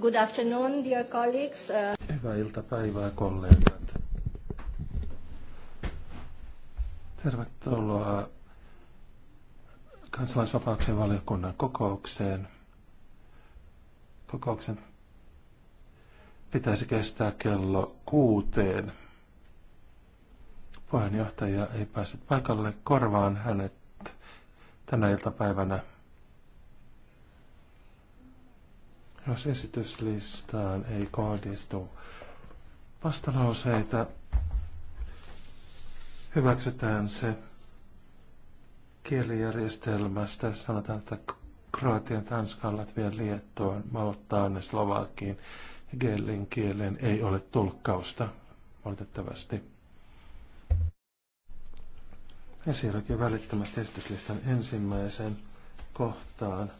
Good afternoon, dear colleagues. Uh, Hyvää iltapäivää, kollegat. Tervetuloa kansalaisvapauksien valiokunnan kokoukseen. Kokouksen pitäisi kestää kello kuuteen. Puheenjohtaja ei päässyt paikalle korvaan hänet tänä iltapäivänä – Jos esityslistaan ei kohdistu vastalauseita, hyväksytään se kielijärjestelmästä. Sanotaan, että Kroatian, Tanskan, Latvian, Liettoon, Maltaan ja Slovakiin Gellin kielen ei ole tulkkausta, valitettavasti. Ja siirrytkin välittömästi esityslistan ensimmäiseen kohtaan.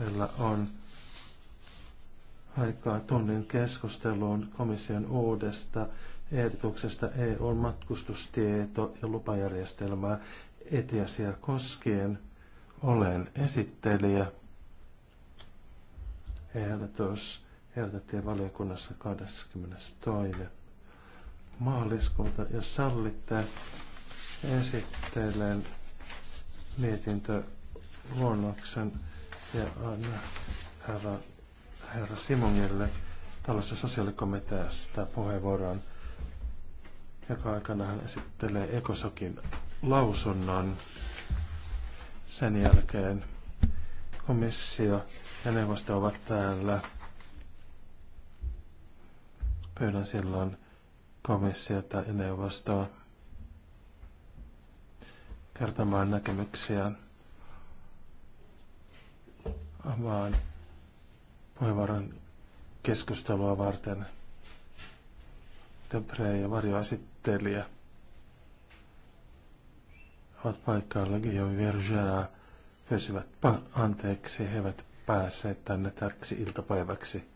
Meillä on aikaa tunnin keskusteluun komission uudesta ehdotuksesta EUn matkustustieto- ja lupajärjestelmää etiasia koskien. Olen esittelijä. Ehdotus ehdotettiin valiokunnassa 22. maaliskuuta. Jos sallitte, esittelen mietintö luonnoksen ja anna hyvä herra Simongille talous- ja sosiaalikomiteasta puheenvuoron, joka aikana hän esittelee Ekosokin lausunnon. Sen jälkeen komissio ja neuvosto ovat täällä. Pyydän silloin komissiota ja neuvostoa kertomaan näkemyksiä. Avaan puheenvuoron keskustelua varten. Debre ja varjoasittelijä ovat paikalla Guillaume Vergea pyysivät anteeksi, he eivät päässeet tänne tärkeäksi iltapäiväksi.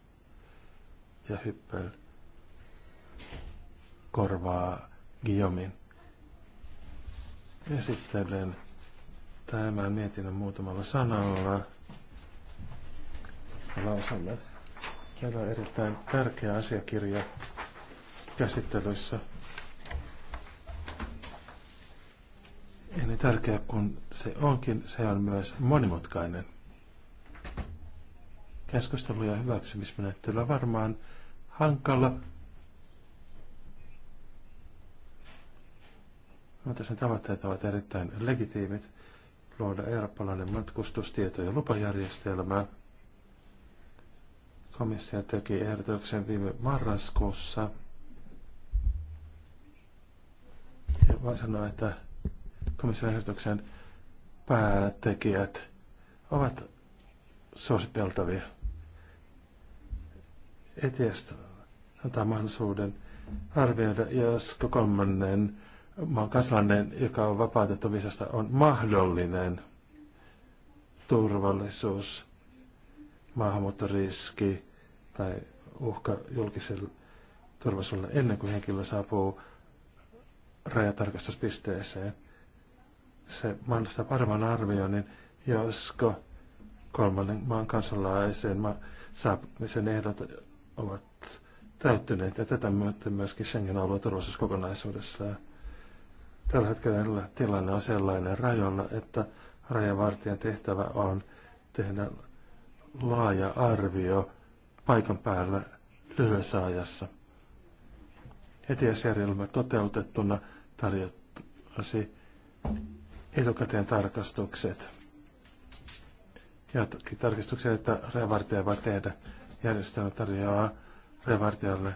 Ja hyppel korvaa Guillaumin. Esittelen tämän mietinnön muutamalla sanalla. On Meillä on erittäin tärkeä asiakirja käsittelyssä. Ja niin tärkeä kuin se onkin, se on myös monimutkainen. Keskustelu ja hyväksymismenettely on varmaan hankala. Mutta sen tavoitteet ovat erittäin legitiimit luoda eurooppalainen matkustustieto- ja lupajärjestelmää. Komissio teki ehdotuksen viime marraskuussa. Ja voin sanoa, että komission ehdotuksen päätekijät ovat suositeltavia. Etiästä antaa mahdollisuuden arvioida, jos kolmannen maan kansalainen, joka on vapautettu visasta, on mahdollinen turvallisuus maahanmuuttoriski tai uhka julkiselle turvallisuudelle ennen kuin henkilö saapuu rajatarkastuspisteeseen. Se mahdollistaa paremman arvioinnin, josko kolmannen maan kansalaisen ma- saapumisen ehdot ovat täyttyneet ja tätä myöten myöskin Schengen-alueen turvallisuus kokonaisuudessaan. Tällä hetkellä tilanne on sellainen rajoilla, että rajavartijan tehtävä on tehdä laaja arvio paikan päällä lyhyessä ajassa. Etiäsjärjelmä toteutettuna tarjottasi etukäteen tarkastukset. Jotkin tarkistuksia, että revartija voi tehdä. Järjestelmä tarjoaa revartijalle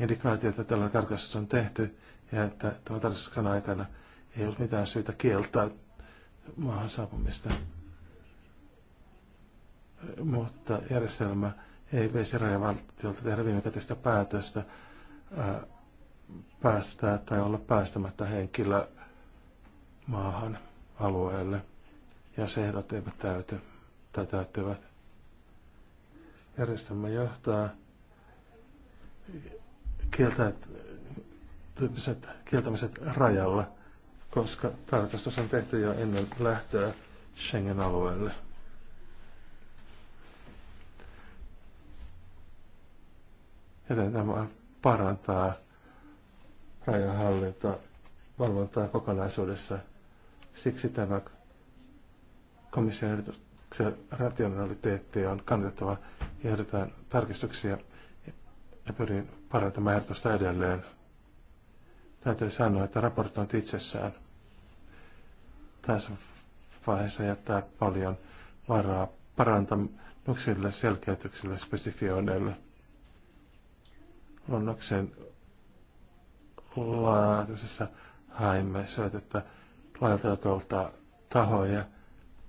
indikaatio, että tällainen tarkastus on tehty ja että tämän tarkastuksen aikana ei ollut mitään syytä kieltää maahan saapumista mutta järjestelmä ei veisi rajavaltiolta tehdä kätistä päätöstä ää, päästää tai olla päästämättä henkilö maahan alueelle, se ehdot eivät täyty tai täyttyvät. Järjestelmä johtaa kieltämiset, kieltämiset rajalla, koska tarkastus on tehty jo ennen lähtöä Schengen-alueelle. Joten tämä parantaa rajahallintoa, valvontaa kokonaisuudessa. Siksi tämä komission ehdotuksen rationaliteetti on kannatettava ja ehdotetaan tarkistuksia ja pyrin parantamaan ehdotusta edelleen. Täytyy sanoa, että raportointi itsessään tässä vaiheessa jättää paljon varaa parantamuksille, selkeytyksille, spesifioinneille – luonnoksen laatuisessa haimme että laajalta tahoja.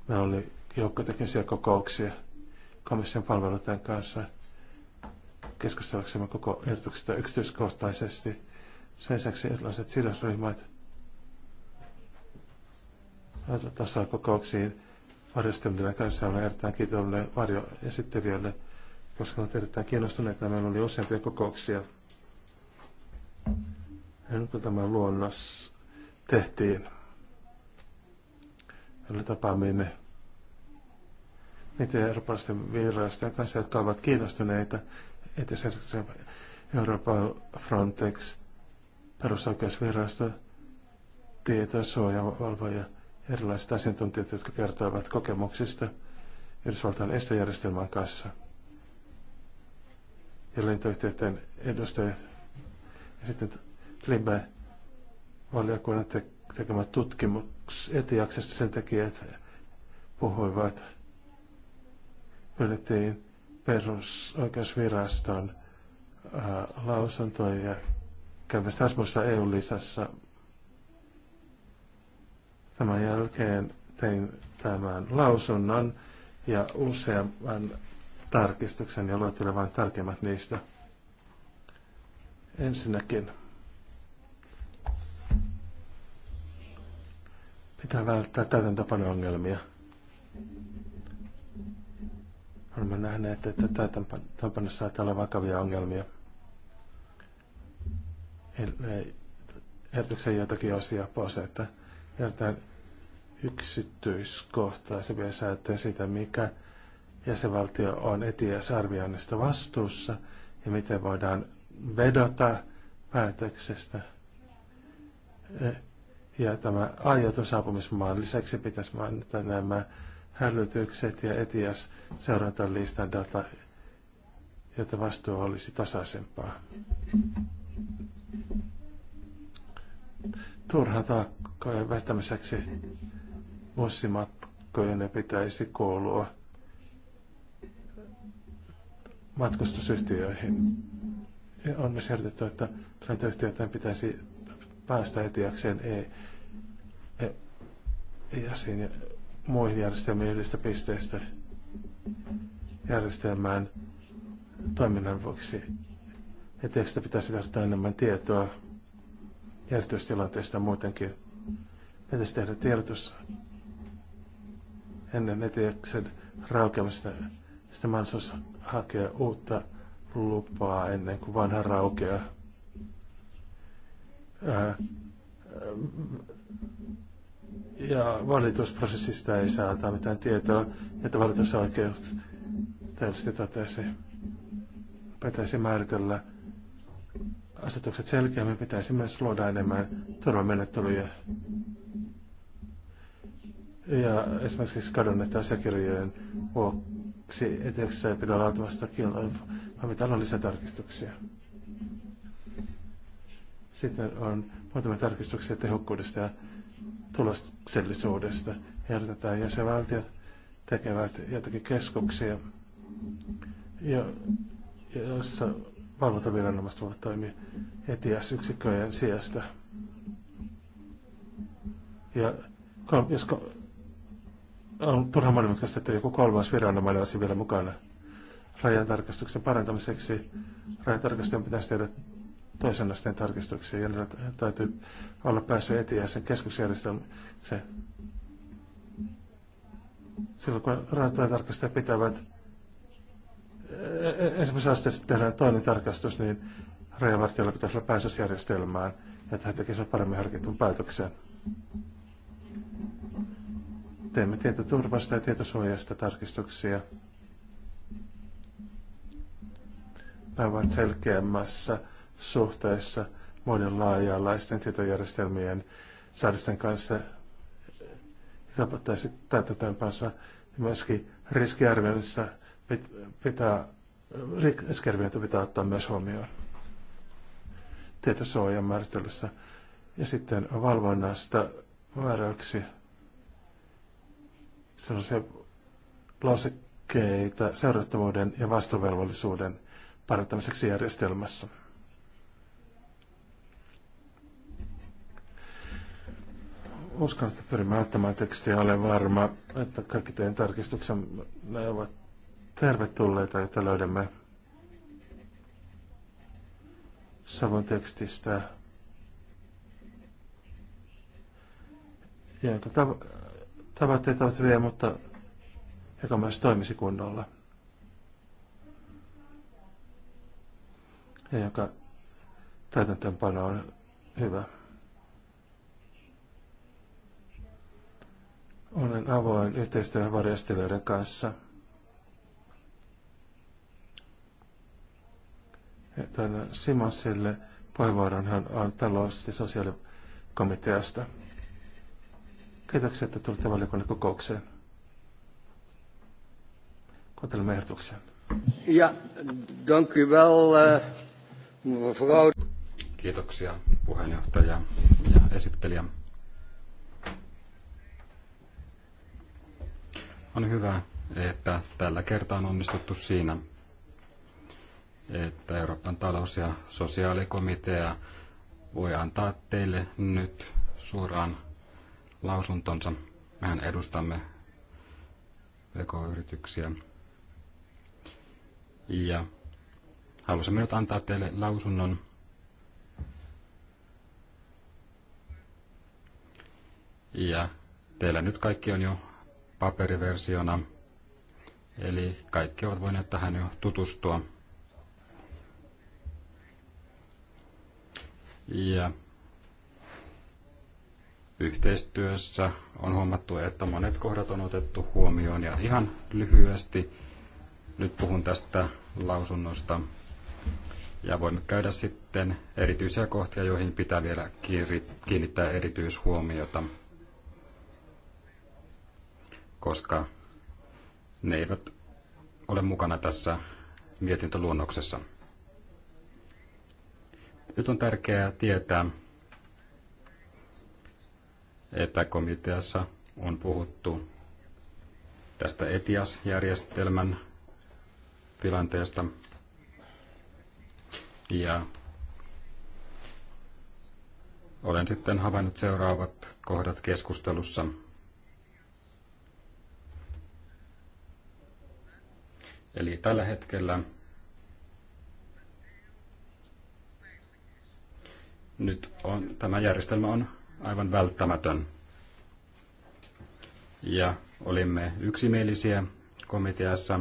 Me oli joukko kokouksia komission palveluiden kanssa keskustellaksemme koko ehdotuksesta yksityiskohtaisesti. Sen lisäksi erilaiset sidosryhmät tasa-kokouksiin varjostelijoiden kanssa on erittäin kiitollinen varjoesittelijöille – koska olet erittäin kiinnostuneita. Meillä oli useampia kokouksia. Ja nyt kun tämä luonnos tehtiin, meillä tapaamme niiden eurooppalaisten virastojen kanssa, jotka ovat kiinnostuneita, esimerkiksi Euroopan Frontex, perusoikeusvirasto, tietosuojavalvoja, erilaiset asiantuntijat, jotka kertovat kokemuksista Yhdysvaltain estejärjestelmän kanssa – ja lentoyhtiöiden edustajat. Ja sitten Klimbe valiokunnan te- tekemä tutkimus etiaksesta sen tekijät puhuivat. Pyydettiin perusoikeusviraston ää, lausuntoja ja kävi Strasbourgissa EU-lisässä. Tämän jälkeen tein tämän lausunnon ja useamman tarkistuksen ja luettelen vain tärkeimmät niistä. Ensinnäkin pitää välttää täytäntöpano-ongelmia. Olemme nähneet, että täytäntöpano saattaa olla vakavia ongelmia. Ehdotuksen jotakin osia pois, että jätetään yksityiskohtaisempia säätöjä siitä, mikä jäsenvaltio on etiäsarvioinnista vastuussa ja miten voidaan vedota päätöksestä. E, ja tämä aiotun saapumismaan lisäksi pitäisi mainita nämä hälytykset ja etias seurantalistan data, jotta vastuu olisi tasaisempaa. Turha taakkojen vähtämiseksi bussimatkojen pitäisi kuulua matkustusyhtiöihin. Ja on myös järjestetty, että lentoyhtiöiden pitäisi päästä etiäkseen e, e, ja muihin järjestelmiin yhdestä pisteestä järjestelmään toiminnan vuoksi. Etiäksestä pitäisi tehdä enemmän tietoa järjestystilanteesta muutenkin. Pitäisi tehdä tiedotus ennen etiäksen raukeamista sitten mahdollisuus hakea uutta lupaa ennen kuin vanha raukeaa. Äh, äh, ja valitusprosessista ei saa antaa mitään tietoa, että valitusoikeus tällaista totesi. Pitäisi määritellä asetukset selkeämmin, pitäisi myös luoda enemmän turvamenettelyjä. Ja esimerkiksi kadonnetta asiakirjojen siksi eteissä ei pidä laativasta kieltä, vaan mitä on lisätarkistuksia. Sitten on muutamia tarkistuksia tehokkuudesta ja tuloksellisuudesta. Ehdotetaan jäsenvaltiot tekevät jotakin keskuksia, jo, jossa valvontaviranomaiset voivat toimia ETS-yksikköjen sijasta. Ja jos on turha monimutkaista, että joku kolmas viranomainen olisi vielä mukana rajatarkastuksen parantamiseksi. Rajatarkastajan pitäisi tehdä toisen asteen tarkistuksia ja täytyy olla päässyt e sen keskusjärjestelmään. Silloin kun rajatarkastajat pitävät esimerkiksi e- asteessa tehdään toinen tarkastus, niin rajavartijalla pitäisi olla pääsysjärjestelmään, että hän tekisi paremmin harkitun päätöksen teemme tietoturvasta ja tietosuojasta tarkistuksia. Ne ovat selkeämmässä suhteessa muiden laajalaisten tietojärjestelmien saadisten kanssa helpottaisi täytäntöönpansa myöskin riskiarvioinnissa pitää, riskiarviointi pitää ottaa myös huomioon tietosuojan määrittelyssä. Ja sitten valvonnasta määräyksiä sellaisia lausekkeita seurattavuuden ja vastuvelvollisuuden parantamiseksi järjestelmässä. Uskon, että pyrimme auttamaan tekstiä. Olen varma, että kaikki teidän tarkistuksenne ovat tervetulleita, että löydämme Savon tekstistä, ja tavoitteet ovat hyviä, mutta joka myös toimisi kunnolla. Ja joka täytäntöönpano on hyvä. Olen avoin yhteistyöhön varjostelijoiden kanssa. Tänne Simosille puheenvuoron hän on talous- ja sosiaalikomiteasta. Kiitoksia, että tulitte valiokunnan kokoukseen. Kuuntelemme ehdotuksen. Ja, dank u wel, eh, mevrouw. Kiitoksia puheenjohtaja ja esittelijä. On hyvä, että tällä kertaa on onnistuttu siinä, että Euroopan talous- ja sosiaalikomitea voi antaa teille nyt suoraan lausuntonsa. Mehän edustamme pk-yrityksiä. Ja halusimme nyt antaa teille lausunnon Ja teillä nyt kaikki on jo paperiversiona, eli kaikki ovat voineet tähän jo tutustua. Ja yhteistyössä on huomattu, että monet kohdat on otettu huomioon. Ja ihan lyhyesti nyt puhun tästä lausunnosta. Ja voimme käydä sitten erityisiä kohtia, joihin pitää vielä kiinnittää erityishuomiota, koska ne eivät ole mukana tässä mietintöluonnoksessa. Nyt on tärkeää tietää, että komiteassa on puhuttu tästä ETIAS-järjestelmän tilanteesta. Ja olen sitten havainnut seuraavat kohdat keskustelussa. Eli tällä hetkellä nyt on, tämä järjestelmä on aivan välttämätön. Ja olimme yksimielisiä komiteassa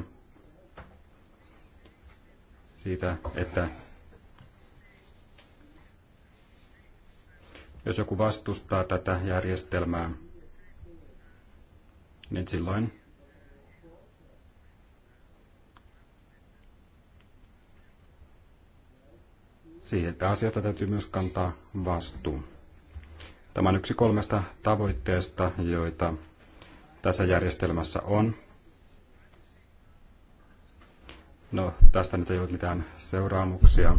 siitä, että jos joku vastustaa tätä järjestelmää, niin silloin siitä asiasta täytyy myös kantaa vastuu. Tämä on yksi kolmesta tavoitteesta, joita tässä järjestelmässä on. No, tästä nyt ei ollut mitään seuraamuksia.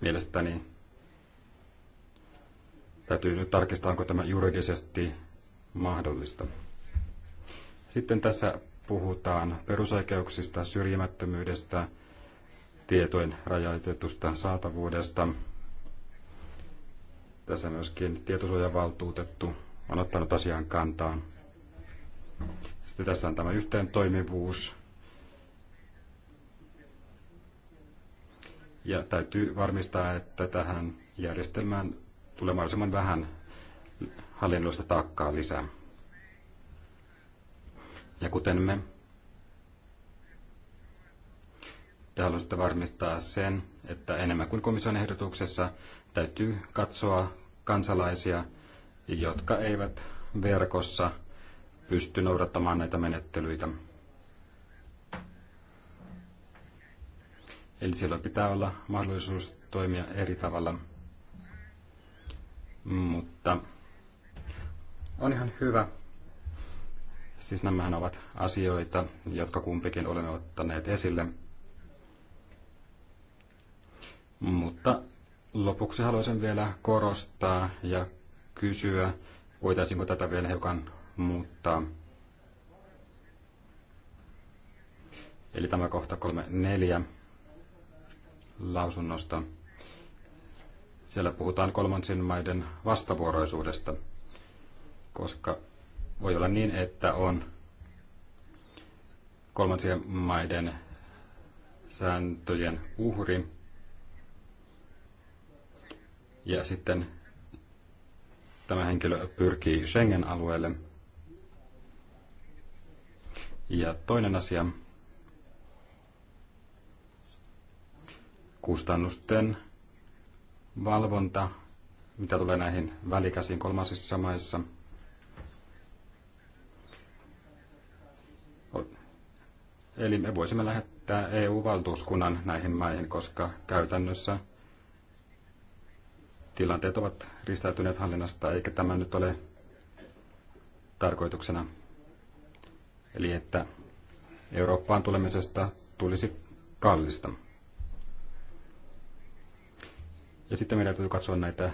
Mielestäni täytyy nyt tarkistaa, onko tämä juridisesti mahdollista. Sitten tässä puhutaan perusoikeuksista, syrjimättömyydestä, tietojen rajoitetusta saatavuudesta – tässä myöskin tietosuojavaltuutettu on ottanut asian kantaa. Sitten tässä on tämä yhteen toimivuus. Ja täytyy varmistaa, että tähän järjestelmään tulee mahdollisimman vähän hallinnollista taakkaa lisää. Ja kuten me te haluaisitte varmistaa sen, että enemmän kuin komission ehdotuksessa Täytyy katsoa kansalaisia, jotka eivät verkossa pysty noudattamaan näitä menettelyitä. Eli silloin pitää olla mahdollisuus toimia eri tavalla. Mutta on ihan hyvä. Siis nämähän ovat asioita, jotka kumpikin olemme ottaneet esille. Mutta Lopuksi haluaisin vielä korostaa ja kysyä, voitaisiinko tätä vielä hiukan muuttaa. Eli tämä kohta 34 lausunnosta. Siellä puhutaan kolmansien maiden vastavuoroisuudesta, koska voi olla niin, että on kolmansien maiden sääntöjen uhri, ja sitten tämä henkilö pyrkii Schengen-alueelle. Ja toinen asia, kustannusten valvonta, mitä tulee näihin välikäsiin kolmasissa maissa. Eli me voisimme lähettää EU-valtuuskunnan näihin maihin, koska käytännössä – tilanteet ovat ristäytyneet hallinnasta, eikä tämä nyt ole tarkoituksena. Eli että Eurooppaan tulemisesta tulisi kallista. Ja sitten meidän täytyy katsoa näitä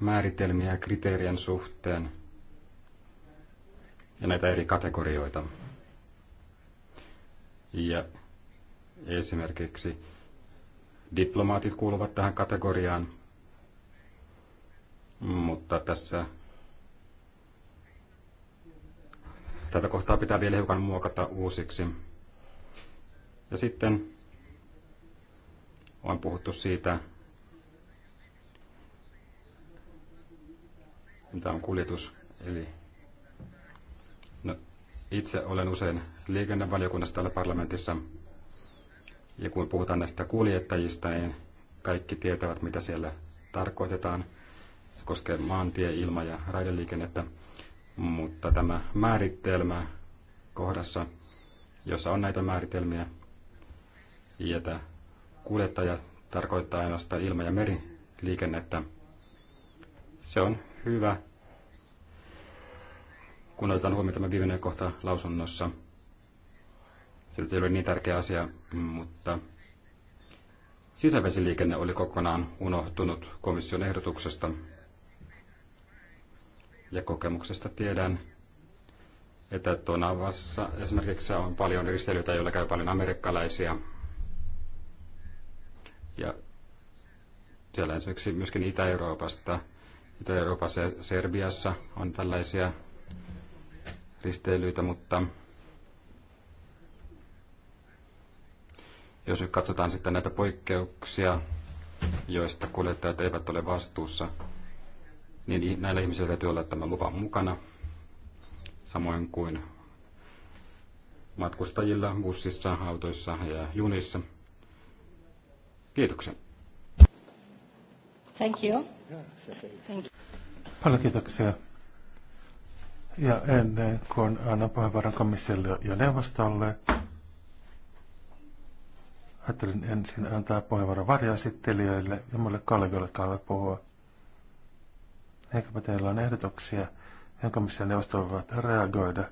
määritelmiä kriteerien suhteen ja näitä eri kategorioita. Ja esimerkiksi diplomaatit kuuluvat tähän kategoriaan, mutta tässä tätä kohtaa pitää vielä hiukan muokata uusiksi. Ja sitten on puhuttu siitä, mitä on kuljetus. Eli no, itse olen usein liikennevaliokunnassa täällä parlamentissa, ja kun puhutaan näistä kuljettajista, niin kaikki tietävät, mitä siellä tarkoitetaan – se koskee maantie-, ilma- ja raideliikennettä, mutta tämä määritelmä kohdassa, jossa on näitä määritelmiä, jätä kuljettaja tarkoittaa ainoastaan ilma- ja meriliikennettä. Se on hyvä, kun otetaan huomioon tämä viimeinen kohta lausunnossa. Se ei ole niin tärkeä asia, mutta sisävesiliikenne oli kokonaan unohtunut komission ehdotuksesta. Ja kokemuksesta tiedän, että Tonavassa esimerkiksi on paljon risteilyitä, joilla käy paljon amerikkalaisia. Ja siellä esimerkiksi myöskin Itä-Euroopasta, Itä-Euroopassa ja Serbiassa on tällaisia risteilyitä, mutta jos nyt katsotaan sitten näitä poikkeuksia, joista kuljettajat eivät ole vastuussa, niin näillä ihmisillä täytyy olla tämä lupa mukana, samoin kuin matkustajilla bussissa, autoissa ja junissa. Kiitoksia. Thank you. Thank you. Paljon kiitoksia. Ja ennen kuin annan puheenvuoron komissiolle ja neuvostolle, ajattelin ensin antaa puheenvuoron varjaesittelijöille ja muille kollegoille, jotka haluavat puhua. Ehkäpä teillä on ehdotuksia, jonka missä neuvosto voivat reagoida.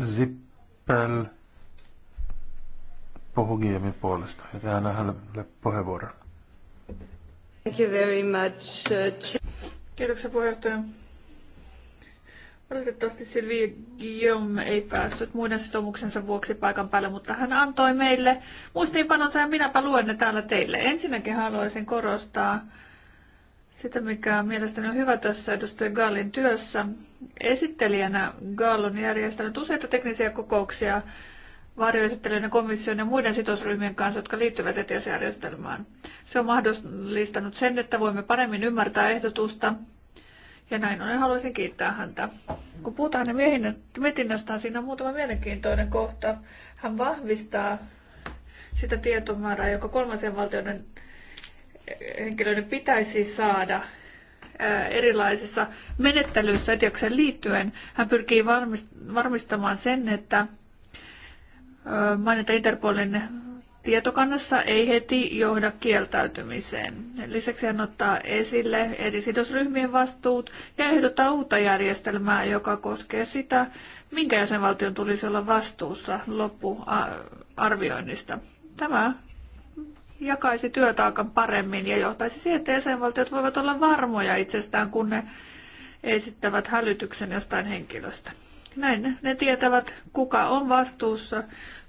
Zippel puhuu Giemin puolesta, joten hän hänelle puheenvuoron. Thank you very much. Uh, Kiitoksia puheenjohtaja. Valitettavasti Silvia Guillaume ei päässyt muiden sitoumuksensa vuoksi paikan päälle, mutta hän antoi meille muistiinpanonsa ja minäpä luen ne täällä teille. Ensinnäkin haluaisin korostaa sitä, mikä mielestäni on hyvä tässä edustaja Gallin työssä. Esittelijänä Gall on järjestänyt useita teknisiä kokouksia varjoesittelyiden komission ja muiden sitosryhmien kanssa, jotka liittyvät ETS-järjestelmään. Se on mahdollistanut sen, että voimme paremmin ymmärtää ehdotusta, ja näin ollen haluaisin kiittää häntä. Kun puhutaan hänen mietinnöstään, siinä on muutama mielenkiintoinen kohta. Hän vahvistaa sitä tietomäärää, joka kolmansien valtioiden henkilöiden pitäisi saada erilaisissa menettelyissä Etiokseen liittyen. Hän pyrkii varmistamaan sen, että mainita Interpolin tietokannassa ei heti johda kieltäytymiseen. Lisäksi hän ottaa esille eri sidosryhmien vastuut ja ehdottaa uutta järjestelmää, joka koskee sitä, minkä jäsenvaltion tulisi olla vastuussa loppuarvioinnista. Tämä jakaisi työtaakan paremmin ja johtaisi siihen, että jäsenvaltiot voivat olla varmoja itsestään, kun ne esittävät hälytyksen jostain henkilöstä. Näin ne tietävät, kuka on vastuussa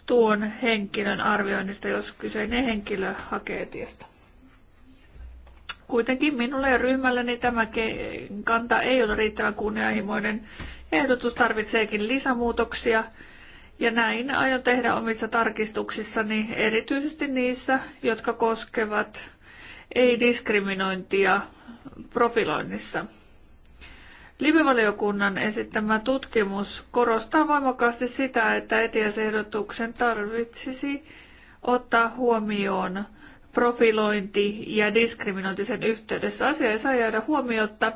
tuon henkilön arvioinnista, jos kyseinen henkilö hakee tiestä. Kuitenkin minulle ja ryhmälleni tämä kanta ei ole riittävän kunnianhimoinen. Ehdotus tarvitseekin lisämuutoksia ja näin aion tehdä omissa tarkistuksissani, erityisesti niissä, jotka koskevat ei-diskriminointia profiloinnissa. Livivaliokunnan esittämä tutkimus korostaa voimakkaasti sitä, että etiasehdotuksen tarvitsisi ottaa huomioon profilointi ja diskriminointi sen yhteydessä. Asia ei saa jäädä huomiotta.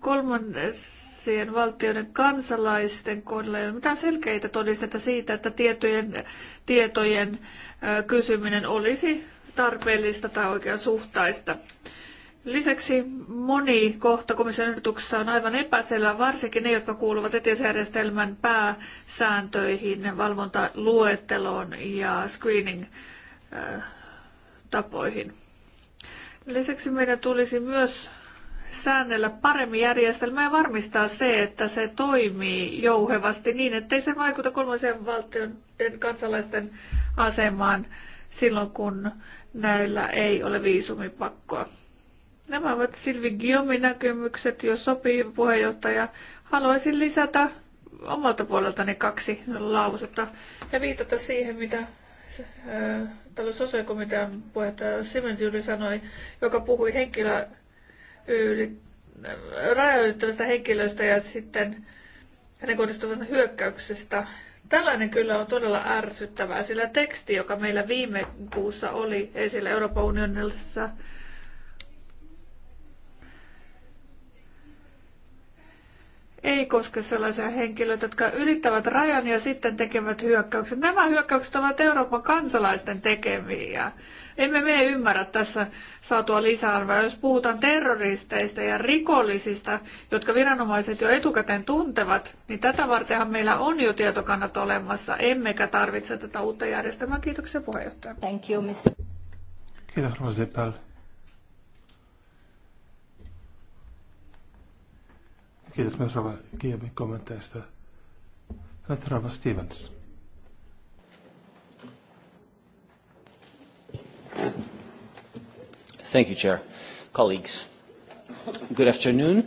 Kolmannes kolmansien valtioiden kansalaisten kohdalla ei ole mitään selkeitä todisteita siitä, että tietojen, tietojen kysyminen olisi tarpeellista tai oikeasuhtaista. Lisäksi moni kohta komission ehdotuksessa on aivan epäselvä, varsinkin ne, jotka kuuluvat etiasjärjestelmän pääsääntöihin, valvontaluetteloon ja screening-tapoihin. Lisäksi meidän tulisi myös säännellä paremmin järjestelmää ja varmistaa se, että se toimii jouhevasti niin, ettei se vaikuta kolmansien valtioiden kansalaisten asemaan silloin, kun näillä ei ole viisumipakkoa. Nämä ovat Silvi Giomin näkemykset, jos sopii puheenjohtaja. Haluaisin lisätä omalta puoleltani kaksi lausetta ja viitata siihen, mitä äh, tällä sosiaalikomitean puheenjohtaja Simensiuri sanoi, joka puhui henkilö yli, rajoittavasta henkilöstä ja sitten hänen kohdistuvasta hyökkäyksestä. Tällainen kyllä on todella ärsyttävää, sillä teksti, joka meillä viime kuussa oli esillä Euroopan unionissa, ei koske sellaisia henkilöitä, jotka ylittävät rajan ja sitten tekevät hyökkäykset. Nämä hyökkäykset ovat Euroopan kansalaisten tekemiä. Emme me ymmärrä tässä saatua lisäarvoa. Jos puhutaan terroristeista ja rikollisista, jotka viranomaiset jo etukäteen tuntevat, niin tätä vartenhan meillä on jo tietokannat olemassa, emmekä tarvitse tätä uutta järjestelmää. Kiitoksia puheenjohtaja. Thank you, Mr. Kiitos, Rosipel. Kiitos myös Rava Kiemin kommenteista. Nyt Rava Stevens. Thank you, Chair. Colleagues, good afternoon.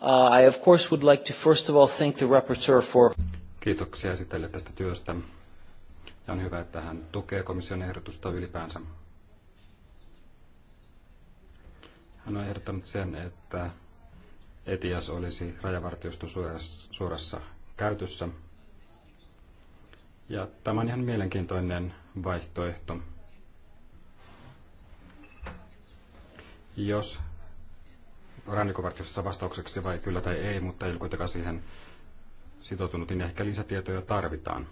Uh, I of course would like to first of all thank the rapporteur for... Kiitoksia esittelijä tästä työstä. Ja on hyvä, että hän tukee komission ehdotusta ylipäänsä. Hän on ehdottanut sen, että ETIAS olisi rajavartioston suorassa käytössä. Ja tämä on ihan mielenkiintoinen vaihtoehto. Jos rannikovartiossa vastaukseksi vai kyllä tai ei, mutta ei ole kuitenkaan siihen sitoutunut, niin ehkä lisätietoja tarvitaan.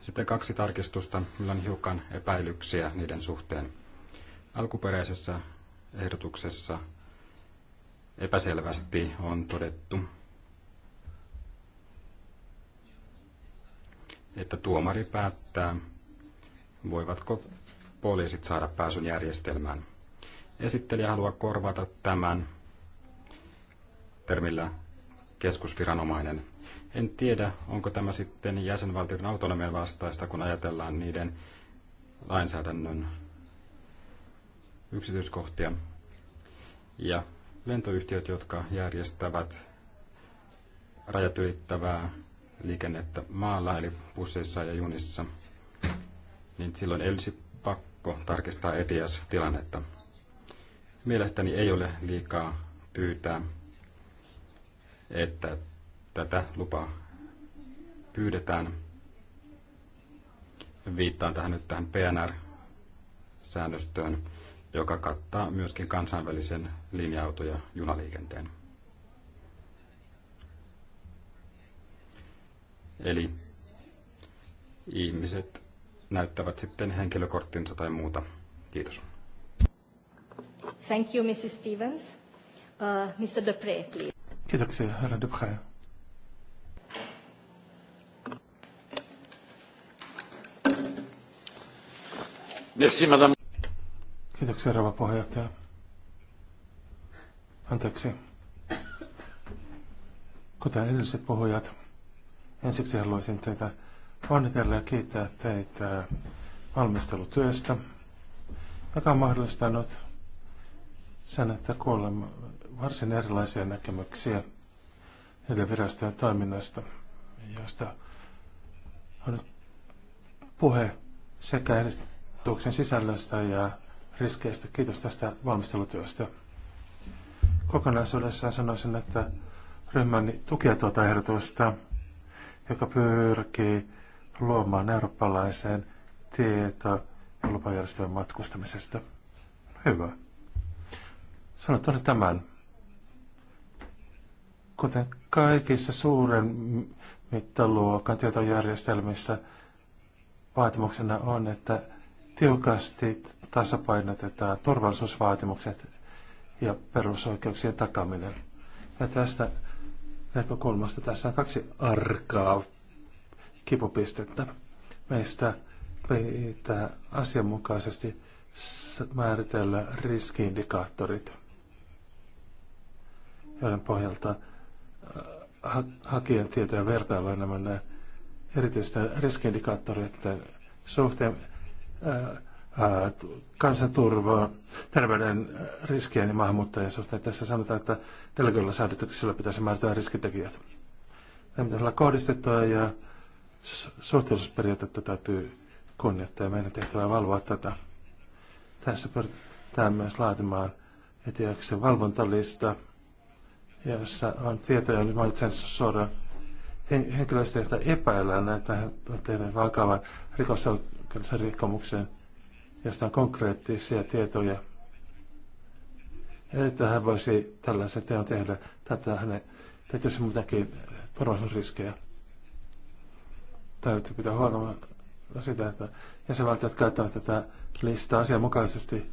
Sitten kaksi tarkistusta, millä on hiukan epäilyksiä niiden suhteen. Alkuperäisessä ehdotuksessa epäselvästi on todettu, että tuomari päättää, voivatko poliisit saada pääsyn järjestelmään. Esittelijä haluaa korvata tämän termillä keskusviranomainen. En tiedä, onko tämä sitten jäsenvaltioiden autonomian vastaista, kun ajatellaan niiden lainsäädännön yksityiskohtia. Ja lentoyhtiöt, jotka järjestävät rajat ylittävää liikennettä maalla, eli busseissa ja junissa, niin silloin ei olisi pakko tarkistaa ETIAS-tilannetta. Mielestäni ei ole liikaa pyytää, että tätä lupaa pyydetään. Viittaan tähän nyt tähän PNR-säännöstöön, joka kattaa myöskin kansainvälisen linja-auto- ja junaliikenteen. Eli ihmiset näyttävät sitten henkilökorttinsa tai muuta. Kiitos. Thank you, Mrs. Stevens. Uh, Mr. Dupre, please. Kiitoksia, herra Dupre. Merci, madame. Kiitoksia, rouva puheenjohtaja. Anteeksi. Kuten edelliset puhujat, ensiksi haluaisin teitä onnitella ja kiittää teitä valmistelutyöstä, joka on mahdollistanut sen, että kuulemme varsin erilaisia näkemyksiä niiden virastojen toiminnasta, josta on nyt puhe sekä edistuksen sisällöstä ja riskeistä. Kiitos tästä valmistelutyöstä. Kokonaisuudessaan sanoisin, että ryhmäni tukee tuota ehdotusta, joka pyrkii luomaan eurooppalaiseen tieto- ja lupajärjestelmän matkustamisesta. Hyvä. Sanottuna tämän. Kuten kaikissa suuren mittaluokan tietojärjestelmissä, vaatimuksena on, että tiukasti tasapainotetaan turvallisuusvaatimukset ja perusoikeuksien takaminen. Ja tästä näkökulmasta tässä on kaksi arkaa kipupistettä. Meistä pitää asianmukaisesti määritellä riskiindikaattorit, joiden pohjalta äh, ha- hakijan tietoja vertailla nämä erityisten riskiindikaattoreiden suhteen. Ää, äh, kansanturvaa, terveyden riskien ja maahanmuuttajien suhteen. Tässä sanotaan, että delegoilla säädetyksellä pitäisi määritellä riskitekijät. Ne pitäisi olla kohdistettua ja suhteellisuusperiaatetta täytyy kunnioittaa ja meidän tehtävä valvoa tätä. Tässä pyritään myös laatimaan etiäksi valvontalista, jossa on tietoja, nyt mainitsen suoraan henkilöistä, joista epäillään, että he ovat tehneet vakavan rikosoikeudellisen rikkomuksen – josta on konkreettisia tietoja, että hän voisi tällaisen teon tehdä. Tätä hänen täytyisi muutenkin turvallisuusriskejä. Täytyy pitää huolta sitä, että jäsenvaltiot käyttävät tätä listaa asianmukaisesti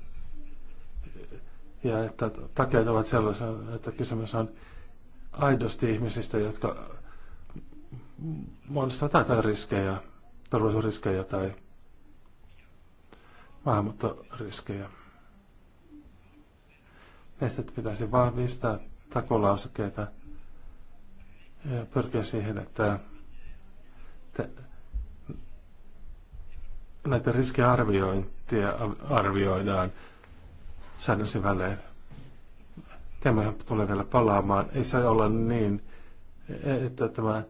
ja että takeet ovat sellaisia, että kysymys on aidosti ihmisistä, jotka muodostavat jotain riskejä, turvallisuusriskejä tai maahanmuuttoriskejä. Meistä pitäisi vahvistaa takolausekkeita ja pyrkiä siihen, että te, näitä riskiarviointia arvioidaan säännöllisin välein. Tämä tulee vielä palaamaan. Ei saa olla niin, että tämä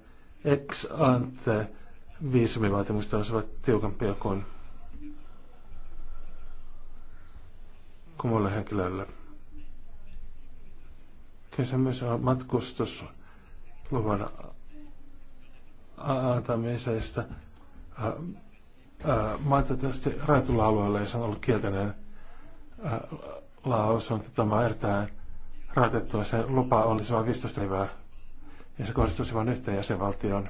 ex ante viisumivaatimusta olisivat tiukampia kuin kuin henkilölle. henkilöille. Kysymys on matkustusluvan antamisesta mainitaisesti rajatulla alueella, jossa on ollut kielteinen lausunto. Tämä on erittäin rajoitettua. Se lupa olisi vain 15 rivää ja se kohdistuisi vain yhteen jäsenvaltioon.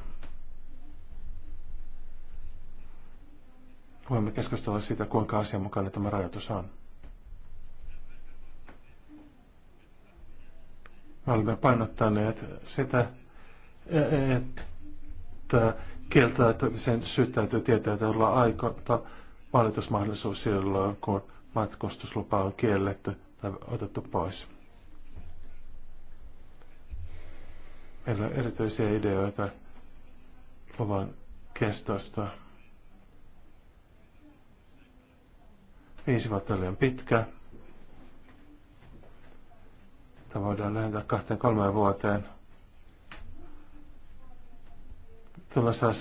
Voimme keskustella siitä, kuinka asianmukainen tämä rajoitus on. Me olemme painottaneet sitä, että kieltäytymisen täytyy tietää olla aikoita valitusmahdollisuus silloin, kun matkustuslupa on kielletty tai otettu pois. Meillä on erityisiä ideoita luvan kestosta. Viisi vuotta liian pitkä. Tämä voidaan lähentää kahteen kolmeen vuoteen.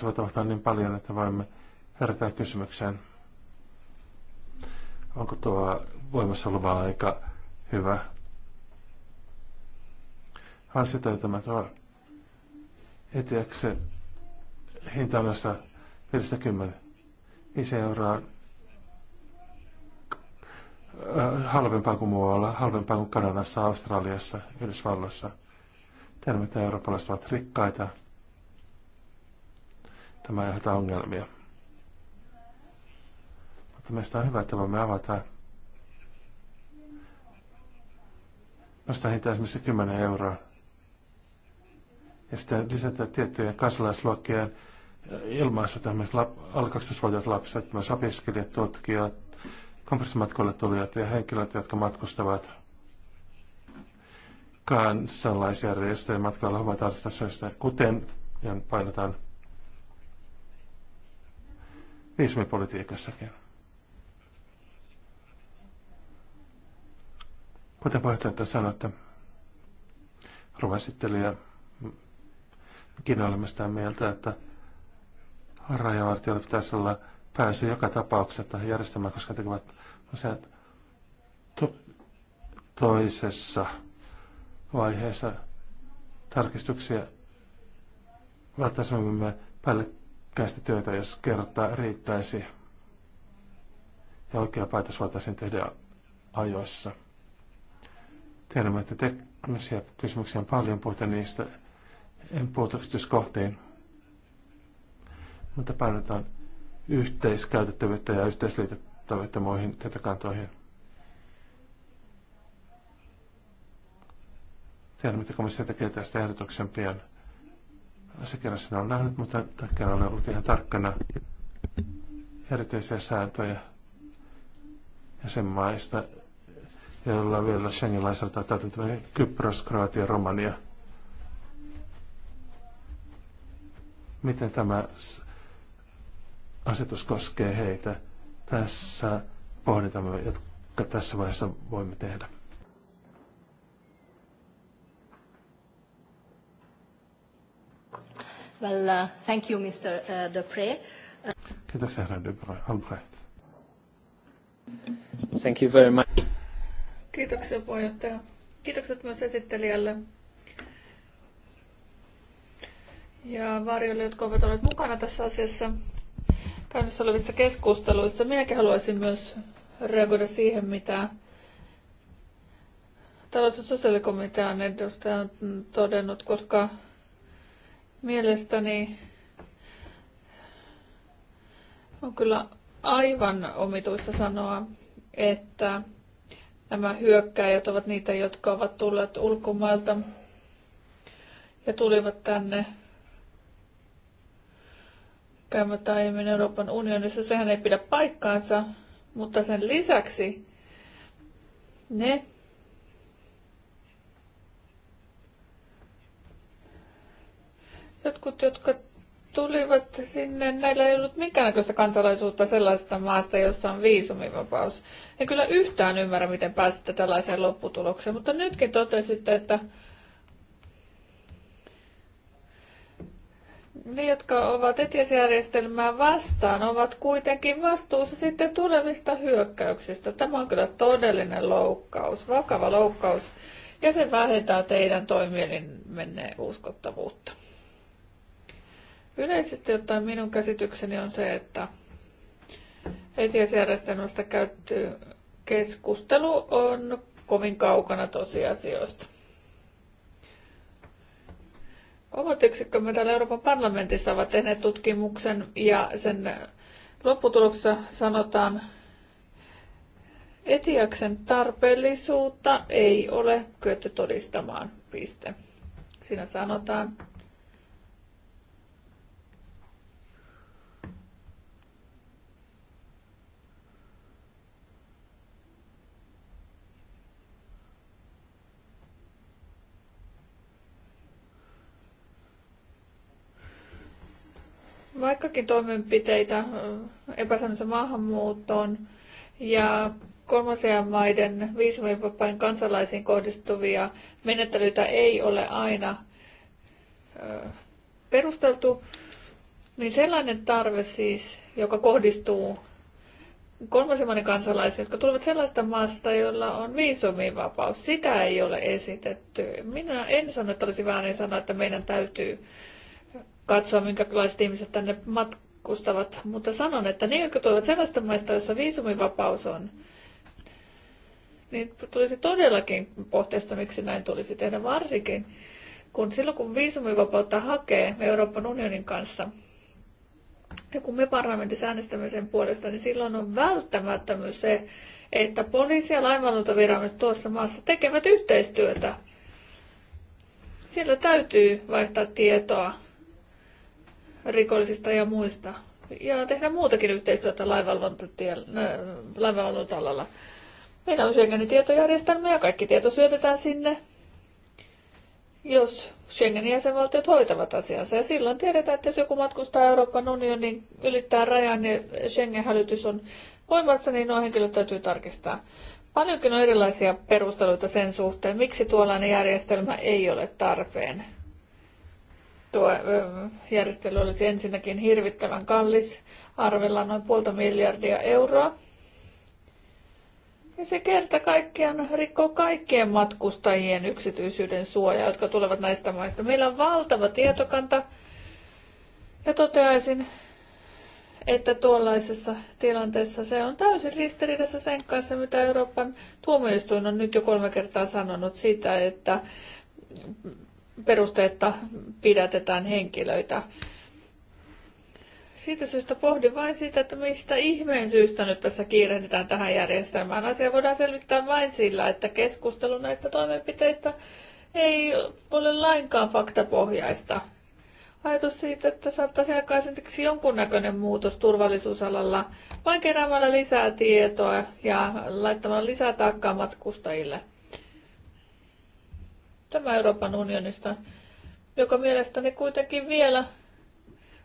voi tapahtua niin paljon, että voimme herätä kysymykseen, onko tuo voimassa oleva aika hyvä. Vaan sitä että tuo etiäksi hinta on 50 euroa Äh, halvempaa kuin muualla, halvempaa kuin Kanadassa, Australiassa, Yhdysvalloissa. Tiedämme, että eurooppalaiset ovat rikkaita. Tämä aiheuttaa ongelmia. Mutta meistä on hyvä, että voimme avata nostaa hintaa esimerkiksi 10 euroa. Ja sitten lisätä tiettyjen kansalaisluokkien ilmaisu, esimerkiksi alle 12-vuotiaat lapset, myös opiskelijat, tutkijat, konferenssimatkoille tulijat ja henkilöt, jotka matkustavat kansalaisjärjestöjen matkoilla huomataan syystä, kuten, ja painotan, viisumipolitiikassakin. Kuten puheenjohtaja sanoi, että ruvasitteli mekin olemme sitä mieltä, että rajavartijoilla pitäisi olla pääsy joka tapauksessa tähän järjestelmään, koska tekevät useat to- toisessa vaiheessa tarkistuksia. Välttäisimme päällekkäistä työtä, jos kertaa riittäisi. Ja oikea päätös voitaisiin tehdä ajoissa. Tiedämme, että teknisiä kysymyksiä on paljon, puhuta niistä. En puutu yksityiskohtiin, mutta päädytään yhteiskäytettävyyttä ja yhteisliitettävyyttä muihin tietokantoihin. Tiedän, mitä komissio tekee tästä ehdotuksen pian. Asiakirjassa on nähnyt, mutta takia on ollut ihan tarkkana erityisiä sääntöjä jäsenmaista, joilla on vielä schengenlaiselta lainsäädäntöä Kypros, Kroatia, Romania. Miten tämä asetus koskee heitä. Tässä pohditamme, jotka tässä vaiheessa voimme tehdä. Well, uh, thank you, Mr. Uh, Dupre. Uh... Kiitoksia, herra Dupre. Albrecht. Thank you very much. Kiitoksia, puheenjohtaja. Kiitokset myös esittelijälle ja varjoille, jotka ovat olleet mukana tässä asiassa käynnissä olevissa keskusteluissa. Minäkin haluaisin myös reagoida siihen, mitä talous- ja sosiaalikomitean edustaja on todennut, koska mielestäni on kyllä aivan omituista sanoa, että nämä hyökkäjät ovat niitä, jotka ovat tulleet ulkomailta ja tulivat tänne käymättä aiemmin Euroopan unionissa, sehän ei pidä paikkaansa, mutta sen lisäksi ne jotkut, jotka tulivat sinne, näillä ei ollut minkäännäköistä kansalaisuutta sellaisesta maasta, jossa on viisumivapaus. En kyllä yhtään ymmärrä, miten pääsitte tällaiseen lopputulokseen, mutta nytkin totesitte, että ne, jotka ovat etiasjärjestelmää vastaan, ovat kuitenkin vastuussa sitten tulevista hyökkäyksistä. Tämä on kyllä todellinen loukkaus, vakava loukkaus, ja se vähentää teidän toimielimenne uskottavuutta. Yleisesti ottaen minun käsitykseni on se, että etiasjärjestelmästä käyty keskustelu on kovin kaukana tosiasioista. Omat yksikkömme täällä Euroopan parlamentissa ovat tehneet tutkimuksen ja sen lopputuloksessa sanotaan, Etiaksen tarpeellisuutta ei ole kyetty todistamaan. Piste. Siinä sanotaan, Vaikkakin toimenpiteitä epäsäännössä maahanmuuttoon ja kolmansien maiden viisumivapain kansalaisiin kohdistuvia menettelyitä ei ole aina perusteltu, niin sellainen tarve siis, joka kohdistuu kolmansien kansalaisiin, jotka tulevat sellaista maasta, jolla on viisumivapaus, sitä ei ole esitetty. Minä en sano, että olisi väärin sanoa, että meidän täytyy katsoa, minkälaiset ihmiset tänne matkustavat. Mutta sanon, että ne, jotka tulevat sellaista maista, jossa viisumivapaus on, niin tulisi todellakin pohteesta, miksi näin tulisi tehdä varsinkin, kun silloin kun viisumivapautta hakee Euroopan unionin kanssa, ja kun me parlamentissa äänestämme sen puolesta, niin silloin on välttämättömyys se, että poliisi ja laivanluontaviranomaiset tuossa maassa tekevät yhteistyötä. Siellä täytyy vaihtaa tietoa rikollisista ja muista. Ja tehdään muutakin yhteistyötä laivanvalvontalalla. Meillä on Schengenin tietojärjestelmä ja kaikki tieto syötetään sinne, jos Schengenin jäsenvaltiot hoitavat asiansa. Ja silloin tiedetään, että jos joku matkustaa Euroopan unionin, ylittää rajan ja Schengen-hälytys on voimassa, niin nuo henkilöt täytyy tarkistaa. Paljonkin on erilaisia perusteluita sen suhteen, miksi tuollainen järjestelmä ei ole tarpeen. Tuo järjestely olisi ensinnäkin hirvittävän kallis, arvella noin puolta miljardia euroa. Ja se kerta kaikkiaan rikkoo kaikkien matkustajien yksityisyyden suojaa, jotka tulevat näistä maista. Meillä on valtava tietokanta ja toteaisin, että tuollaisessa tilanteessa se on täysin ristiriidassa sen kanssa, mitä Euroopan tuomioistuin on nyt jo kolme kertaa sanonut siitä, että perusteetta pidätetään henkilöitä. Siitä syystä pohdin vain siitä, että mistä ihmeen syystä nyt tässä kiirehditään tähän järjestelmään. Asia voidaan selvittää vain sillä, että keskustelu näistä toimenpiteistä ei ole lainkaan faktapohjaista. Ajatus siitä, että saattaisi esimerkiksi jonkunnäköinen muutos turvallisuusalalla, vain keräämällä lisää tietoa ja laittamalla lisää taakkaa matkustajille – tämä Euroopan unionista, joka mielestäni kuitenkin vielä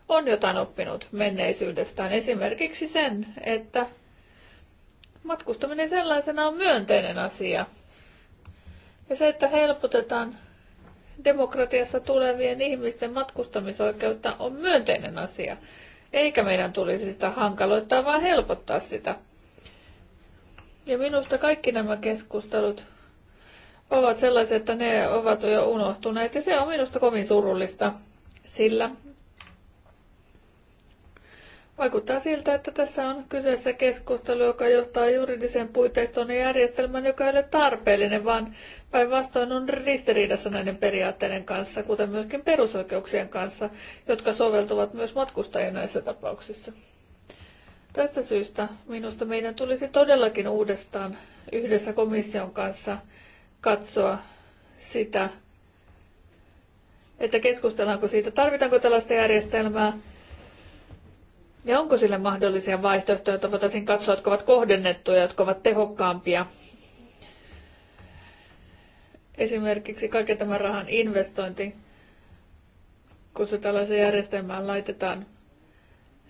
on jotain oppinut menneisyydestään. Esimerkiksi sen, että matkustaminen sellaisena on myönteinen asia. Ja se, että helpotetaan demokratiassa tulevien ihmisten matkustamisoikeutta on myönteinen asia. Eikä meidän tulisi sitä hankaloittaa, vaan helpottaa sitä. Ja minusta kaikki nämä keskustelut ovat sellaisia, että ne ovat jo unohtuneet. Ja se on minusta kovin surullista, sillä Vaikuttaa siltä, että tässä on kyseessä keskustelu, joka johtaa juridisen puitteiston ja järjestelmän, joka ei ole tarpeellinen, vaan päinvastoin on ristiriidassa näiden periaatteiden kanssa, kuten myöskin perusoikeuksien kanssa, jotka soveltuvat myös matkustajien näissä tapauksissa. Tästä syystä minusta meidän tulisi todellakin uudestaan yhdessä komission kanssa katsoa sitä, että keskustellaanko siitä, tarvitaanko tällaista järjestelmää ja onko sille mahdollisia vaihtoehtoja, joita voitaisiin katsoa, jotka ovat kohdennettuja, jotka ovat tehokkaampia. Esimerkiksi kaiken tämän rahan investointi, kun se tällaiseen järjestelmään laitetaan,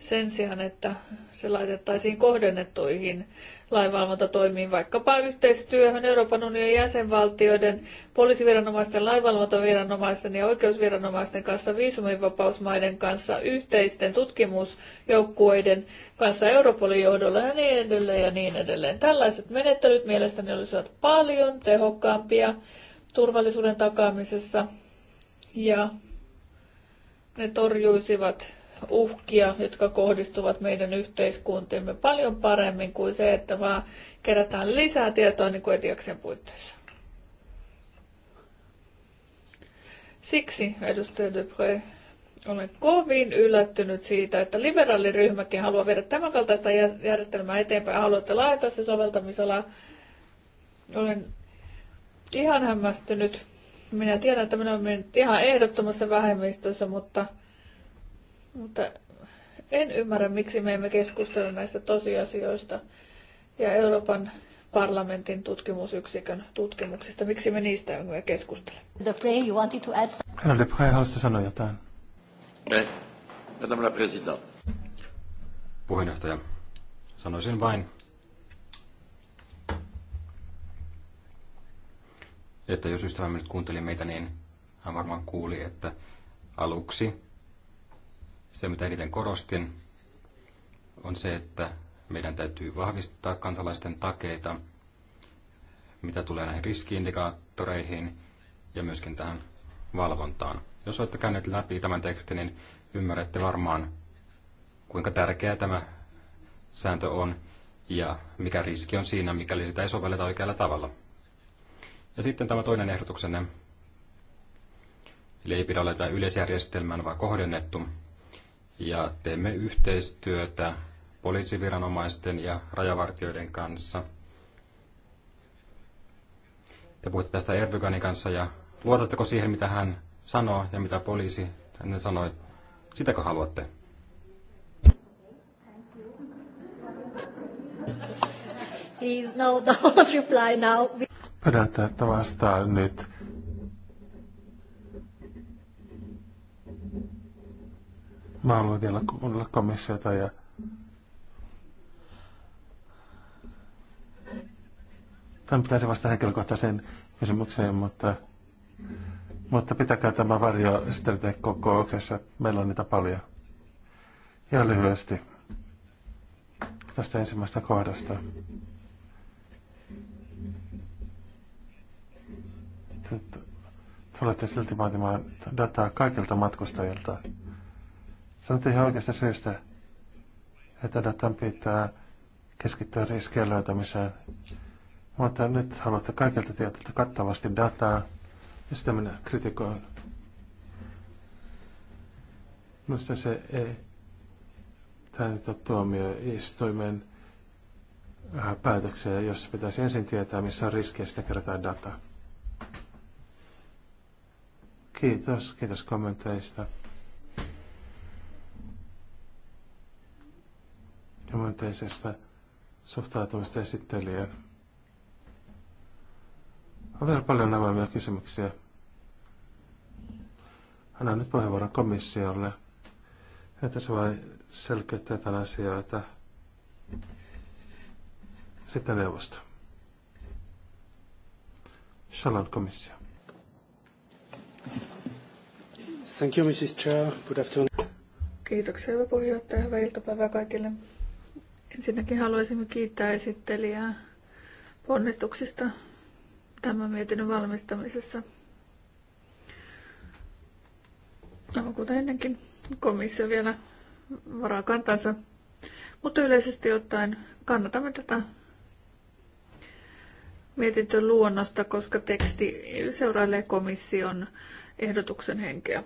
sen sijaan, että se laitettaisiin kohdennettuihin lainvalvontatoimiin, vaikkapa yhteistyöhön Euroopan unionin jäsenvaltioiden, poliisiviranomaisten, lainvalvontaviranomaisten ja oikeusviranomaisten kanssa, viisumivapausmaiden kanssa, yhteisten tutkimusjoukkueiden kanssa, Europolin johdolla ja niin edelleen ja niin edelleen. Tällaiset menettelyt mielestäni olisivat paljon tehokkaampia turvallisuuden takaamisessa ja ne torjuisivat uhkia, jotka kohdistuvat meidän yhteiskuntiimme paljon paremmin kuin se, että vaan kerätään lisää tietoa niin kuin etiaksen puitteissa. Siksi, edustaja Dupré, olen kovin yllättynyt siitä, että liberaaliryhmäkin haluaa viedä tämän kaltaista järjestelmää eteenpäin ja haluatte laajata se soveltamisala. Olen ihan hämmästynyt. Minä tiedän, että minä olen ihan ehdottomassa vähemmistössä, mutta – mutta en ymmärrä, miksi me emme keskustele näistä tosiasioista ja Euroopan parlamentin tutkimusyksikön tutkimuksista. Miksi me niistä emme keskustele? Dupré, you wanted to add... Herra haluaisitko sanoa jotain? Eh, madame la présidente. Puheenjohtaja, sanoisin vain, että jos ystävämme nyt kuunteli meitä, niin hän varmaan kuuli, että aluksi se, mitä eniten korostin, on se, että meidän täytyy vahvistaa kansalaisten takeita, mitä tulee näihin riskiindikaattoreihin ja myöskin tähän valvontaan. Jos olette käyneet läpi tämän tekstin, niin ymmärrätte varmaan, kuinka tärkeä tämä sääntö on ja mikä riski on siinä, mikäli sitä ei sovelleta oikealla tavalla. Ja sitten tämä toinen ehdotuksenne. Eli ei pidä olla yleisjärjestelmän, vaan kohdennettu ja teemme yhteistyötä poliisiviranomaisten ja rajavartijoiden kanssa. Te puhutte tästä Erdoganin kanssa ja luotatteko siihen, mitä hän sanoo ja mitä poliisi hänen sanoi? Sitäkö haluatte? is no, don't reply now. Pyydän, että vastaa nyt. Mä haluan vielä kuunnella komissiota ja Tämä pitäisi vastata henkilökohtaiseen kysymykseen, mutta, mutta pitäkää tämä varjo sitten kokouksessa. Meillä on niitä paljon. Ja lyhyesti tästä ensimmäisestä kohdasta. Tulette silti vaatimaan dataa kaikilta matkustajilta. Sanoit ihan oikeasta syystä, että datan pitää keskittyä riskien löytämiseen. Mutta nyt haluatte kaikilta tietää kattavasti dataa, ja sitä minä kritikoin. Minusta se ei täytä tuomioistuimen äh, päätöksiä, jos pitäisi ensin tietää, missä on riskejä, sitten kerätään dataa. Kiitos, kiitos kommenteista. ja myönteisestä suhtautumista esittelijään. On vielä paljon avoimia kysymyksiä. Annan nyt puheenvuoron komissiolle, että se voi selkeyttää tämän asioita. Sitten neuvosto. Shalom komissio. Thank you, Mrs. Chair. Good afternoon. Kiitoksia, hyvä puheenjohtaja. Hyvää iltapäivää kaikille. Ensinnäkin haluaisimme kiittää esittelijää ponnistuksista tämän mietinnön valmistamisessa. Aivan kuten ennenkin, komissio vielä varaa kantansa. Mutta yleisesti ottaen kannatamme tätä mietintöluonnosta, luonnosta, koska teksti seurailee komission ehdotuksen henkeä.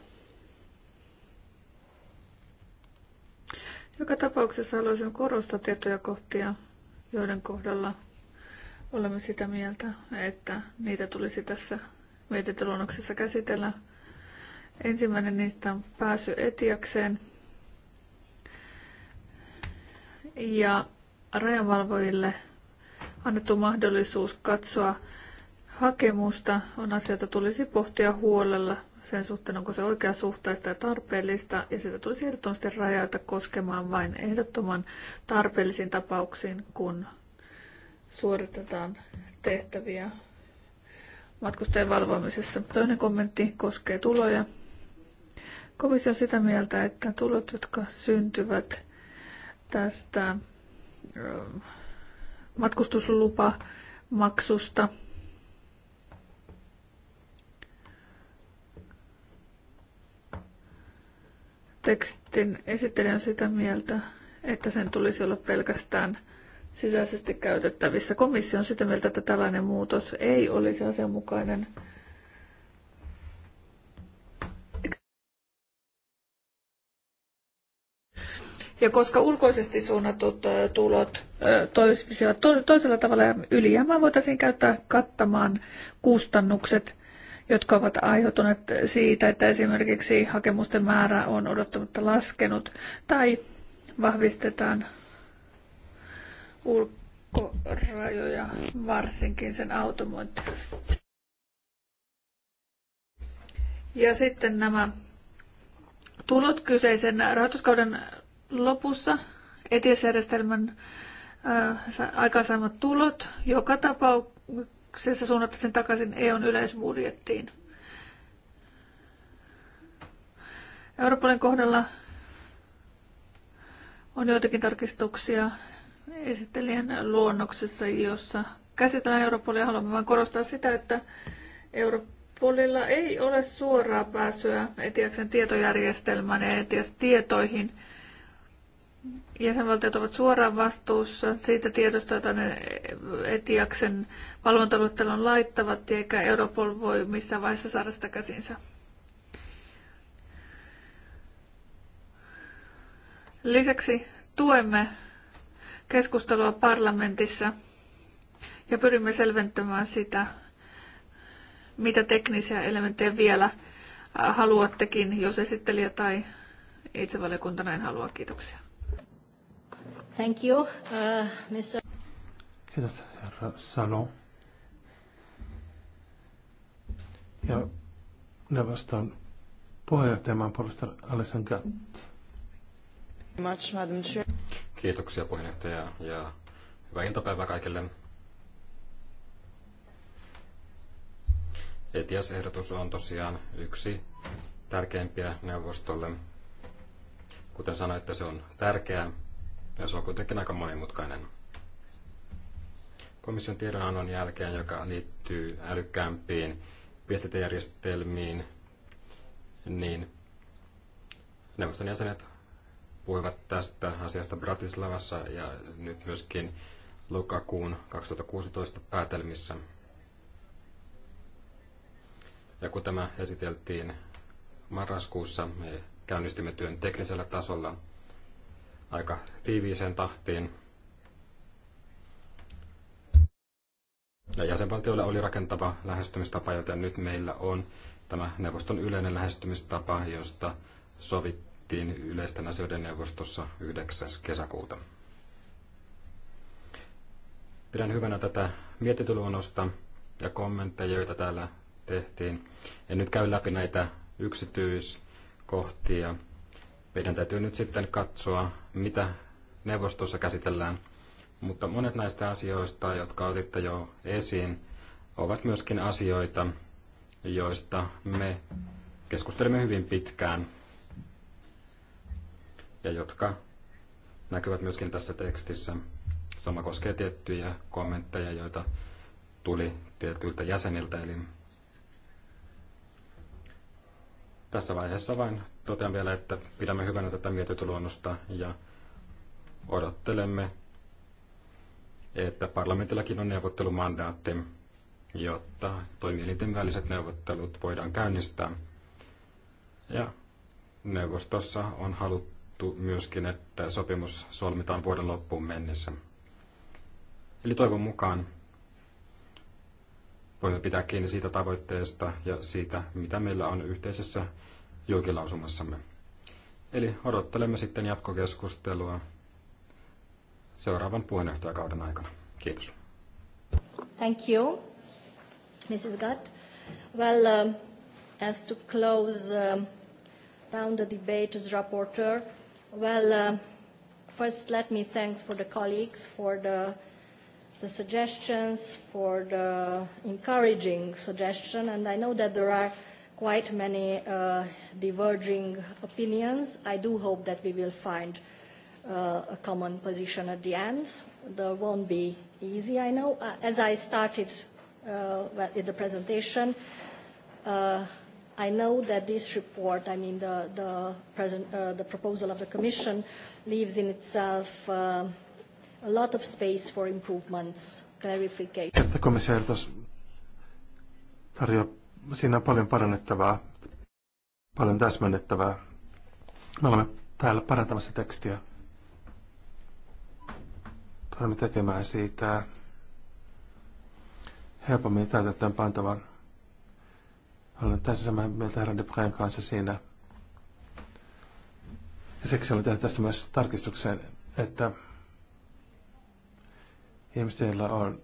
Joka tapauksessa haluaisin korostaa tiettyjä kohtia, joiden kohdalla olemme sitä mieltä, että niitä tulisi tässä mietintöluonnoksessa käsitellä. Ensimmäinen niistä on pääsy etiakseen ja rajanvalvojille annettu mahdollisuus katsoa hakemusta on asioita tulisi pohtia huolella sen suhteen, onko se oikeasuhtaista ja tarpeellista, ja sitä tulisi ehdottomasti rajata koskemaan vain ehdottoman tarpeellisiin tapauksiin, kun suoritetaan tehtäviä matkustajien valvomisessa. Toinen kommentti koskee tuloja. Komissio on sitä mieltä, että tulot, jotka syntyvät tästä matkustuslupamaksusta, maksusta, Tekstin esittelijä on sitä mieltä, että sen tulisi olla pelkästään sisäisesti käytettävissä. Komissio on sitä mieltä, että tällainen muutos ei olisi asianmukainen. Ja koska ulkoisesti suunnatut tulot toimisivat toisella tavalla ja ylijäämää voitaisiin käyttää kattamaan kustannukset jotka ovat aiheutuneet siitä, että esimerkiksi hakemusten määrä on odottamatta laskenut tai vahvistetaan ulkorajoja, varsinkin sen automointia. Ja sitten nämä tulot kyseisen rahoituskauden lopussa ETS-järjestelmän aikaisemmat tulot joka tapauksessa tapauksessa suunnattaisiin takaisin EUn yleisbudjettiin. Europolin kohdalla on joitakin tarkistuksia esittelijän luonnoksessa, jossa käsitellään Europolia. Haluamme vain korostaa sitä, että Europolilla ei ole suoraa pääsyä ETIAksen tietojärjestelmään ja ETIAS-tietoihin – jäsenvaltiot ovat suoraan vastuussa siitä tiedosta, jota ne Etiaksen valvontaluettelon laittavat, eikä Europol voi missään vaiheessa saada sitä käsinsä. Lisäksi tuemme keskustelua parlamentissa ja pyrimme selventämään sitä, mitä teknisiä elementtejä vielä haluattekin, jos esittelijä tai itse valiokunta näin haluaa. Kiitoksia. Thank you, uh, Mr. Kiitos, herra Salo. Ja neuvoston puolesta Alison Gatt. Much, Madam Chair. Kiitoksia puheenjohtaja ja hyvää iltapäivää kaikille. ETS-ehdotus on tosiaan yksi tärkeimpiä neuvostolle. Kuten sanoitte, se on tärkeää ja se on kuitenkin aika monimutkainen. Komission tiedonannon jälkeen, joka liittyy älykkäämpiin viestintäjärjestelmiin, niin neuvoston jäsenet puhuivat tästä asiasta Bratislavassa ja nyt myöskin lokakuun 2016 päätelmissä. Ja kun tämä esiteltiin marraskuussa, me käynnistimme työn teknisellä tasolla – aika tiiviiseen tahtiin. Ja jäsenvaltioille oli rakentava lähestymistapa, joten nyt meillä on tämä neuvoston yleinen lähestymistapa, josta sovittiin yleisten asioiden neuvostossa 9. kesäkuuta. Pidän hyvänä tätä mietityluonnosta ja kommentteja, joita täällä tehtiin. En nyt käy läpi näitä yksityiskohtia meidän täytyy nyt sitten katsoa, mitä neuvostossa käsitellään. Mutta monet näistä asioista, jotka otitte jo esiin, ovat myöskin asioita, joista me keskustelemme hyvin pitkään ja jotka näkyvät myöskin tässä tekstissä. Sama koskee tiettyjä kommentteja, joita tuli tietyiltä jäseniltä, eli Tässä vaiheessa vain totean vielä, että pidämme hyvänä tätä mietityluonnosta ja odottelemme, että parlamentillakin on neuvottelumandaatti, jotta toimielinten väliset neuvottelut voidaan käynnistää. Ja neuvostossa on haluttu myöskin, että sopimus solmitaan vuoden loppuun mennessä. Eli toivon mukaan voimme pitää kiinni siitä tavoitteesta ja siitä, mitä meillä on yhteisessä julkilausumassamme. Eli odottelemme sitten jatkokeskustelua seuraavan puheenjohtajakauden aikana. Kiitos. Thank you, Mrs. Gutt. Well, uh, as to close uh, down the debate as rapporteur, well, uh, first let me thank for the colleagues for the the suggestions for the encouraging suggestion, and I know that there are quite many uh, diverging opinions. I do hope that we will find uh, a common position at the end. There won't be easy, I know. Uh, as I started uh, in the presentation, uh, I know that this report, I mean the, the, present, uh, the proposal of the Commission, leaves in itself uh, a lot of space for improvements, clarification. tarjoaa, siinä paljon parannettavaa, paljon täsmennettävää. Me olemme täällä parantamassa tekstiä. Tulemme tekemään siitä helpommin täytettyä pantavan. Olen täysin samaa mieltä herran Debrain kanssa siinä. Ja siksi olen tehnyt tästä myös tarkistuksen, että ihmiset, joilla on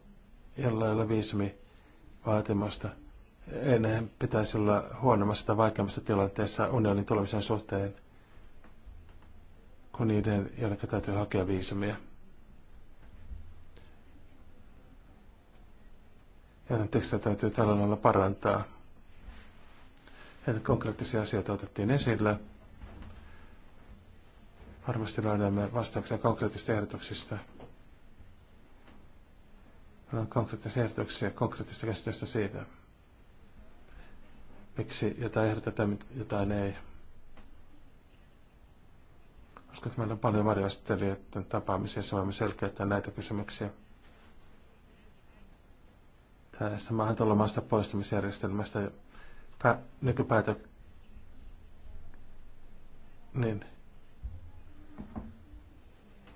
jollain lailla viisumi vaatimusta, enää pitäisi olla huonommassa tai vaikeammassa tilanteessa unionin tulemisen suhteen kuin niiden, joille täytyy hakea viisumia. Joten tekstiä täytyy tällä lailla parantaa. Että konkreettisia asioita otettiin esille. Varmasti löydämme vastauksia konkreettisista ehdotuksista on konkreettisia ehdotuksia, konkreettista käsitystä siitä, miksi jotain ehdotetaan, jotain ei. koska meillä on paljon varjoistelijoiden tapaamisia, se voimme selkeyttää näitä kysymyksiä. Tästä maahantulomaasta poistumisjärjestelmästä pä- nykypäätö... Niin.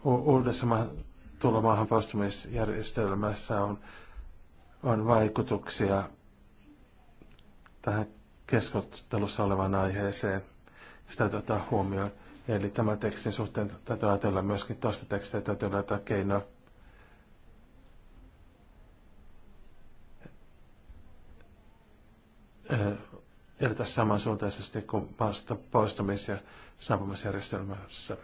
U- uudessa maahan tulla maahan poistumisjärjestelmässä on, on vaikutuksia tähän keskustelussa olevaan aiheeseen. Sitä täytyy ottaa huomioon. Eli tämän tekstin suhteen täytyy ajatella myöskin toista tekstiä, täytyy löytää keinoa edetä samansuuntaisesti kuin vasta poistumis- ja saapumisjärjestelmässä.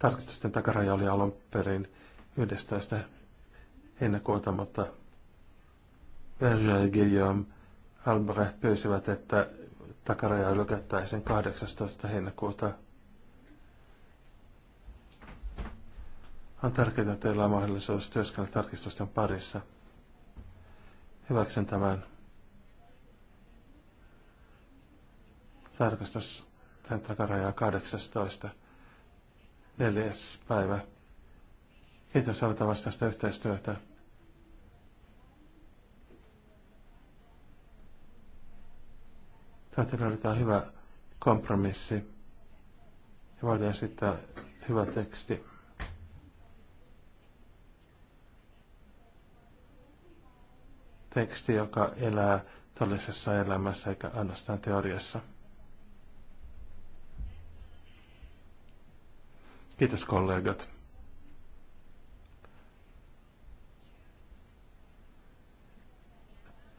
Tarkistusten takaraja oli alun perin 11. heinäkuuta, mutta Berger Guillaume Albrecht pyysivät, että takaraja lykättäisiin 18. heinäkuuta. On tärkeää, että teillä on mahdollisuus työskennellä tarkistusten parissa. Hyväksyn tämän tarkastus tämän takarajaa 18 neljäs päivä. Kiitos tästä yhteistyötä. Täytyy löytää hyvä kompromissi ja voidaan esittää hyvä teksti. Teksti, joka elää todellisessa elämässä eikä ainoastaan teoriassa. Kiitos kollegat.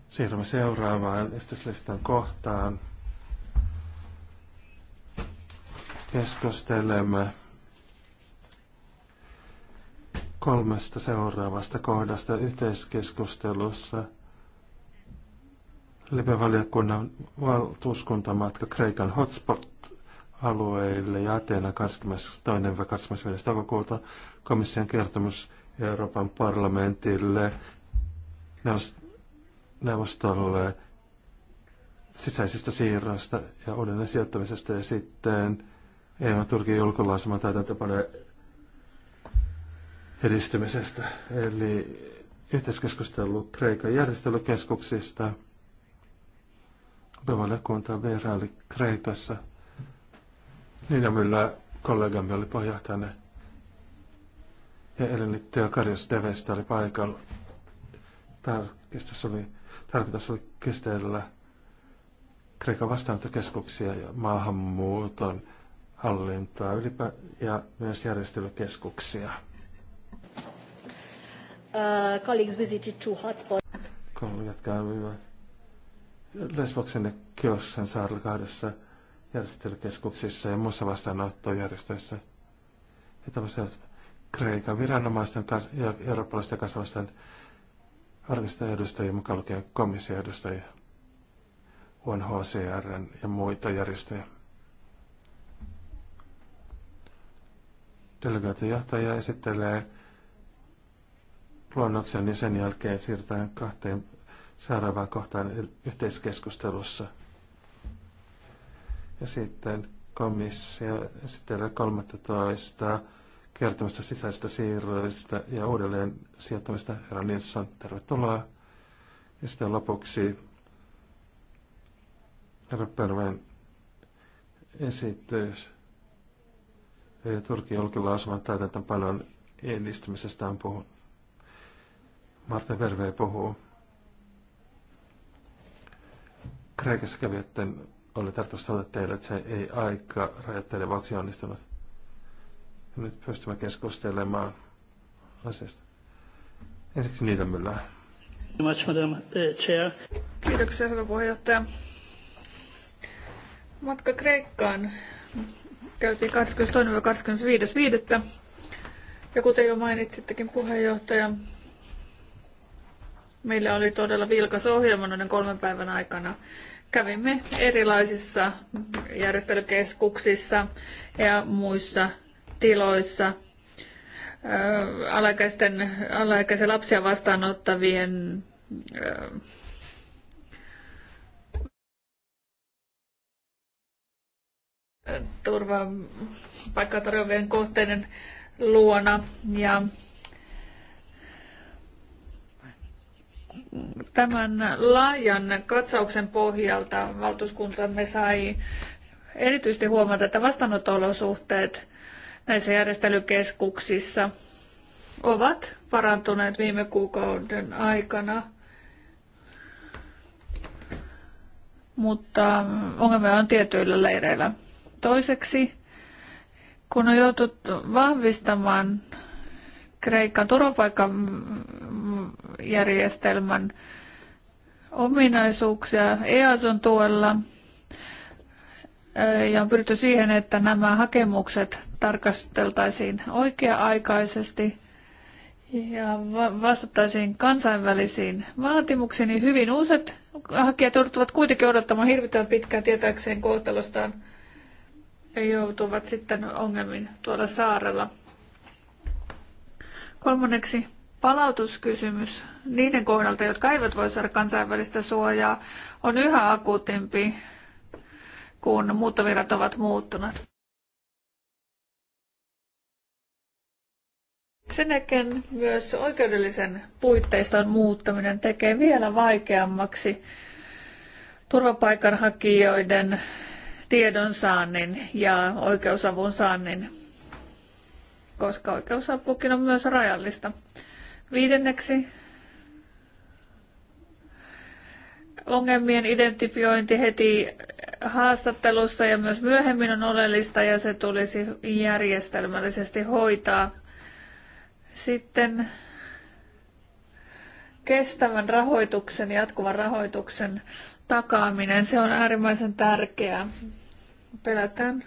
Siirrymme seuraavaan esityslistan kohtaan. Keskustelemme kolmesta seuraavasta kohdasta yhteiskeskustelussa. Libevaliokunnan valtuuskuntamatka Kreikan hotspot alueille ja Ateena 22.–25. toukokuuta komission kertomus Euroopan parlamentille, neuvostolle sisäisistä siirroista ja uudelleen sijoittamisesta ja sitten EU-Turkin julkilausuman täytäntöpanojen edistymisestä. Eli yhteiskeskustelu Kreikan järjestelykeskuksista. Valiokunta vieraili Kreikassa – Niina Myllä kollegamme oli puheenjohtajana. Ja Eleni Teokarius Devestä oli paikalla. Tarkistus oli, tarkoitus oli kestellä Kreikan vastaanottokeskuksia ja maahanmuuton hallintaa ylipä, ja myös järjestelykeskuksia. Uh, colleagues visited two hotspots. Kollegat käyvät Lesboksen ja Kiossan saarella kahdessa järjestelykeskuksissa ja muissa vastaanottojärjestöissä. Ja tämmöisiä Kreikan viranomaisten ja eurooppalaisten kansalaisten arkistojen edustajia, mukaan lukien komission edustajia, UNHCR ja muita järjestöjä. Delegaatiojohtaja esittelee luonnoksen ja sen jälkeen siirrytään kahteen seuraavaan kohtaan yhteiskeskustelussa – ja sitten komissio esittelee 13 kertomusta sisäistä siirroista ja uudelleen sijoittamista. Herra Nilsson, tervetuloa. Ja sitten lopuksi herra Perveen esitys Turkin julkilausuman täytäntöönpanon edistymisestä on puhunut. Marta Verve puhuu. Kreikassa kävijöiden oli tarkoitus sanoa teille, että se ei aika rajoitteiden vuoksi onnistunut. Nyt pystymme keskustelemaan asiasta. Ensiksi niitä myllää. Uh, Kiitoksia, hyvä puheenjohtaja. Matka Kreikkaan käytiin 22.–25.5. Ja kuten jo mainitsittekin puheenjohtaja, meillä oli todella vilkas ohjelma noiden kolmen päivän aikana kävimme erilaisissa järjestelykeskuksissa ja muissa tiloissa alaikäisten, alaikäisen lapsia vastaanottavien turvapaikkaa tarjoavien kohteiden luona ja tämän laajan katsauksen pohjalta valtuuskuntamme sai erityisesti huomata, että vastaanotto-olosuhteet näissä järjestelykeskuksissa ovat parantuneet viime kuukauden aikana. Mutta ongelmia on tietyillä leireillä. Toiseksi, kun on jouduttu vahvistamaan Kreikan turvapaikkajärjestelmän ominaisuuksia EASON tuella eh, ja on pyritty siihen, että nämä hakemukset tarkasteltaisiin oikea-aikaisesti ja vastattaisiin kansainvälisiin vaatimuksiin, niin hyvin uuset hakijat joutuvat kuitenkin odottamaan hirvittävän pitkään tietääkseen kohtalostaan ja joutuvat sitten ongelmiin tuolla saarella. Kolmanneksi palautuskysymys niiden kohdalta, jotka eivät voi saada kansainvälistä suojaa, on yhä akuutimpi, kun muuttovirrat ovat muuttuneet. Sen jälkeen myös oikeudellisen puitteiston muuttaminen tekee vielä vaikeammaksi turvapaikanhakijoiden tiedonsaannin ja oikeusavun saannin koska oikeusapukin on myös rajallista. Viidenneksi ongelmien identifiointi heti haastattelussa ja myös myöhemmin on oleellista ja se tulisi järjestelmällisesti hoitaa. Sitten kestävän rahoituksen, jatkuvan rahoituksen takaaminen, se on äärimmäisen tärkeää. Pelätään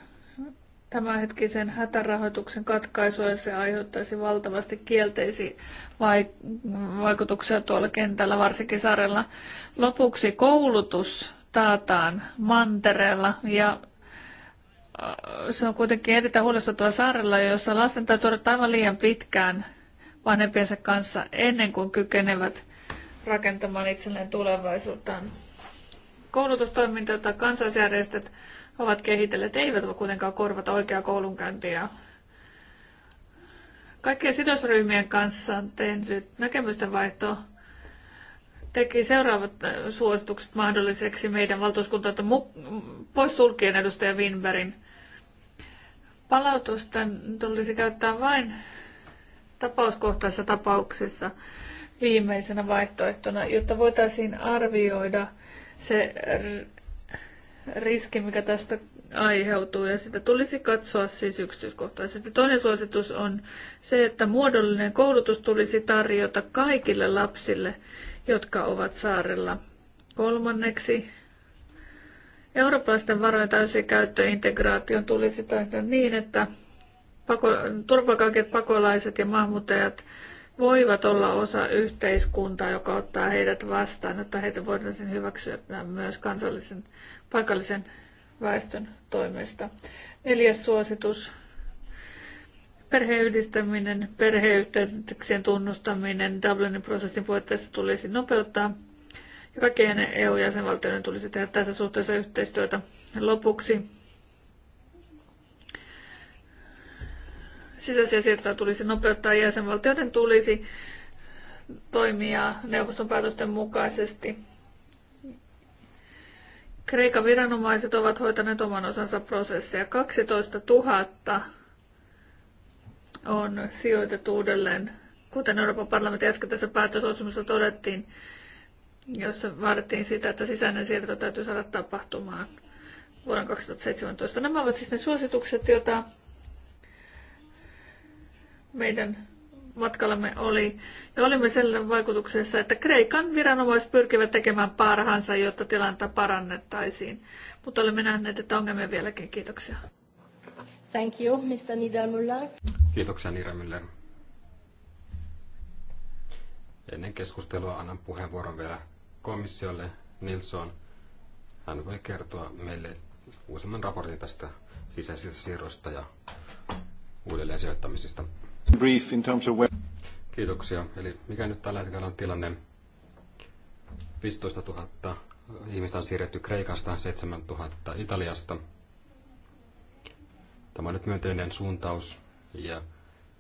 tämänhetkisen hätärahoituksen katkaisua, se aiheuttaisi valtavasti kielteisiä vaikutuksia tuolla kentällä, varsinkin saarella. Lopuksi koulutus taataan mantereella ja äh, se on kuitenkin erittäin huolestuttava saarella, jossa lasten täytyy olla aivan liian pitkään vanhempiensa kanssa ennen kuin kykenevät rakentamaan itselleen tulevaisuuttaan. Koulutustoiminta, jota kansalaisjärjestöt ovat kehitelleet, eivät voi kuitenkaan korvata oikeaa koulunkäyntiä. Kaikkien sidosryhmien kanssa tehty näkemysten vaihto teki seuraavat suositukset mahdolliseksi meidän valtuuskuntamme poissulkien edustaja Winbergin. Palautusten tulisi käyttää vain tapauskohtaisissa tapauksissa viimeisenä vaihtoehtona, jotta voitaisiin arvioida se riski, mikä tästä aiheutuu, ja sitä tulisi katsoa siis yksityiskohtaisesti. Toinen suositus on se, että muodollinen koulutus tulisi tarjota kaikille lapsille, jotka ovat saarella. Kolmanneksi, eurooppalaisten varojen käyttöintegraation tulisi tehdä niin, että pako- turvapaikanhakijat, pakolaiset ja maahanmuuttajat voivat olla osa yhteiskuntaa, joka ottaa heidät vastaan, että heitä voidaan hyväksyä myös kansallisen paikallisen väestön toimesta. Neljäs suositus. Perheyhdistäminen, perheyhteyksien tunnustaminen Dublinin prosessin puitteissa tulisi nopeuttaa ja kaikkien EU-jäsenvaltioiden tulisi tehdä tässä suhteessa yhteistyötä. Lopuksi sisäisiä siirtoja tulisi nopeuttaa jäsenvaltioiden tulisi toimia neuvoston päätösten mukaisesti Kreikan viranomaiset ovat hoitaneet oman osansa prosessia. 12 000 on sijoitettu uudelleen, kuten Euroopan parlamentin äskeisessä päätösosumassa todettiin, jossa vaadittiin sitä, että sisäinen siirto täytyy saada tapahtumaan vuoden 2017. Nämä ovat siis ne suositukset, joita meidän matkallamme oli, ja olimme sellainen vaikutuksessa, että Kreikan viranomaiset pyrkivät tekemään parhaansa, jotta tilannetta parannettaisiin. Mutta olemme nähneet, että ongelmia vieläkin. Kiitoksia. Thank you, Mr. Niedermüller. Kiitoksia, Niedermüller. Ennen keskustelua annan puheenvuoron vielä komissiolle Nilsson. Hän voi kertoa meille uusimman raportin tästä sisäisistä siirroista ja uudelleen sijoittamisista. Brief in terms of Kiitoksia. Eli mikä nyt tällä hetkellä on tilanne? 15 000 ihmistä on siirretty Kreikasta, 7 000 Italiasta. Tämä on nyt myönteinen suuntaus ja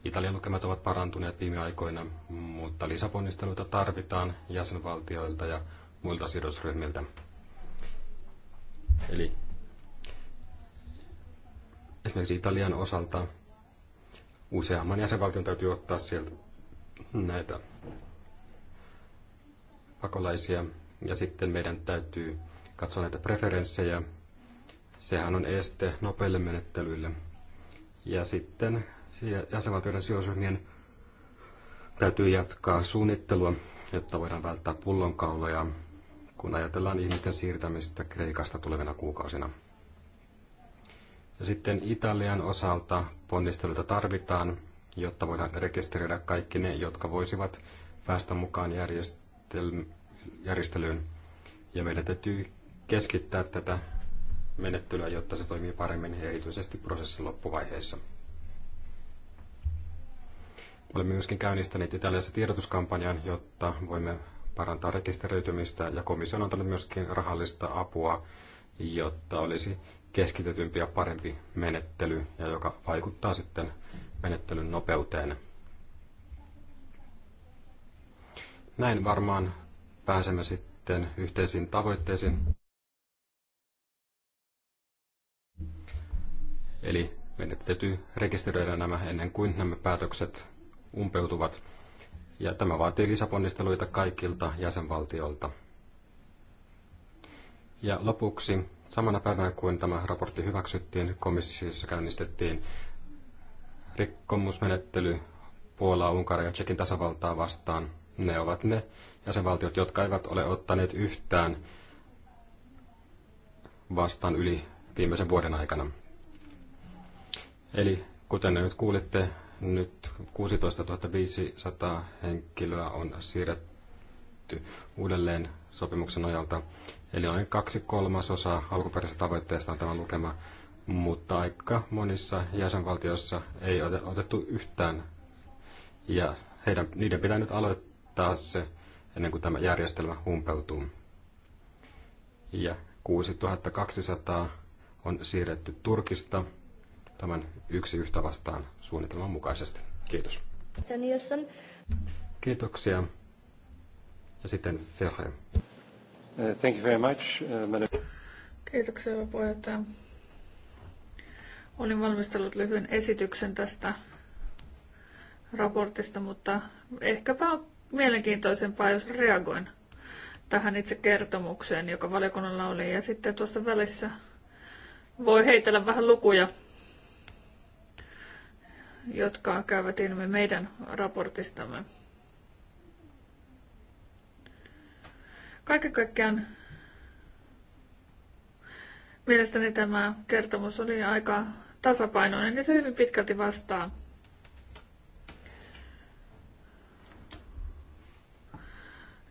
Italian lukemat ovat parantuneet viime aikoina, mutta lisäponnisteluita tarvitaan jäsenvaltioilta ja muilta sidosryhmiltä. Eli esimerkiksi Italian osalta useamman jäsenvaltion täytyy ottaa sieltä näitä pakolaisia. Ja sitten meidän täytyy katsoa näitä preferenssejä. Sehän on este nopeille menettelyille. Ja sitten jäsenvaltioiden sijoitusryhmien täytyy jatkaa suunnittelua, jotta voidaan välttää pullonkauloja, kun ajatellaan ihmisten siirtämistä Kreikasta tulevina kuukausina. Ja sitten Italian osalta ponnisteluita tarvitaan, jotta voidaan rekisteröidä kaikki ne, jotka voisivat päästä mukaan järjestelyyn. Ja meidän täytyy keskittää tätä menettelyä, jotta se toimii paremmin ja erityisesti prosessin loppuvaiheessa. Olemme myöskin käynnistäneet Italiassa tiedotuskampanjan, jotta voimme parantaa rekisteröitymistä ja komissio on antanut myöskin rahallista apua, jotta olisi keskitetympi ja parempi menettely, ja joka vaikuttaa sitten menettelyn nopeuteen. Näin varmaan pääsemme sitten yhteisiin tavoitteisiin. Eli meidän täytyy rekisteröidä nämä ennen kuin nämä päätökset umpeutuvat. Ja tämä vaatii lisäponnisteluita kaikilta jäsenvaltioilta. Ja lopuksi, samana päivänä kuin tämä raportti hyväksyttiin, komissiossa käynnistettiin rikkomusmenettely Puolaa, Unkaria ja Tsekin tasavaltaa vastaan. Ne ovat ne jäsenvaltiot, jotka eivät ole ottaneet yhtään vastaan yli viimeisen vuoden aikana. Eli kuten nyt kuulitte, nyt 16 500 henkilöä on siirretty hyväksytty uudelleen sopimuksen nojalta. Eli noin kaksi kolmasosaa alkuperäisestä tavoitteesta on tämä lukema, mutta aika monissa jäsenvaltioissa ei ole otettu yhtään. Ja heidän, niiden pitää nyt aloittaa se ennen kuin tämä järjestelmä humpeutuu. Ja 6200 on siirretty Turkista tämän yksi yhtä vastaan suunnitelman mukaisesti. Kiitos. Kiitoksia. Ja sitten Ferre. Uh, thank you very much, uh, madam. Kiitoksia, hyvä puheenjohtaja. Olin valmistellut lyhyen esityksen tästä raportista, mutta ehkäpä on mielenkiintoisempaa, jos reagoin tähän itse kertomukseen, joka valiokunnalla oli. Ja sitten tuossa välissä voi heitellä vähän lukuja, jotka käyvät ilmi meidän raportistamme. Kaiken kaikkiaan mielestäni tämä kertomus oli aika tasapainoinen ja se hyvin pitkälti vastaa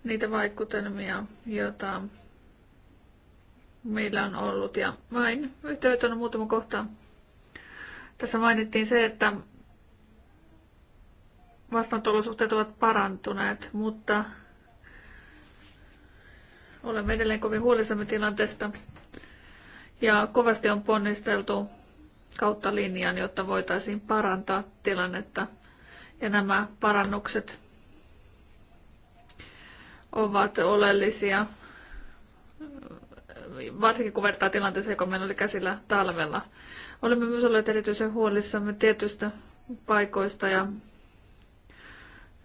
niitä vaikutelmia, joita meillä on ollut. Ja vain yhteyttä on muutama kohta. Tässä mainittiin se, että vastaanotolosuhteet ovat parantuneet, mutta Olemme edelleen kovin huolissamme tilanteesta ja kovasti on ponnisteltu kautta linjan, jotta voitaisiin parantaa tilannetta. Ja nämä parannukset ovat oleellisia, varsinkin kun vertaa tilanteeseen, joka meillä oli käsillä talvella. Olemme myös olleet erityisen huolissamme tietystä paikoista ja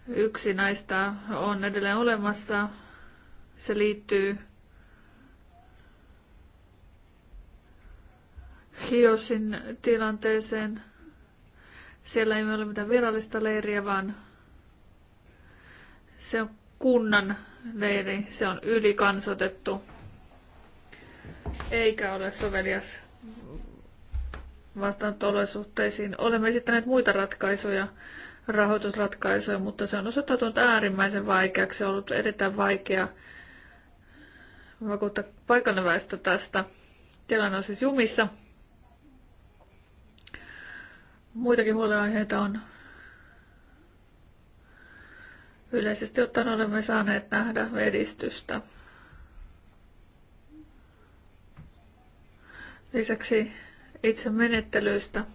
yksi näistä on edelleen olemassa se liittyy Hiosin tilanteeseen. Siellä ei ole mitään virallista leiriä, vaan se on kunnan leiri, se on ylikansotettu, eikä ole sovelias vastaanotto-olosuhteisiin. Olemme esittäneet muita ratkaisuja, rahoitusratkaisuja, mutta se on osoittautunut äärimmäisen vaikeaksi. Se on ollut erittäin vaikea vakuuttaa paikallinen väestö tästä. Tilanne on siis jumissa. Muitakin huolenaiheita on. Yleisesti ottaen olemme saaneet nähdä edistystä. Lisäksi itse menettelyistä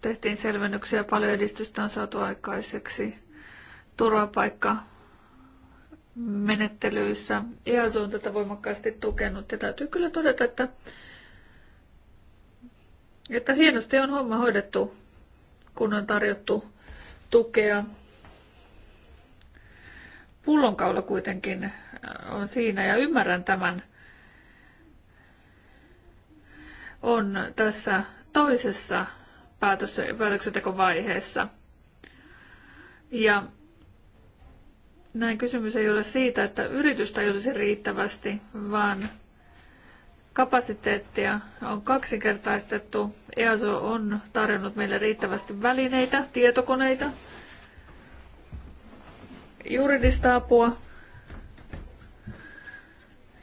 tehtiin selvennyksiä, paljon edistystä on saatu aikaiseksi. Turvapaikka menettelyissä. EASO on tätä voimakkaasti tukenut ja täytyy kyllä todeta, että, että hienosti on homma hoidettu, kun on tarjottu tukea. Pullonkaula kuitenkin äh, on siinä ja ymmärrän tämän on tässä toisessa päätöksentekovaiheessa. Ja näin kysymys ei ole siitä, että yritystä ei olisi riittävästi, vaan kapasiteettia on kaksinkertaistettu. EASO on tarjonnut meille riittävästi välineitä, tietokoneita, juridista apua.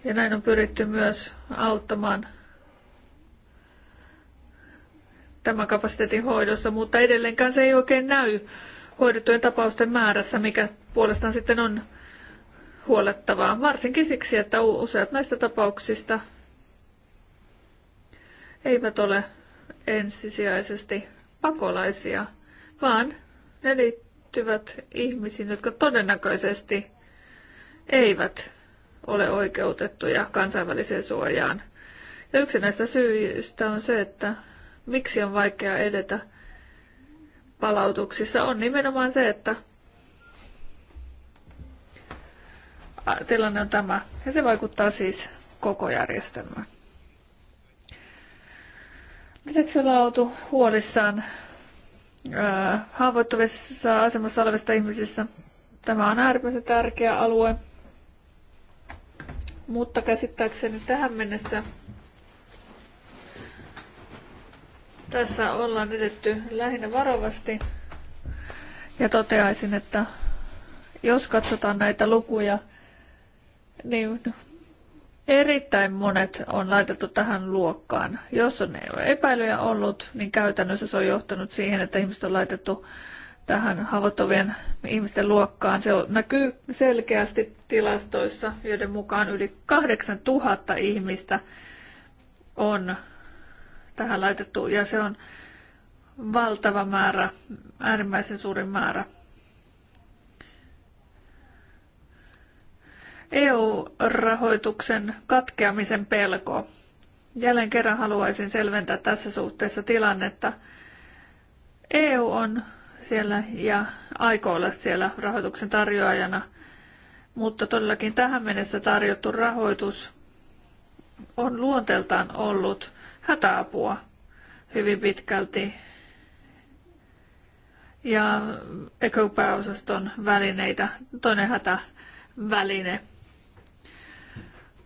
Ja näin on pyritty myös auttamaan tämän kapasiteetin hoidossa, mutta edelleenkään se ei oikein näy hoidettujen tapausten määrässä, mikä puolestaan sitten on huolettavaa, varsinkin siksi, että useat näistä tapauksista eivät ole ensisijaisesti pakolaisia, vaan ne liittyvät ihmisiin, jotka todennäköisesti eivät ole oikeutettuja kansainväliseen suojaan. Ja yksi näistä syistä on se, että miksi on vaikea edetä palautuksissa, on nimenomaan se, että tilanne on tämä. Ja se vaikuttaa siis koko järjestelmään. Lisäksi ollaan oltu huolissaan ää, haavoittuvissa asemassa olevista ihmisissä. Tämä on äärimmäisen tärkeä alue, mutta käsittääkseni tähän mennessä tässä ollaan edetty lähinnä varovasti ja toteaisin, että jos katsotaan näitä lukuja, niin erittäin monet on laitettu tähän luokkaan. Jos on epäilyjä ollut, niin käytännössä se on johtanut siihen, että ihmiset on laitettu tähän haavoittuvien ihmisten luokkaan. Se näkyy selkeästi tilastoissa, joiden mukaan yli 8000 ihmistä on tähän laitettu, ja se on valtava määrä, äärimmäisen suuri määrä. EU-rahoituksen katkeamisen pelko. Jälleen kerran haluaisin selventää tässä suhteessa tilannetta. EU on siellä ja aikoo olla siellä rahoituksen tarjoajana, mutta todellakin tähän mennessä tarjottu rahoitus on luonteeltaan ollut hätäapua hyvin pitkälti ja ekopääosaston välineitä, toinen hätäväline –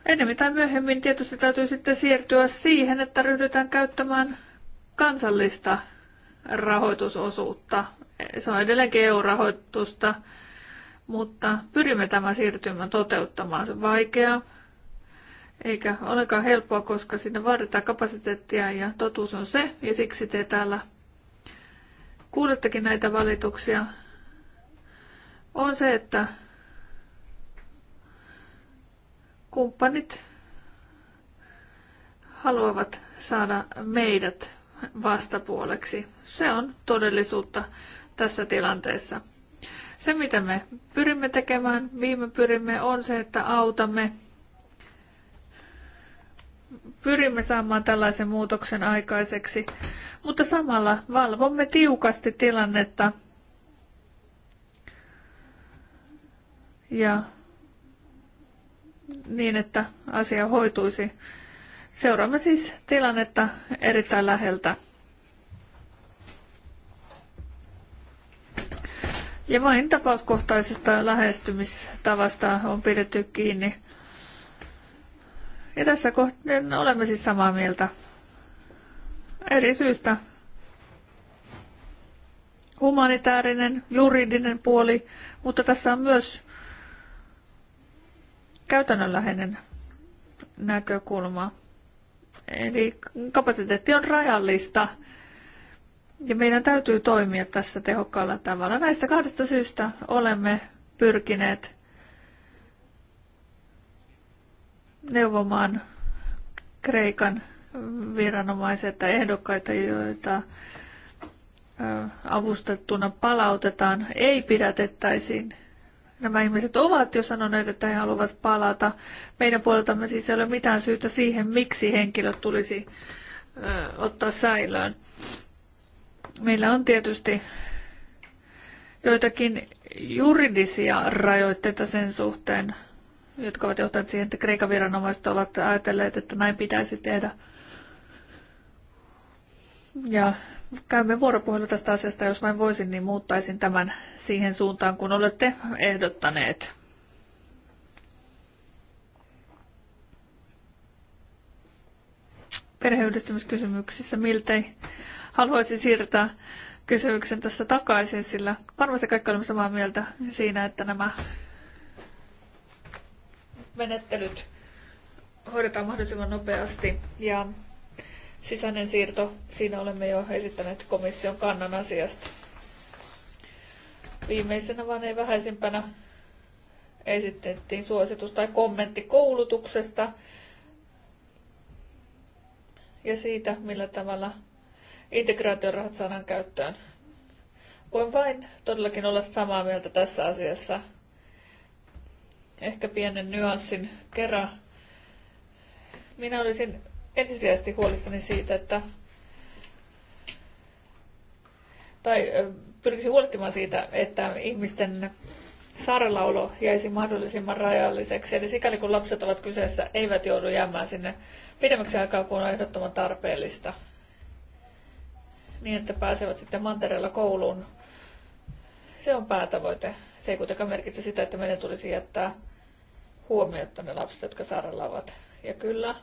Ennemmin tai myöhemmin tietysti täytyy sitten siirtyä siihen, että ryhdytään käyttämään kansallista rahoitusosuutta. Se on edelleenkin EU-rahoitusta, mutta pyrimme tämän siirtymän toteuttamaan. Se on vaikeaa, eikä olekaan helppoa, koska sinne vaaditaan kapasiteettia ja totuus on se, ja siksi te täällä kuulettekin näitä valituksia, on se, että kumppanit haluavat saada meidät vastapuoleksi. Se on todellisuutta tässä tilanteessa. Se, mitä me pyrimme tekemään, viime pyrimme, on se, että autamme. Pyrimme saamaan tällaisen muutoksen aikaiseksi, mutta samalla valvomme tiukasti tilannetta ja niin, että asia hoituisi. Seuraamme siis tilannetta erittäin läheltä. Ja vain tapauskohtaisesta lähestymistavasta on pidetty kiinni. Ja tässä kohtaa no, olemme siis samaa mieltä. Eri syystä. Humanitaarinen, juridinen puoli, mutta tässä on myös käytännönläheinen näkökulma. Eli kapasiteetti on rajallista ja meidän täytyy toimia tässä tehokkaalla tavalla. Näistä kahdesta syystä olemme pyrkineet neuvomaan Kreikan viranomaiset tai ehdokkaita, joita avustettuna palautetaan, ei pidätettäisiin nämä ihmiset ovat jo sanoneet, että he haluavat palata. Meidän puoleltamme siis ei ole mitään syytä siihen, miksi henkilöt tulisi ö, ottaa säilöön. Meillä on tietysti joitakin juridisia rajoitteita sen suhteen, jotka ovat johtaneet siihen, että Kreikan viranomaiset ovat ajatelleet, että näin pitäisi tehdä. Ja käymme vuoropuhelu tästä asiasta. Jos vain voisin, niin muuttaisin tämän siihen suuntaan, kun olette ehdottaneet. Perheyhdistymiskysymyksissä miltei haluaisin siirtää kysymyksen tässä takaisin, sillä varmasti kaikki olemme samaa mieltä siinä, että nämä menettelyt hoidetaan mahdollisimman nopeasti. Ja sisäinen siirto. Siinä olemme jo esittäneet komission kannan asiasta. Viimeisenä vaan ei vähäisimpänä esitettiin suositus tai kommentti koulutuksesta ja siitä, millä tavalla integraatiorahat saadaan käyttöön. Voin vain todellakin olla samaa mieltä tässä asiassa. Ehkä pienen nyanssin kerran. Minä olisin ensisijaisesti huolissani siitä, että tai pyrkisin huolehtimaan siitä, että ihmisten saarelaulo jäisi mahdollisimman rajalliseksi. Eli sikäli kun lapset ovat kyseessä, eivät joudu jäämään sinne pidemmäksi aikaa, kun on ehdottoman tarpeellista. Niin, että pääsevät sitten mantereella kouluun. Se on päätavoite. Se ei kuitenkaan merkitse sitä, että meidän tulisi jättää huomiota ne lapset, jotka saarella ovat. Ja kyllä,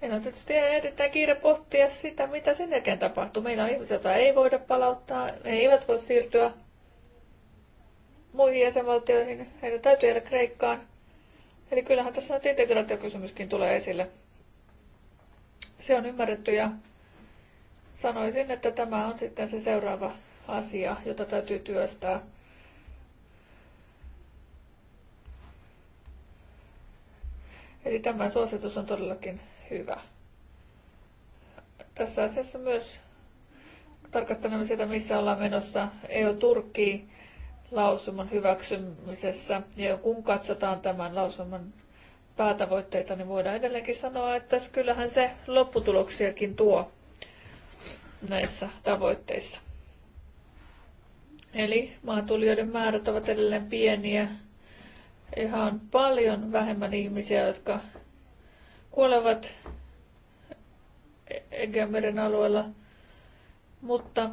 Meillä on tietysti erittäin kiire pohtia sitä, mitä sen jälkeen tapahtuu. Meillä on ihmisiä, joita ei voida palauttaa, ne eivät voi siirtyä muihin jäsenvaltioihin, heidän täytyy jäädä Kreikkaan. Eli kyllähän tässä nyt integraatiokysymyskin tulee esille. Se on ymmärretty ja sanoisin, että tämä on sitten se seuraava asia, jota täytyy työstää. Eli tämä suositus on todellakin hyvä. Tässä asiassa myös tarkastelemme sitä, missä ollaan menossa EU-Turkkiin lausuman hyväksymisessä. Ja kun katsotaan tämän lausuman päätavoitteita, niin voidaan edelleenkin sanoa, että kyllähän se lopputuloksiakin tuo näissä tavoitteissa. Eli maatulijoiden määrät ovat edelleen pieniä. Ihan paljon vähemmän ihmisiä, jotka kuolevat Egeanmeren alueella. Mutta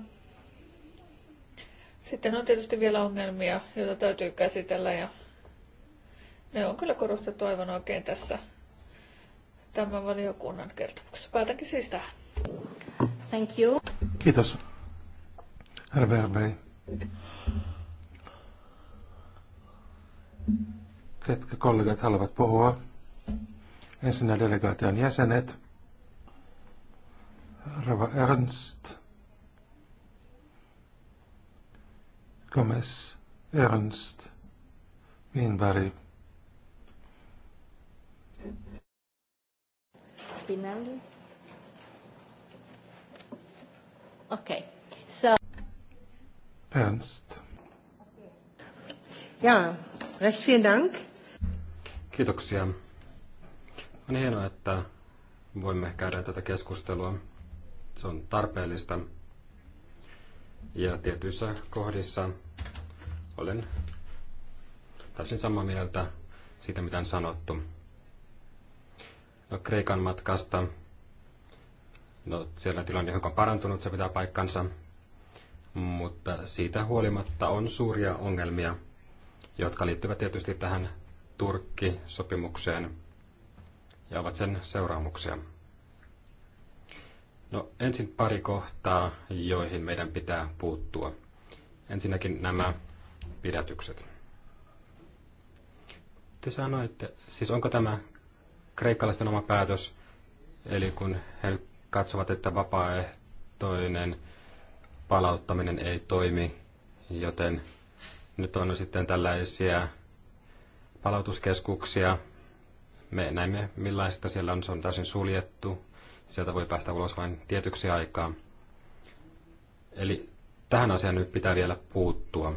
sitten on tietysti vielä ongelmia, joita täytyy käsitellä ja ne on kyllä korostettu aivan oikein tässä tämän valiokunnan kertomuksessa. Päätänkin siis tähän. Thank you. Kiitos. RVRV. Ketkä kollegat haluavat puhua? Ensinnä delegaation jäsenet. Rava Ernst. Gomez Ernst. Winberg. Spinelli. Okay. So. Ernst. Ja, recht vielen Dank. Kiitoksia. On hienoa, että voimme käydä tätä keskustelua. Se on tarpeellista. Ja tietyissä kohdissa olen täysin samaa mieltä siitä, mitä on sanottu. No, Kreikan matkasta. No, siellä tilanne on parantunut, se pitää paikkansa. Mutta siitä huolimatta on suuria ongelmia, jotka liittyvät tietysti tähän Turkki-sopimukseen – ja ovat sen seuraamuksia. No ensin pari kohtaa, joihin meidän pitää puuttua. Ensinnäkin nämä pidätykset. Te sanoitte, siis onko tämä kreikkalaisten oma päätös, eli kun he katsovat, että vapaaehtoinen palauttaminen ei toimi, joten nyt on sitten tällaisia palautuskeskuksia, me näimme, millaista siellä on. Se on täysin suljettu. Sieltä voi päästä ulos vain tietyksi aikaa. Eli tähän asiaan nyt pitää vielä puuttua.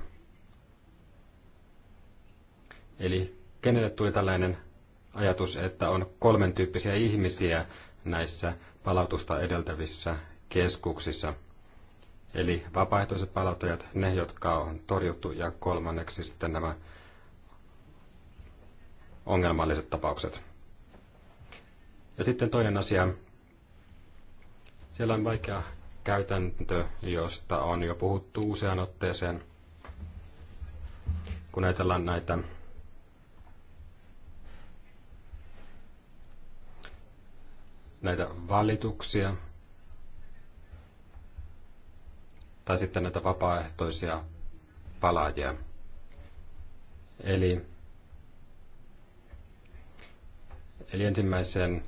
Eli kenelle tuli tällainen ajatus, että on kolmen tyyppisiä ihmisiä näissä palautusta edeltävissä keskuksissa. Eli vapaaehtoiset palauttajat, ne jotka on torjuttu ja kolmanneksi sitten nämä ongelmalliset tapaukset. Ja sitten toinen asia. Siellä on vaikea käytäntö, josta on jo puhuttu useaan otteeseen. Kun ajatellaan näitä näitä valituksia tai sitten näitä vapaaehtoisia palaajia. Eli Eli ensimmäisen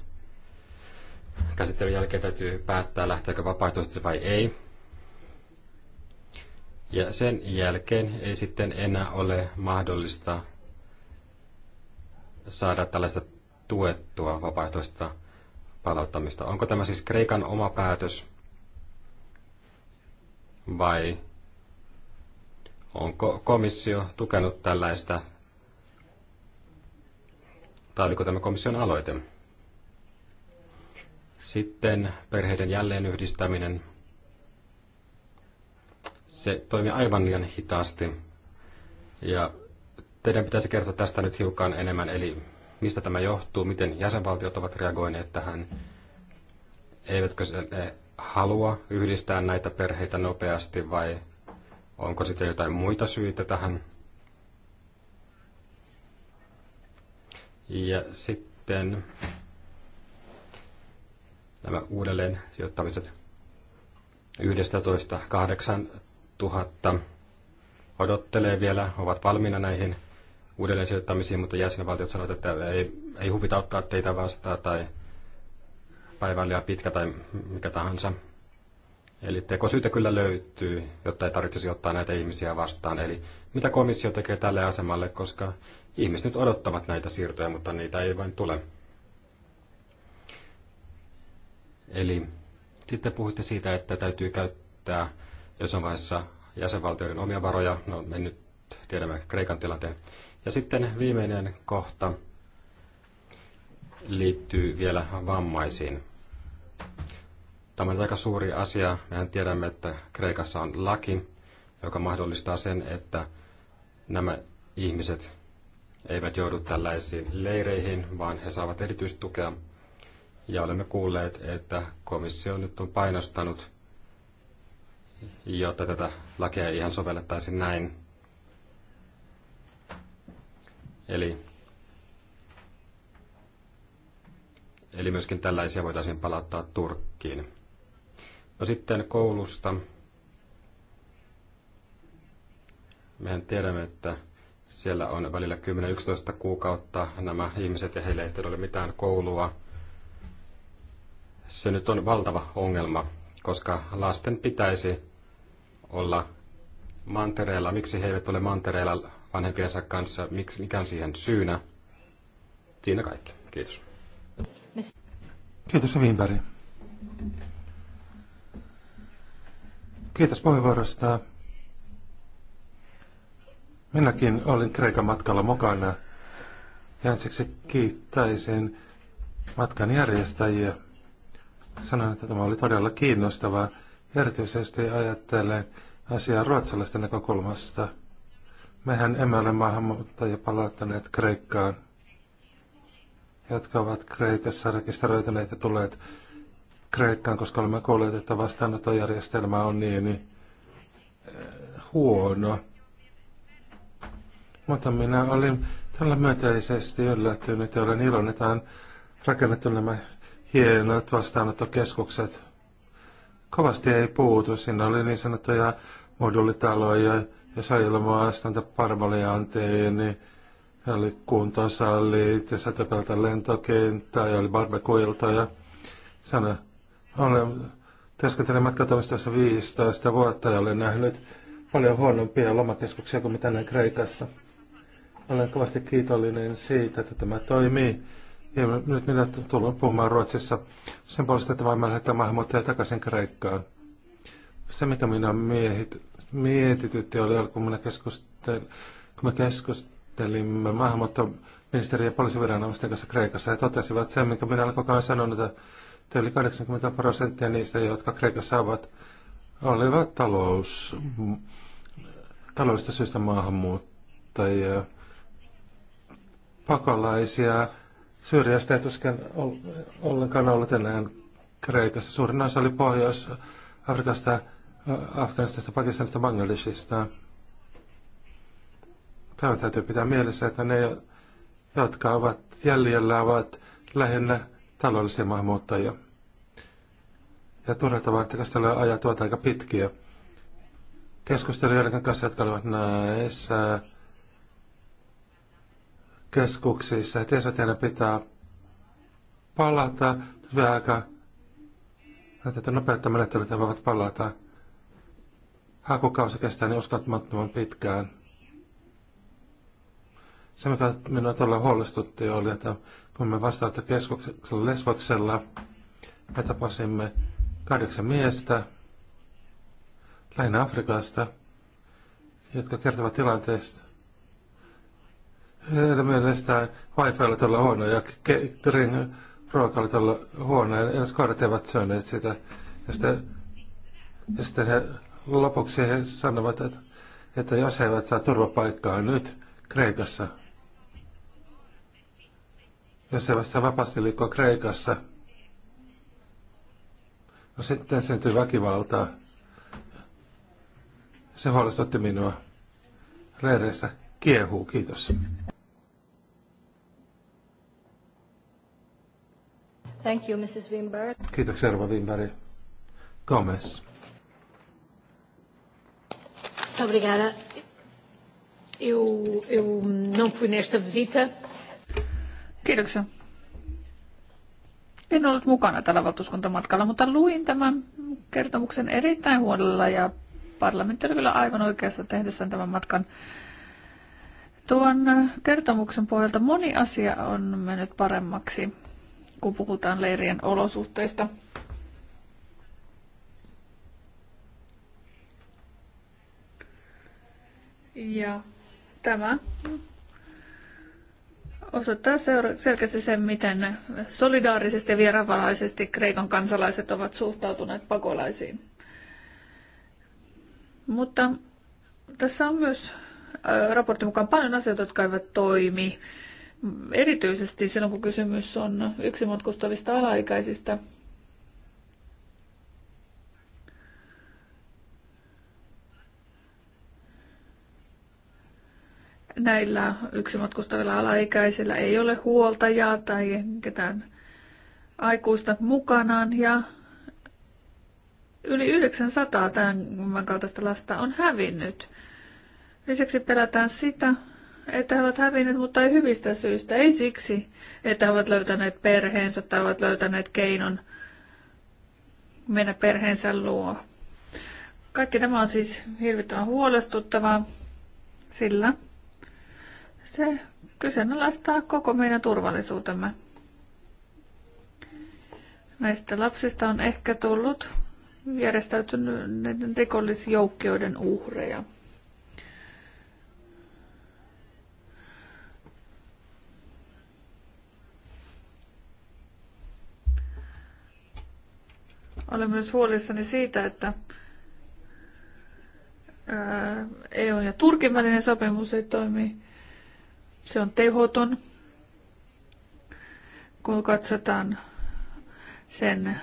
käsittelyn jälkeen täytyy päättää, lähteekö vapaaehtoisesti vai ei. Ja sen jälkeen ei sitten enää ole mahdollista saada tällaista tuettua vapaaehtoista palauttamista. Onko tämä siis Kreikan oma päätös vai onko komissio tukenut tällaista tai oliko tämä komission aloite. Sitten perheiden jälleenyhdistäminen. Se toimi aivan liian hitaasti. Ja teidän pitäisi kertoa tästä nyt hiukan enemmän, eli mistä tämä johtuu, miten jäsenvaltiot ovat reagoineet tähän, eivätkö ne halua yhdistää näitä perheitä nopeasti vai onko sitten jotain muita syitä tähän? Ja sitten nämä uudelleen sijoittamiset 11 8000 odottelee vielä, ovat valmiina näihin uudelleen sijoittamisiin, mutta jäsenvaltiot sanovat, että ei, ei huvita ottaa teitä vastaan tai päivä liian pitkä tai mikä tahansa. Eli tekosyitä kyllä löytyy, jotta ei tarvitsisi ottaa näitä ihmisiä vastaan. Eli mitä komissio tekee tälle asemalle, koska ihmiset nyt odottavat näitä siirtoja, mutta niitä ei vain tule. Eli sitten puhuitte siitä, että täytyy käyttää jossain vaiheessa jäsenvaltioiden omia varoja. No me nyt tiedämme Kreikan tilanteen. Ja sitten viimeinen kohta liittyy vielä vammaisiin. Tämä on aika suuri asia. Mehän tiedämme, että Kreikassa on laki, joka mahdollistaa sen, että nämä ihmiset eivät joudu tällaisiin leireihin, vaan he saavat erityistukea. Ja olemme kuulleet, että komissio nyt on painostanut, jotta tätä lakia ei ihan sovellettaisi näin. Eli, eli myöskin tällaisia voitaisiin palauttaa Turkkiin. No sitten koulusta. Mehän tiedämme, että siellä on välillä 10-11 kuukautta nämä ihmiset ja heillä ei sitten ole mitään koulua. Se nyt on valtava ongelma, koska lasten pitäisi olla mantereella. Miksi he eivät ole mantereella vanhempiensa kanssa? Miksi, mikä on siihen syynä? Siinä kaikki. Kiitos. Kiitos Winberg. Kiitos puheenvuorosta. Minäkin olin Kreikan matkalla mukana. Ja ensiksi kiittäisin matkan järjestäjiä. Sanoin, että tämä oli todella kiinnostavaa. Erityisesti ajattelen asiaa ruotsalaisten näkökulmasta. Mehän emme ole maahanmuuttajia palauttaneet Kreikkaan, jotka ovat Kreikassa rekisteröityneet ja tulleet Kreikkaan, koska olemme kuulleet, että vastaanottojärjestelmä on niin, eh, huono. Mutta minä olin tällä myönteisesti yllättynyt ja olen iloinen, että on rakennettu nämä hienot vastaanottokeskukset. Kovasti ei puutu. Siinä oli niin sanottuja moduulitaloja, jos ajelmaa astanta parmalianteen, niin siellä oli kuntosalli, ja satapelta lentokenttä ja oli barbecueilta, ja sana olen työskentelen matkatoimistossa 15 vuotta ja olen nähnyt paljon huonompia lomakeskuksia kuin mitä näin Kreikassa. Olen kovasti kiitollinen siitä, että tämä toimii. Ja nyt minä tulen puhumaan Ruotsissa sen puolesta, että voimme lähettää maahanmuuttajia takaisin Kreikkaan. Se, mikä minä miehit, mietitytti, oli alkuun, kun, keskustel, kun me keskustelimme maahanmuuttoministeriön ja poliisiviranomaisten kanssa Kreikassa. He totesivat sen, minkä minä olen koko ajan sanonut, että yli 80 prosenttia niistä, jotka Kreikassa ovat, olivat talous, taloudesta syystä maahanmuuttajia, pakolaisia. Syyriasta ei tuskin ollenkaan ollut enää Kreikassa. Suurin osa oli Pohjois-Afrikasta, Afganistasta, Pakistanista, Bangladesista. Tämä täytyy pitää mielessä, että ne, jotka ovat jäljellä, ovat lähinnä taloudellisia maahanmuuttajia. Ja turhata vaan tarkastella ajat ovat aika pitkiä. Keskustelijoiden kanssa, jotka olivat näissä keskuksissa, ja tiesivät, että pitää palata. Vähän aika että nopeutta menettelyt voivat palata. Hakukausi kestää niin uskomattoman pitkään. Se, mikä minua todella huolestutti, oli, että kun me vastaanottokeskuksella Lesvoksella me tapasimme kahdeksan miestä lähinnä Afrikasta, jotka kertovat tilanteesta. Heidän mielestään wifi oli todella huono ja catering ruoka oli todella huono ja edes kohdat eivät syöneet sitä. Ja sitten, ja sitten he lopuksi he sanovat, että, että jos he eivät saa turvapaikkaa nyt Kreikassa, ja se vasta vapastelikko Kreikassa, no sitten syntyi väkivaltaa. Se huolestutti minua. Leireissä kiehuu, kiitos. Thank you, Mrs. Wimber. Kiitoksia, Arva Wimberg. Gomez. obrigada. Eu, eu não fui nesta visita. Kiitoksia. En ollut mukana tällä valtuuskuntamatkalla, mutta luin tämän kertomuksen erittäin huolella ja parlamentti oli kyllä aivan oikeassa tehdessään tämän matkan. Tuon kertomuksen pohjalta moni asia on mennyt paremmaksi, kun puhutaan leirien olosuhteista. Ja tämä osoittaa selkeästi sen, miten solidaarisesti ja vieraanvaraisesti Kreikan kansalaiset ovat suhtautuneet pakolaisiin. Mutta tässä on myös raportin mukaan paljon asioita, jotka eivät toimi. Erityisesti silloin, kun kysymys on yksimatkustavista alaikäisistä – näillä yksimatkustavilla alaikäisillä ei ole huoltajaa tai ketään aikuista mukanaan ja yli 900 tämän kaltaista lasta on hävinnyt. Lisäksi pelätään sitä, että he ovat hävinneet, mutta ei hyvistä syistä. Ei siksi, että he ovat löytäneet perheensä tai ovat löytäneet keinon mennä perheensä luo. Kaikki tämä on siis hirvittävän huolestuttavaa, sillä se kyseenalaistaa koko meidän turvallisuutemme. Näistä lapsista on ehkä tullut järjestäytyneiden rikollisjoukkioiden uhreja. Olen myös huolissani siitä, että EU ja Turkin välinen sopimus ei toimi se on tehoton, kun katsotaan sen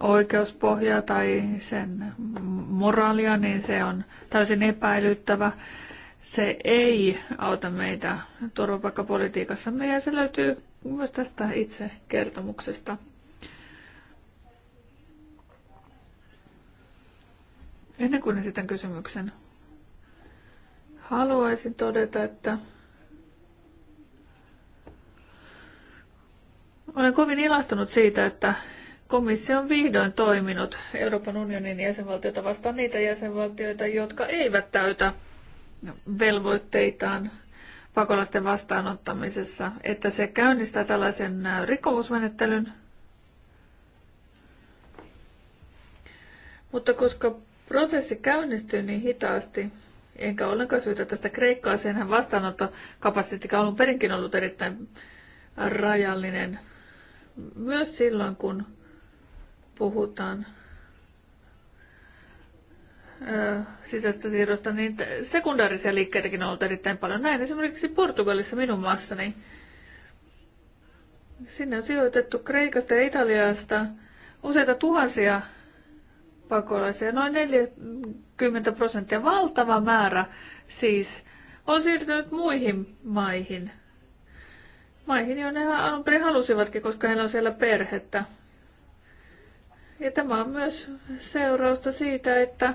oikeuspohjaa tai sen moraalia, niin se on täysin epäilyttävä. Se ei auta meitä turvapaikkapolitiikassa ja se löytyy myös tästä itse kertomuksesta. Ennen kuin esitän kysymyksen, haluaisin todeta, että Olen kovin ilahtunut siitä, että komissio on vihdoin toiminut Euroopan unionin jäsenvaltioita vastaan niitä jäsenvaltioita, jotka eivät täytä velvoitteitaan pakolaisten vastaanottamisessa, että se käynnistää tällaisen äh, rikkomusmenettelyn. Mutta koska prosessi käynnistyy niin hitaasti, enkä ollenkaan syytä tästä Kreikkaa, senhän vastaanottokapasiteetti on alun perinkin ollut erittäin rajallinen – myös silloin, kun puhutaan sisäistä siirrosta, niin sekundaarisia liikkeitäkin on ollut erittäin paljon. Näin esimerkiksi Portugalissa minun maassani. Sinne on sijoitettu Kreikasta ja Italiasta useita tuhansia pakolaisia, noin 40 prosenttia, valtava määrä siis, on siirtynyt muihin maihin – maihin, jonne he alun perin halusivatkin, koska heillä on siellä perhettä. Ja tämä on myös seurausta siitä, että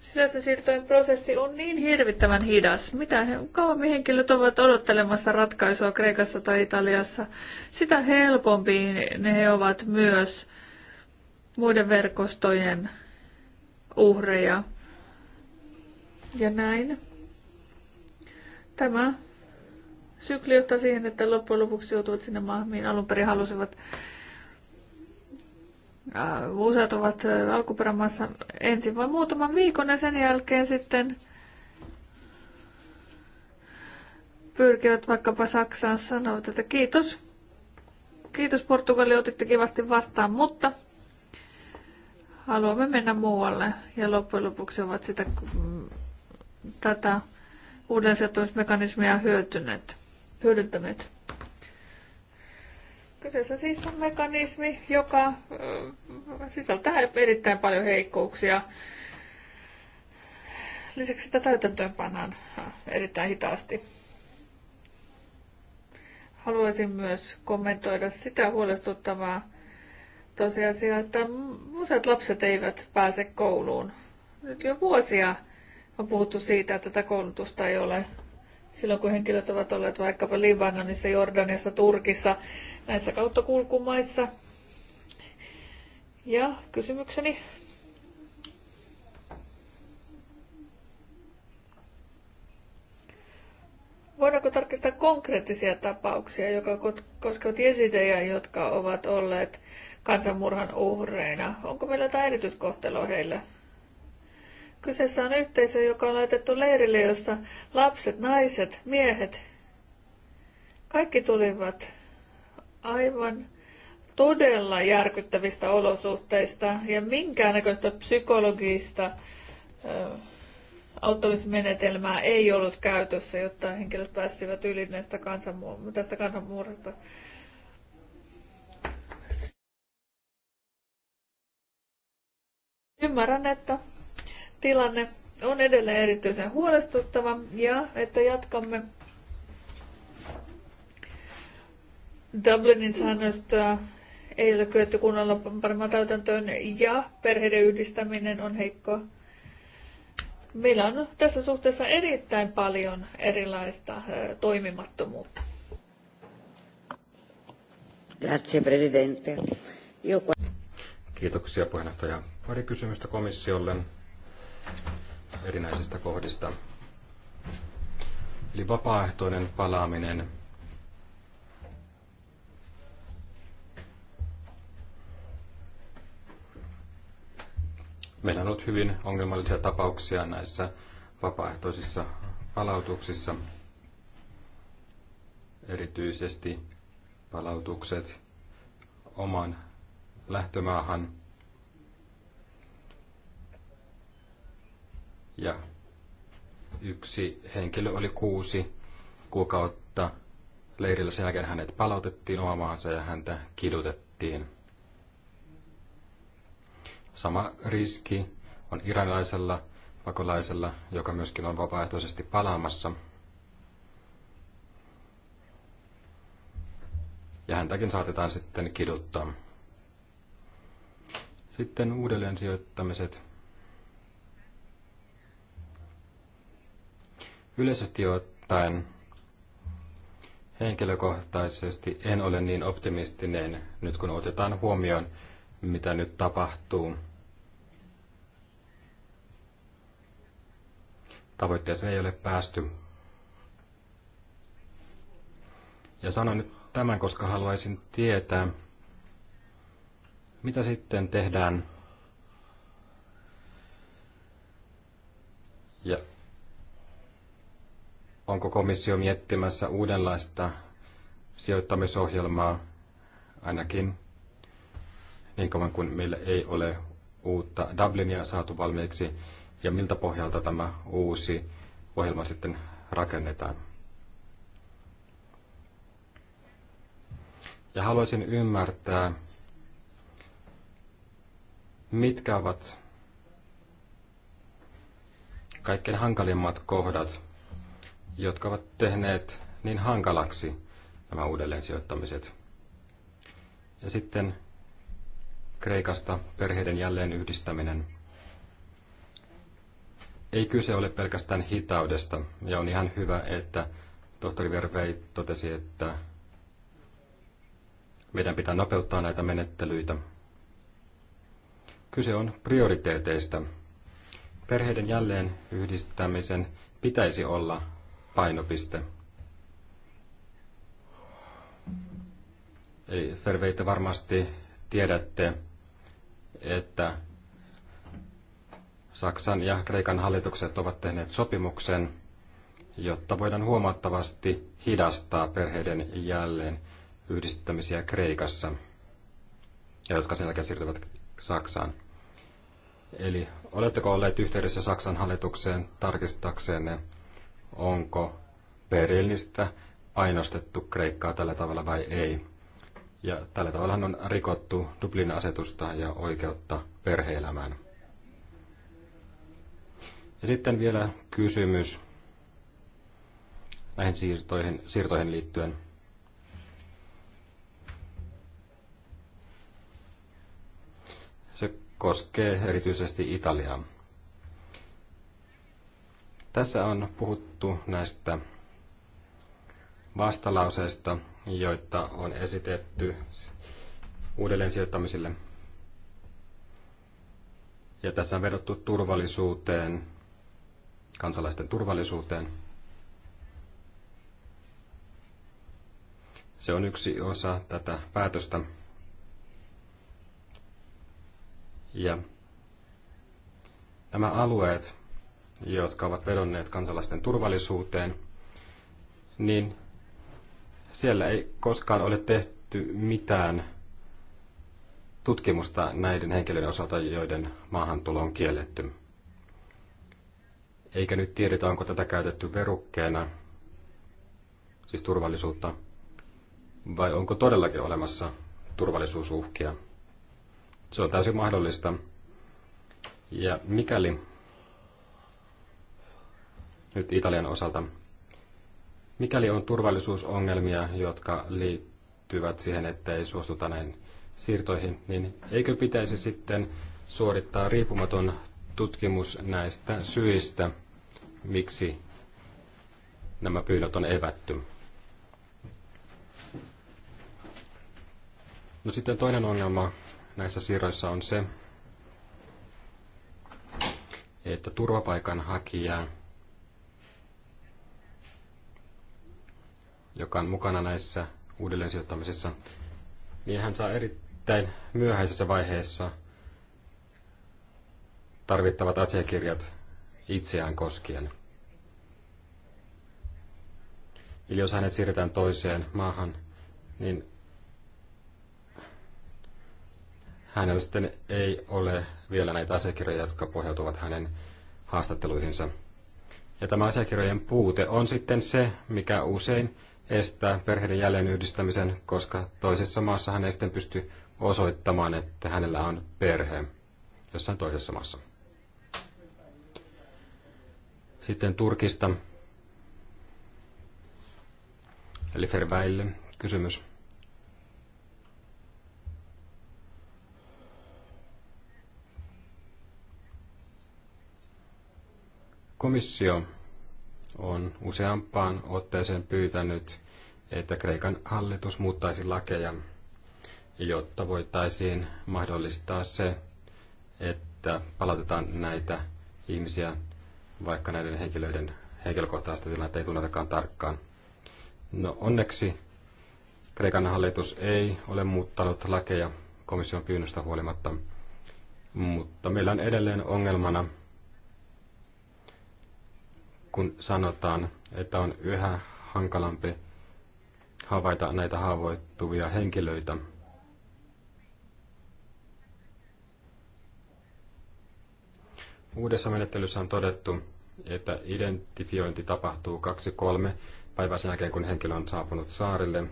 sisäisen prosessi on niin hirvittävän hidas. Mitä he, kauemmin henkilöt ovat odottelemassa ratkaisua Kreikassa tai Italiassa, sitä helpompi ne he ovat myös muiden verkostojen uhreja. Ja näin. Tämä sykli johtaa siihen, että loppujen lopuksi joutuvat sinne maahan, mihin alun perin halusivat. Useat ovat alkuperämaassa ensin vain muutaman viikon ja sen jälkeen sitten pyrkivät vaikkapa Saksaan sanovat, että kiitos. Kiitos Portugali, otitte kivasti vastaan, mutta haluamme mennä muualle. Ja loppujen lopuksi ovat sitä, mm, tätä uuden hyötyneet hyödyttäneet. Kyseessä siis on mekanismi, joka sisältää erittäin paljon heikkouksia. Lisäksi sitä täytäntöön pannaan erittäin hitaasti. Haluaisin myös kommentoida sitä huolestuttavaa tosiasiaa, että useat lapset eivät pääse kouluun. Nyt jo vuosia on puhuttu siitä, että tätä koulutusta ei ole silloin kun henkilöt ovat olleet vaikkapa Libanonissa, Jordaniassa, Turkissa, näissä kautta kulkumaissa. Ja kysymykseni voidaanko tarkistaa konkreettisia tapauksia, jotka koskevat jesidejä, jotka ovat olleet kansanmurhan uhreina? Onko meillä jotain erityiskohtelua heille? Kyseessä on yhteisö, joka on laitettu leirille, jossa lapset, naiset, miehet, kaikki tulivat aivan todella järkyttävistä olosuhteista ja minkäännäköistä psykologista auttamismenetelmää ei ollut käytössä, jotta henkilöt pääsivät yli näistä kansanmu- tästä kansanmuurasta. Ymmärrän, että tilanne on edelleen erityisen huolestuttava ja että jatkamme Dublinin säännöstöä ei ole kyetty kunnolla paremmin täytäntöön ja perheiden yhdistäminen on heikkoa. Meillä on tässä suhteessa erittäin paljon erilaista toimimattomuutta. Grazie, Presidente. Kiitoksia puheenjohtaja. Pari kysymystä komissiolle erinäisistä kohdista. Eli vapaaehtoinen palaaminen Meillä on ollut hyvin ongelmallisia tapauksia näissä vapaaehtoisissa palautuksissa. Erityisesti palautukset oman lähtömaahan ja yksi henkilö oli kuusi kuukautta leirillä. Sen jälkeen hänet palautettiin omaansa ja häntä kidutettiin. Sama riski on iranilaisella pakolaisella, joka myöskin on vapaaehtoisesti palaamassa. Ja häntäkin saatetaan sitten kiduttaa. Sitten uudelleen sijoittamiset – Yleisesti ottaen henkilökohtaisesti en ole niin optimistinen nyt kun otetaan huomioon, mitä nyt tapahtuu. Tavoitteeseen ei ole päästy. Ja sanon nyt tämän, koska haluaisin tietää, mitä sitten tehdään. Ja Onko komissio miettimässä uudenlaista sijoittamisohjelmaa ainakin niin kauan kuin meillä ei ole uutta Dublinia saatu valmiiksi ja miltä pohjalta tämä uusi ohjelma sitten rakennetaan. Ja haluaisin ymmärtää, mitkä ovat kaikkein hankalimmat kohdat jotka ovat tehneet niin hankalaksi nämä uudelleen sijoittamiset. Ja sitten Kreikasta perheiden jälleen yhdistäminen. Ei kyse ole pelkästään hitaudesta, ja on ihan hyvä, että tohtori Vervei totesi, että meidän pitää nopeuttaa näitä menettelyitä. Kyse on prioriteeteista. Perheiden jälleen yhdistämisen pitäisi olla painopiste. Eli Ferveitä varmasti tiedätte, että Saksan ja Kreikan hallitukset ovat tehneet sopimuksen, jotta voidaan huomattavasti hidastaa perheiden jälleen yhdistämisiä Kreikassa, ja jotka sen jälkeen siirtyvät Saksaan. Eli oletteko olleet yhteydessä Saksan hallitukseen tarkistakseen onko perillistä painostettu Kreikkaa tällä tavalla vai ei. Ja tällä tavalla on rikottu Dublin asetusta ja oikeutta perheelämään. Ja sitten vielä kysymys näihin siirtoihin, siirtoihin liittyen. Se koskee erityisesti Italiaa. Tässä on puhuttu näistä vastalauseista, joita on esitetty uudelleen sijoittamiselle. Ja tässä on vedottu turvallisuuteen, kansalaisten turvallisuuteen. Se on yksi osa tätä päätöstä. Ja nämä alueet, jotka ovat vedonneet kansalaisten turvallisuuteen, niin siellä ei koskaan ole tehty mitään tutkimusta näiden henkilöiden osalta, joiden maahantulo on kielletty. Eikä nyt tiedetä, onko tätä käytetty verukkeena, siis turvallisuutta, vai onko todellakin olemassa turvallisuusuhkia. Se on täysin mahdollista. Ja mikäli nyt Italian osalta. Mikäli on turvallisuusongelmia, jotka liittyvät siihen, että ei suostuta näihin siirtoihin, niin eikö pitäisi sitten suorittaa riippumaton tutkimus näistä syistä, miksi nämä pyynnöt on evätty? No sitten toinen ongelma näissä siirroissa on se, että turvapaikanhakijaa joka on mukana näissä uudelleen niin hän saa erittäin myöhäisessä vaiheessa tarvittavat asiakirjat itseään koskien. Eli jos hänet siirretään toiseen maahan, niin hänellä sitten ei ole vielä näitä asiakirjoja, jotka pohjautuvat hänen haastatteluihinsa. Ja tämä asiakirjojen puute on sitten se, mikä usein estää perheiden jälleenyhdistämisen, koska toisessa maassa hän ei sitten pysty osoittamaan, että hänellä on perhe jossain toisessa maassa. Sitten Turkista. Eli Ferväille kysymys. Komissio on useampaan otteeseen pyytänyt, että Kreikan hallitus muuttaisi lakeja, jotta voitaisiin mahdollistaa se, että palautetaan näitä ihmisiä, vaikka näiden henkilöiden henkilökohtaista tilannetta ei tunnetakaan tarkkaan. No onneksi Kreikan hallitus ei ole muuttanut lakeja komission pyynnöstä huolimatta, mutta meillä on edelleen ongelmana kun sanotaan, että on yhä hankalampi havaita näitä haavoittuvia henkilöitä. Uudessa menettelyssä on todettu, että identifiointi tapahtuu 2-3 päivää sen jälkeen, kun henkilö on saapunut saarille.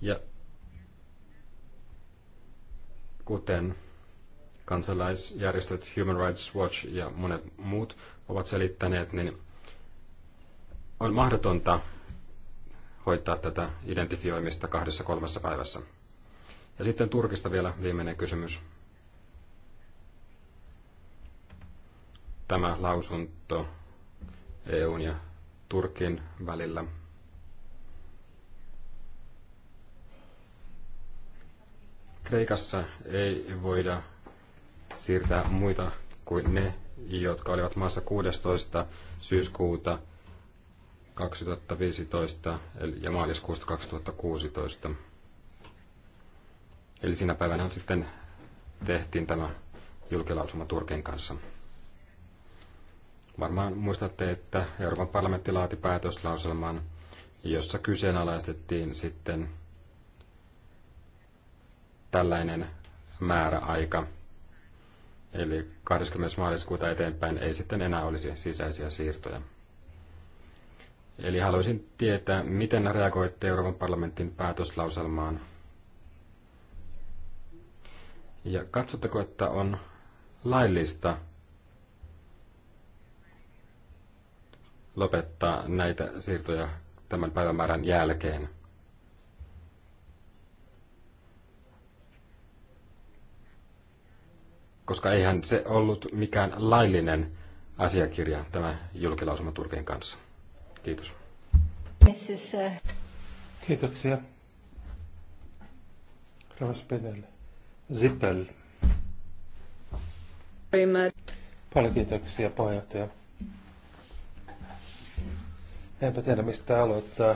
Ja kuten kansalaisjärjestöt Human Rights Watch ja monet muut ovat selittäneet, niin on mahdotonta hoitaa tätä identifioimista kahdessa kolmessa päivässä. Ja sitten Turkista vielä viimeinen kysymys. Tämä lausunto EUn ja Turkin välillä. Kreikassa ei voida siirtää muita kuin ne, jotka olivat maassa 16. syyskuuta 2015 ja maaliskuusta 2016. Eli sinä päivänä sitten tehtiin tämä julkilausuma Turkin kanssa. Varmaan muistatte, että Euroopan parlamentti laati päätöslauselman, jossa kyseenalaistettiin sitten tällainen määräaika – Eli 20. maaliskuuta eteenpäin ei sitten enää olisi sisäisiä siirtoja. Eli haluaisin tietää, miten reagoitte Euroopan parlamentin päätöslauselmaan. Ja katsotteko, että on laillista lopettaa näitä siirtoja tämän päivämäärän jälkeen? koska eihän se ollut mikään laillinen asiakirja tämä julkilausuma Turkin kanssa. Kiitos. Uh, kiitoksia. Ravas Pedelle. Zippel. Paljon kiitoksia puheenjohtaja. Enpä tiedä mistä aloittaa.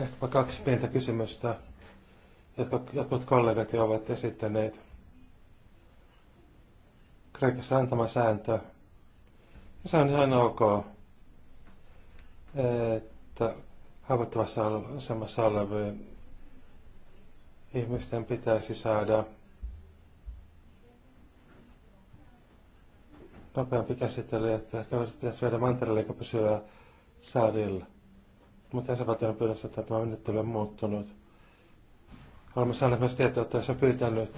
Ehkä kaksi pientä kysymystä, jotka jotkut kollegat jo ovat esittäneet. Kreikassa on tämä sääntö. Ja se on ihan ok, että haavoittuvassa asemassa olevien ihmisten pitäisi saada nopeampi käsittely, että pitäisi viedä mantereelle joka pysyä saarilla. Mutta jäsenvaltion että tämä menettely on muuttunut. Olemme saaneet myös tietoa, että jos on pyytänyt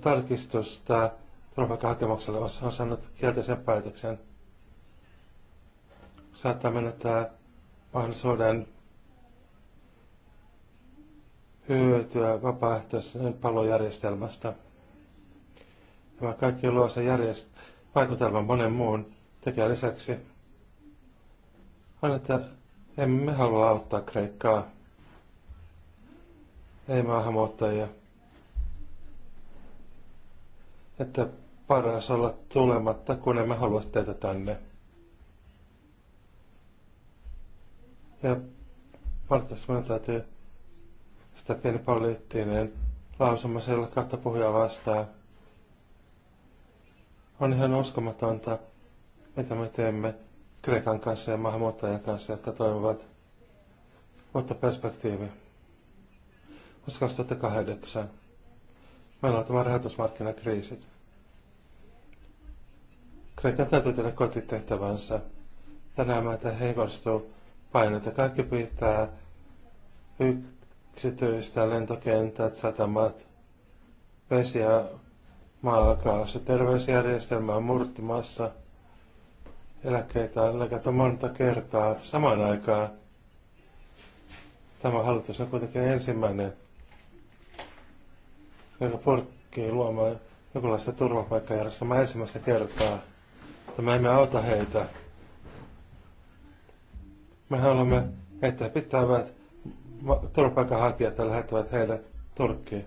tarkistusta turvapaikkahakemukselle on saanut kielteisen päätöksen, saattaa menettää mahdollisuuden hyötyä vapaaehtoisen palojärjestelmästä. Tämä kaikki luo sen järjest- vaikutelman monen muun tekijän lisäksi. Annetta, emme halua auttaa Kreikkaa, ei maahanmuuttajia että paras olla tulematta, kun emme halua teitä tänne. Ja valitettavasti minun täytyy sitä pieni poliittinen lausuma siellä kahta puhujaa vastaan. On ihan uskomatonta, mitä me teemme Kreikan kanssa ja maahanmuuttajien kanssa, jotka toimivat uutta perspektiivi. Vuosi 2008. Meillä on tämä rahoitusmarkkinakriisit. Kreikan täytyy tehdä kotitehtävänsä. Tänään meitä heikostuu painetta. Kaikki pitää yksityistä, lentokentät, satamat, vesi ja maakaasu. Terveysjärjestelmä on murtumassa. Eläkkeitä on leikattu monta kertaa samaan aikaan. Tämä hallitus on kuitenkin ensimmäinen, joka purkkii luomaan jonkinlaista turvapaikkajärjestelmää ensimmäistä kertaa. Tämä emme auta heitä. Me haluamme, että pitävät turvapaikanhakijat ja lähettävät heille Turkkiin.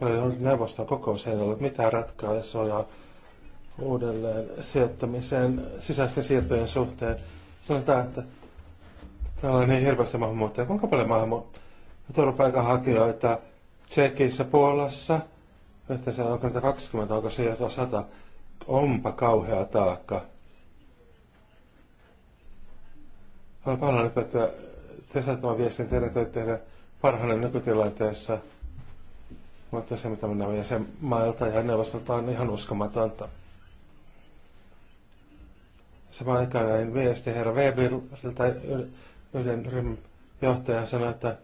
Meillä on neuvoston kokous, ei ole mitään ratkaisuja uudelleen sijoittamisen sisäisten siirtojen suhteen. Sanotaan, että täällä on niin hirveästi maahanmuuttajia. Kuinka paljon maahanmuuttajia? Turvapaikanhakijoita Tsekissä, Puolassa, yhteensä onko niitä 20, onko se jo 100 onpa kauhea taakka. Olen pahoillani, että te saattamaan viestin teidän tehdä parhaana nykytilanteessa. Mutta se, mitä minä jäsenmailta ja neuvostolta on ihan uskomatonta. Samaan aikaan näin viesti herra Weberiltä yhden ryhmän johtajan sanoi, että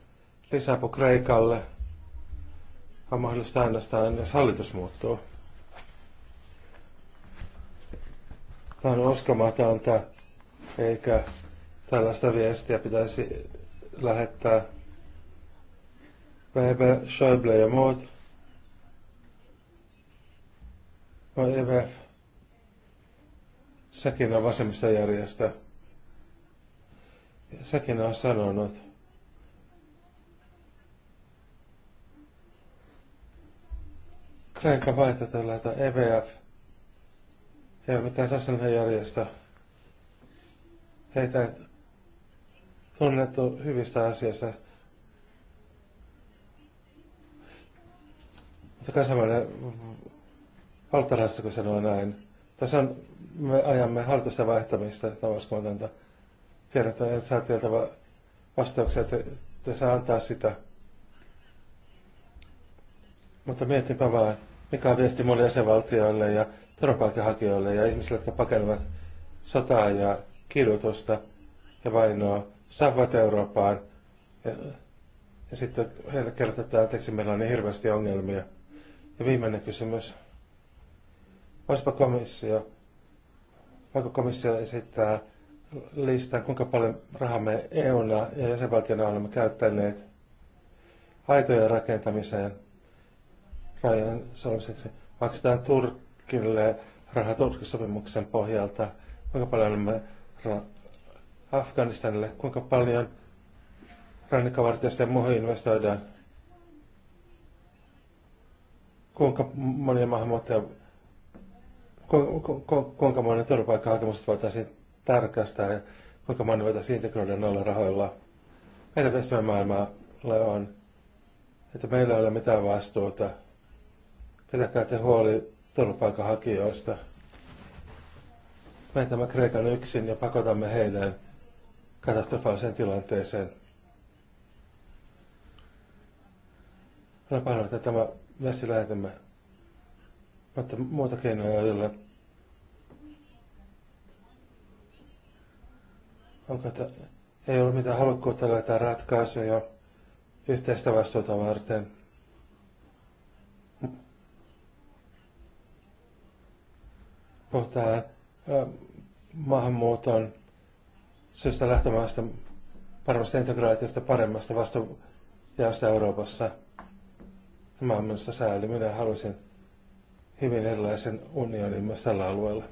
lisäapu Kreikalle on mahdollista äänestää, jos hallitus muuttuu. Tämä on uskomatonta, eikä tällaista viestiä pitäisi lähettää. Weber, Schäuble ja muut. Vai EVF? Sekin on järjestä Sekin on sanonut. Kreikan vaihtoehto EVF ja mitään Sassanhan järjestä. Heitä tunnettu hyvistä asioista. Mutta kansainvälinen valtarassa, kun sanoo näin. Tässä on, me ajamme hallitusta vaihtamista, talouskontonta. Tiedän, että saa teiltä vastauksia, että te, te saa antaa sitä. Mutta mietinpä vaan, mikä on viesti monille jäsenvaltioille ja turvapaikanhakijoille ja ihmisille, jotka pakenevat sotaa ja kidutusta ja vainoa, saavat Eurooppaan. Ja, ja sitten heille kerrotaan, että anteeksi, meillä on niin hirveästi ongelmia. Ja viimeinen kysymys. Voisipa komissio, vaikka komissio esittää listan, kuinka paljon rahaa me EUna ja jäsenvaltiona olemme käyttäneet aitojen rakentamiseen rajan solmiseksi. Maksetaan Turkki liikkeelle rahaturkisopimuksen pohjalta, kuinka paljon olemme Afganistanille, kuinka paljon rannikavartijasta ja muihin investoidaan, kuinka monia maahanmuuttajia, ku, ku, ku, kuinka monia turvapaikkahakemusta voitaisiin tarkastaa ja kuinka moni voitaisiin integroida noilla rahoilla. Meidän vestimaailmalle on, että meillä ei ole mitään vastuuta. Pitäkää te huoli turvapaikanhakijoista. Meitä Kreikan yksin ja pakotamme heidän katastrofaaliseen tilanteeseen. Olen paljon, että tämä messi lähetämme. Mutta muuta keinoja ei ole. Onko, että ei ole mitään halukkuutta löytää ratkaisuja yhteistä vastuuta varten. pohtaa äh, maahanmuuton syystä lähtömaasta paremmasta integraatiosta, paremmasta vastuujaosta Euroopassa. Tämä on minusta sääli. Minä halusin hyvin erilaisen unionin myös tällä alueella.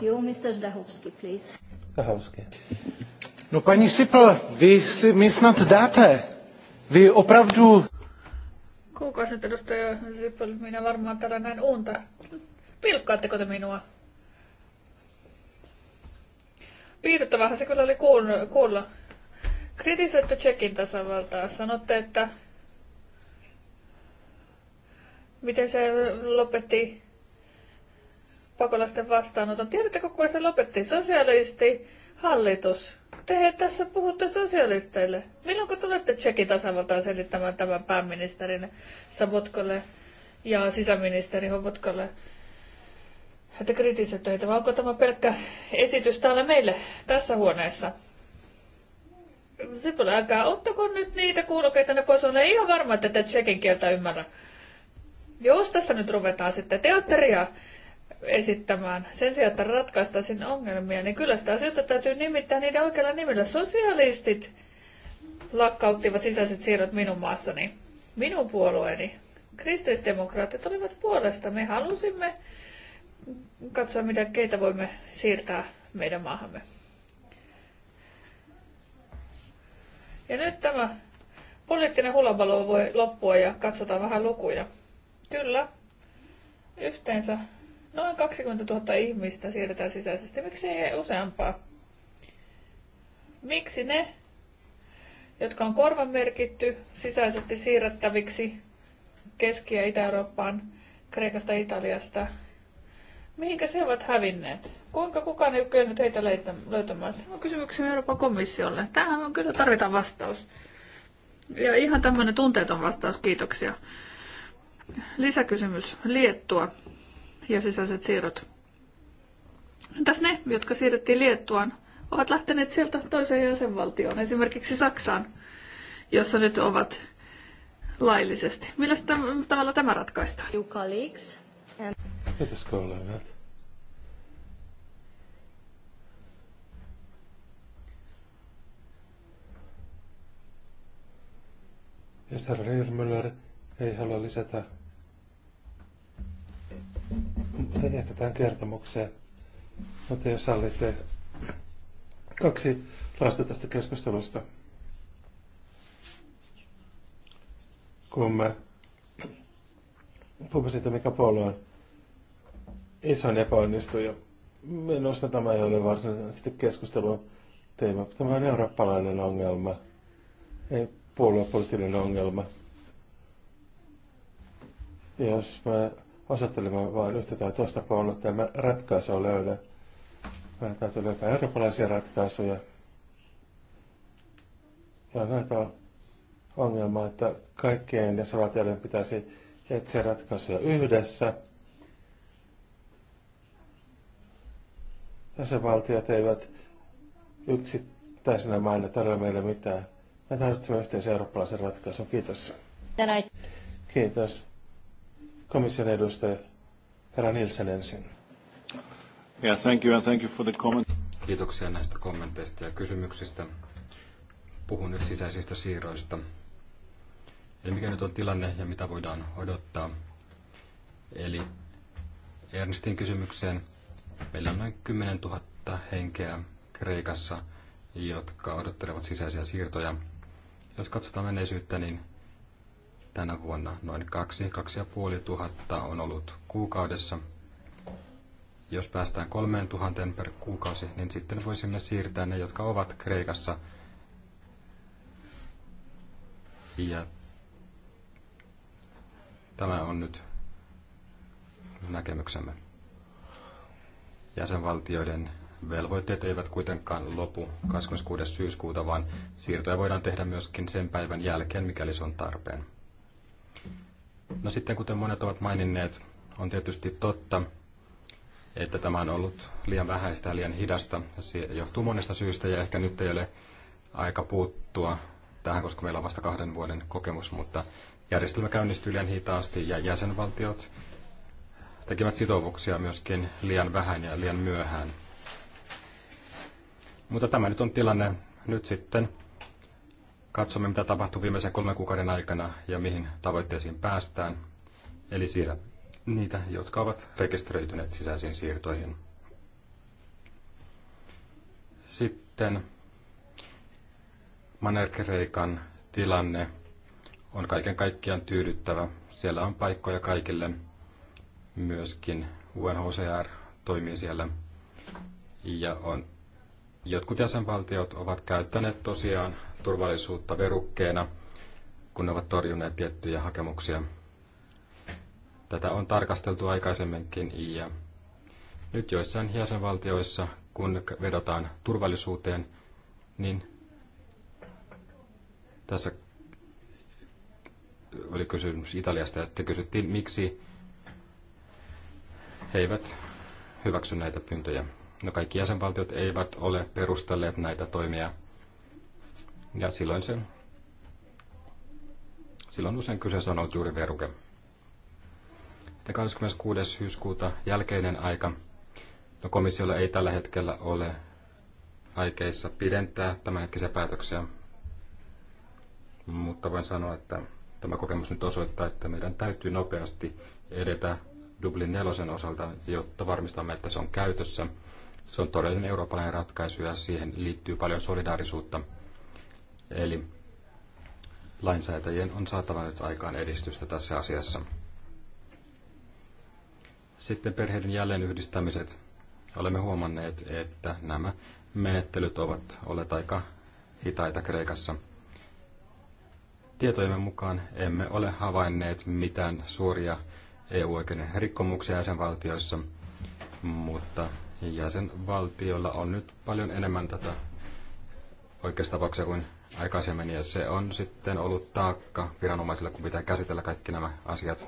Joo, Mr. Zdahovski, please. Zdahovski. No pani Sipl, vy si mi snad zdáte. Vy opravdu... Kuukausit edustaja Sipel, minä varmaan täällä näin unta. Pilkkaatteko te minua? Viihdyttävähän se kyllä oli kuulla. Kritisoitte Tsekin tasavaltaa. Sanotte, että miten se lopetti pakolaisten vastaanoton. Tiedättekö, kuka se lopetti? Sosialisti, hallitus. Te tässä puhutte sosialisteille. Milloin tulette Tsekin tasavaltaan selittämään tämän pääministerin Sabotkolle ja sisäministeri Hobotkolle? että kritisoitte töitä, vai onko tämä pelkkä esitys täällä meille tässä huoneessa? Sipulä, älkää ottako nyt niitä kuulokkeita ne pois, olen ihan varma, että te tsekin kieltä ymmärrä. Jos tässä nyt ruvetaan sitten teatteria esittämään sen sijaan, että ratkaistaisiin ongelmia, niin kyllä sitä asioita täytyy nimittää niiden oikealla nimellä. Sosialistit lakkauttivat sisäiset siirrot minun maassani, minun puolueeni. Kristillisdemokraatit olivat puolesta. Me halusimme katsoa, mitä, keitä voimme siirtää meidän maahamme. Ja nyt tämä poliittinen hulabalo voi loppua ja katsotaan vähän lukuja. Kyllä, yhteensä noin 20 000 ihmistä siirretään sisäisesti. Miksi ei useampaa? Miksi ne, jotka on korvamerkitty sisäisesti siirrettäviksi Keski- ja Itä-Eurooppaan, Kreikasta, Italiasta Mihinkä se ovat hävinneet? Kuinka kukaan ei ole kyennyt heitä löytämään? Tämä on kysymyksiä Euroopan komissiolle. Tähän on kyllä tarvitaan vastaus. Ja ihan tämmöinen tunteeton vastaus, kiitoksia. Lisäkysymys. Liettua ja sisäiset siirrot. Entäs ne, jotka siirrettiin Liettuaan, ovat lähteneet sieltä toiseen jäsenvaltioon, esimerkiksi Saksaan, jossa nyt ovat laillisesti. Millä tavalla tämä ratkaistaan? You colleagues. Kiitos kollegat. Ja Esther Rehlmöller ei halua lisätä ehkä tähän kertomukseen, mutta jos sallitte kaksi lasta tästä keskustelusta. Kun mä puhuin siitä, mikä puolue on ison ja Minusta tämä ei ole varsinaisesti keskustelun teema. Tämä on eurooppalainen ongelma, ei puoluepoliittinen ongelma. Jos me osoittelemme vain yhtä tai toista puolta, emme ratkaisua löydä. Meidän täytyy löytää eurooppalaisia ratkaisuja. Ja näitä ongelma, että kaikkien jäsenvaltioiden pitäisi etsiä ratkaisuja yhdessä – Jäsenvaltiot eivät yksittäisenä maina tarjoa meille mitään. Me tarvitsemme yhteisen eurooppalaisen ratkaisun. Kiitos. Tänään. Kiitos. Komission edustajat. Herra Nilsen ensin. Yeah, thank you and thank you for the comment. Kiitoksia näistä kommenteista ja kysymyksistä. Puhun nyt sisäisistä siirroista. Eli mikä nyt on tilanne ja mitä voidaan odottaa. Eli Ernstin kysymykseen Meillä on noin 10 000 henkeä Kreikassa, jotka odottelevat sisäisiä siirtoja. Jos katsotaan menneisyyttä, niin tänä vuonna noin 2 tuhatta on ollut kuukaudessa. Jos päästään 3000 per kuukausi, niin sitten voisimme siirtää ne, jotka ovat Kreikassa. Ja tämä on nyt näkemyksemme jäsenvaltioiden velvoitteet eivät kuitenkaan lopu 26. syyskuuta, vaan siirtoja voidaan tehdä myöskin sen päivän jälkeen, mikäli se on tarpeen. No sitten, kuten monet ovat maininneet, on tietysti totta, että tämä on ollut liian vähäistä ja liian hidasta. Se johtuu monesta syystä ja ehkä nyt ei ole aika puuttua tähän, koska meillä on vasta kahden vuoden kokemus, mutta järjestelmä käynnistyy liian hitaasti ja jäsenvaltiot tekivät sitoumuksia myöskin liian vähän ja liian myöhään. Mutta tämä nyt on tilanne. Nyt sitten katsomme, mitä tapahtuu viimeisen kolmen kuukauden aikana ja mihin tavoitteisiin päästään. Eli siellä niitä, jotka ovat rekisteröityneet sisäisiin siirtoihin. Sitten manerkereikan tilanne on kaiken kaikkiaan tyydyttävä. Siellä on paikkoja kaikille myöskin UNHCR toimii siellä. Ja on, jotkut jäsenvaltiot ovat käyttäneet tosiaan turvallisuutta verukkeena, kun ne ovat torjuneet tiettyjä hakemuksia. Tätä on tarkasteltu aikaisemminkin ja nyt joissain jäsenvaltioissa, kun vedotaan turvallisuuteen, niin tässä oli kysymys Italiasta ja sitten kysyttiin, miksi he eivät hyväksy näitä pyyntöjä. No kaikki jäsenvaltiot eivät ole perustelleet näitä toimia. Ja silloin se silloin usein kyseessä on ollut juuri veruke. Sitten 26. syyskuuta jälkeinen aika. No komissiolla ei tällä hetkellä ole aikeissa pidentää tämänhetkisiä päätöksiä, mutta voin sanoa, että tämä kokemus nyt osoittaa, että meidän täytyy nopeasti edetä Dublin nelosen osalta, jotta varmistamme, että se on käytössä. Se on todellinen eurooppalainen ratkaisu ja siihen liittyy paljon solidaarisuutta. Eli lainsäätäjien on saatava nyt aikaan edistystä tässä asiassa. Sitten perheiden jälleenyhdistämiset. Olemme huomanneet, että nämä menettelyt ovat olleet aika hitaita Kreikassa. Tietojemme mukaan emme ole havainneet mitään suoria EU-oikeuden rikkomuksia jäsenvaltioissa, mutta jäsenvaltioilla on nyt paljon enemmän tätä oikeustapauksia kuin aikaisemmin, ja se on sitten ollut taakka viranomaisille, kun pitää käsitellä kaikki nämä asiat.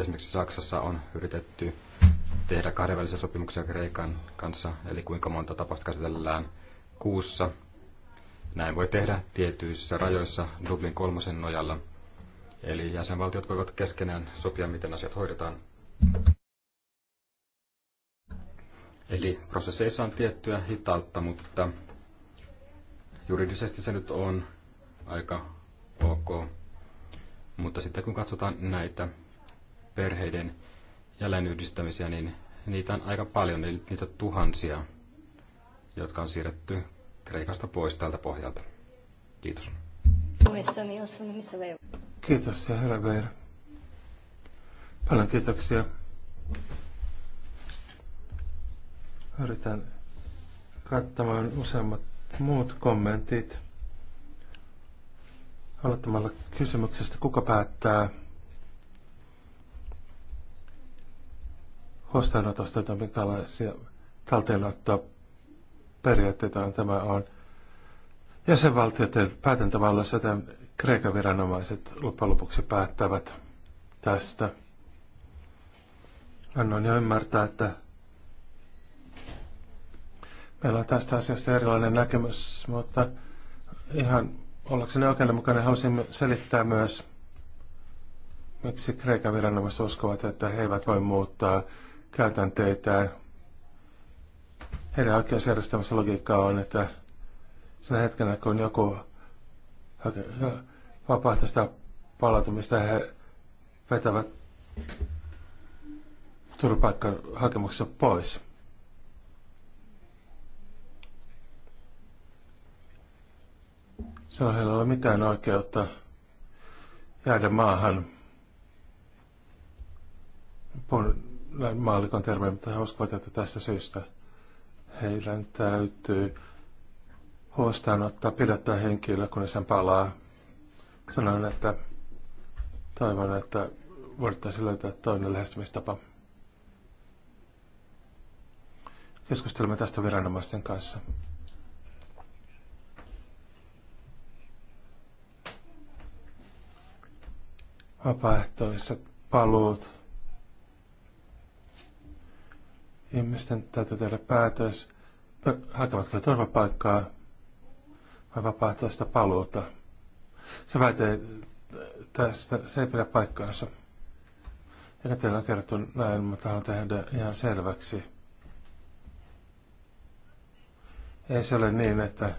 Esimerkiksi Saksassa on yritetty tehdä kahdenvälisiä sopimuksia Kreikan kanssa, eli kuinka monta tapausta käsitellään kuussa. Näin voi tehdä tietyissä rajoissa Dublin kolmosen nojalla, Eli jäsenvaltiot voivat keskenään sopia, miten asiat hoidetaan. Eli prosesseissa on tiettyä hitautta, mutta juridisesti se nyt on aika ok. Mutta sitten kun katsotaan näitä perheiden jäljenyhdistämisiä, niin niitä on aika paljon, eli niitä tuhansia, jotka on siirretty Kreikasta pois tältä pohjalta. Kiitos. Nilsson, missä Kiitos herra Beer. Paljon kiitoksia. Yritän katsomaan useammat muut kommentit. Aloittamalla kysymyksestä, kuka päättää huostaanotosta, että minkälaisia talteenottoa periaatteita on. Tämä on jäsenvaltioiden päätäntävallassa, joten Kreikan viranomaiset loppujen lopuksi päättävät tästä. Annoin jo ymmärtää, että meillä on tästä asiasta erilainen näkemys, mutta ihan ollakseni oikeudenmukainen halusin selittää myös, miksi Kreikan viranomaiset uskovat, että he eivät voi muuttaa käytänteitä. Heidän oikeusjärjestelmässä logiikkaa on, että sen hetkenä kun joku vapaaehtoista palautumista he vetävät turvapaikkahakemuksen pois. Se on heillä ole mitään oikeutta jäädä maahan. Puhun maallikon termiä, mutta he uskovat, että tästä syystä heidän täytyy huostaan ottaa pidättää henkilö, kun sen palaa Sanoin, että toivon, että voitaisiin löytää toinen lähestymistapa. Keskustelemme tästä viranomaisten kanssa. Vapaaehtoiset paluut. Ihmisten täytyy tehdä päätös, hakevatko turvapaikkaa vai vapaaehtoista paluuta. Se väite tästä, se ei pidä paikkaansa. Eikä teillä on kerrottu näin, mutta haluan tehdä ihan selväksi. Ei se ole niin, että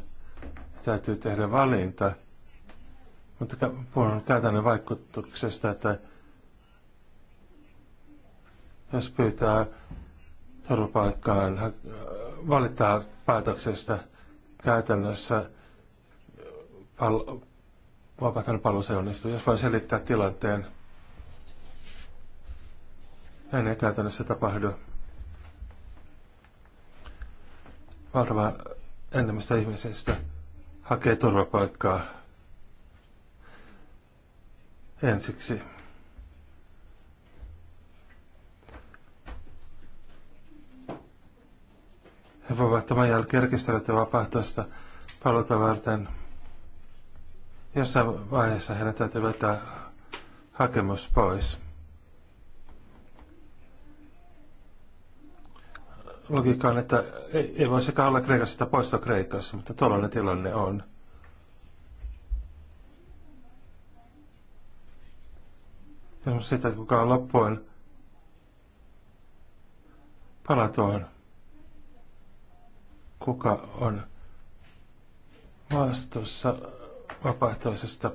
täytyy tehdä valinta, mutta puhun käytännön vaikutuksesta, että jos pyytää turvapaikkaan, valittaa päätöksestä käytännössä vapahtanut palvelun se onnistuu, jos voin selittää tilanteen. Näin ei käytännössä tapahdu. Valtava enemmistö ihmisistä hakee turvapaikkaa ensiksi. He voivat tämän jälkeen rekisteröityä vapaaehtoista paluuta varten – jossain vaiheessa hänen täytyy vetää hakemus pois. Logiikka on, että ei, ei voi sekä olla Kreikassa että poisto Kreikassa, mutta tuollainen tilanne on. Ja sitä, kuka on loppuun palatoon, kuka on vastuussa vapaaehtoisesta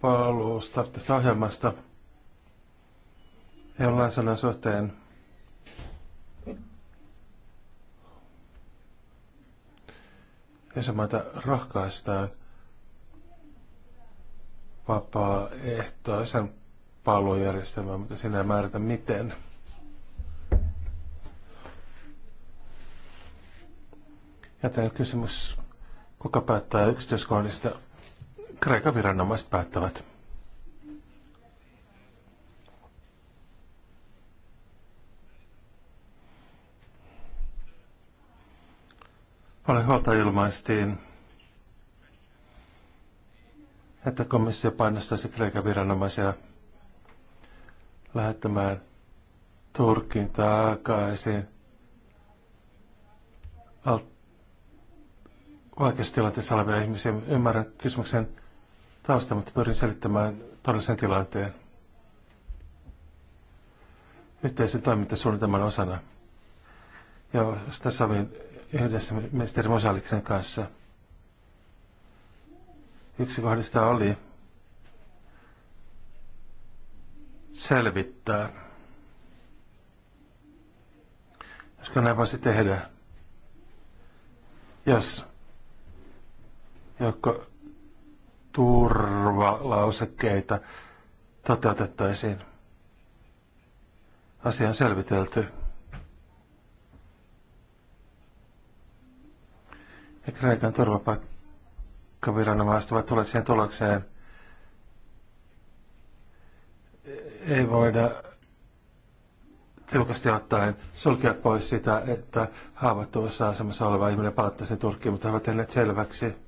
paluusta tästä ohjelmasta Jollain sanan suhteen. Jäsenmaita rohkaistaan vapaaehtoisen paluujärjestelmään, mutta sinä ei määritä miten. Ja tämä kysymys Kuka päättää yksityiskohdista? Kreikan viranomaiset päättävät. Paljon huolta ilmaistiin, että komissio painostaisi Kreikan viranomaisia lähettämään Turkin takaisin alt vaikeassa tilanteessa olevia ihmisiä. Ymmärrän kysymyksen tausta, mutta pyrin selittämään todellisen tilanteen yhteisen toimintasuunnitelman osana. Ja sitä sovin yhdessä ministeri Mosaliksen kanssa. Yksi kohdista oli selvittää, koska näin voisi tehdä, jos jotka turvalausekkeita toteutettaisiin. Asia on selvitelty. Ja Kreikan turvapaikkaviranomaiset ovat tulleet siihen tulokseen, ei voida tiukasti ottaen sulkea pois sitä, että haavoittuvassa asemassa oleva ihminen palattaisiin Turkkiin, mutta he ovat tehneet selväksi,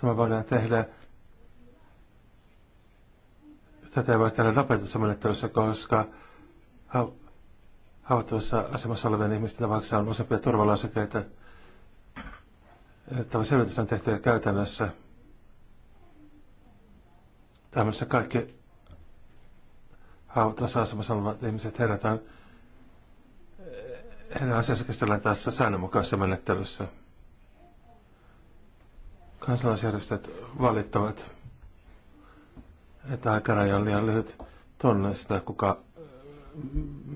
Tämä voidaan tehdä tätä ei voi tehdä nopeutussa menettelyssä, koska haavoittuvassa asemassa olevien ihmisten tapauksessa on useampia turvalausekkeita. Tämä selvitys on tehty käytännössä. Tämmöisessä kaikki haavoittuvassa asemassa olevat ihmiset herätään heidän asiansa käsitellään tässä säännönmukaisessa menettelyssä kansalaisjärjestöt valittavat, että aikaraja on liian lyhyt sitä, kuka,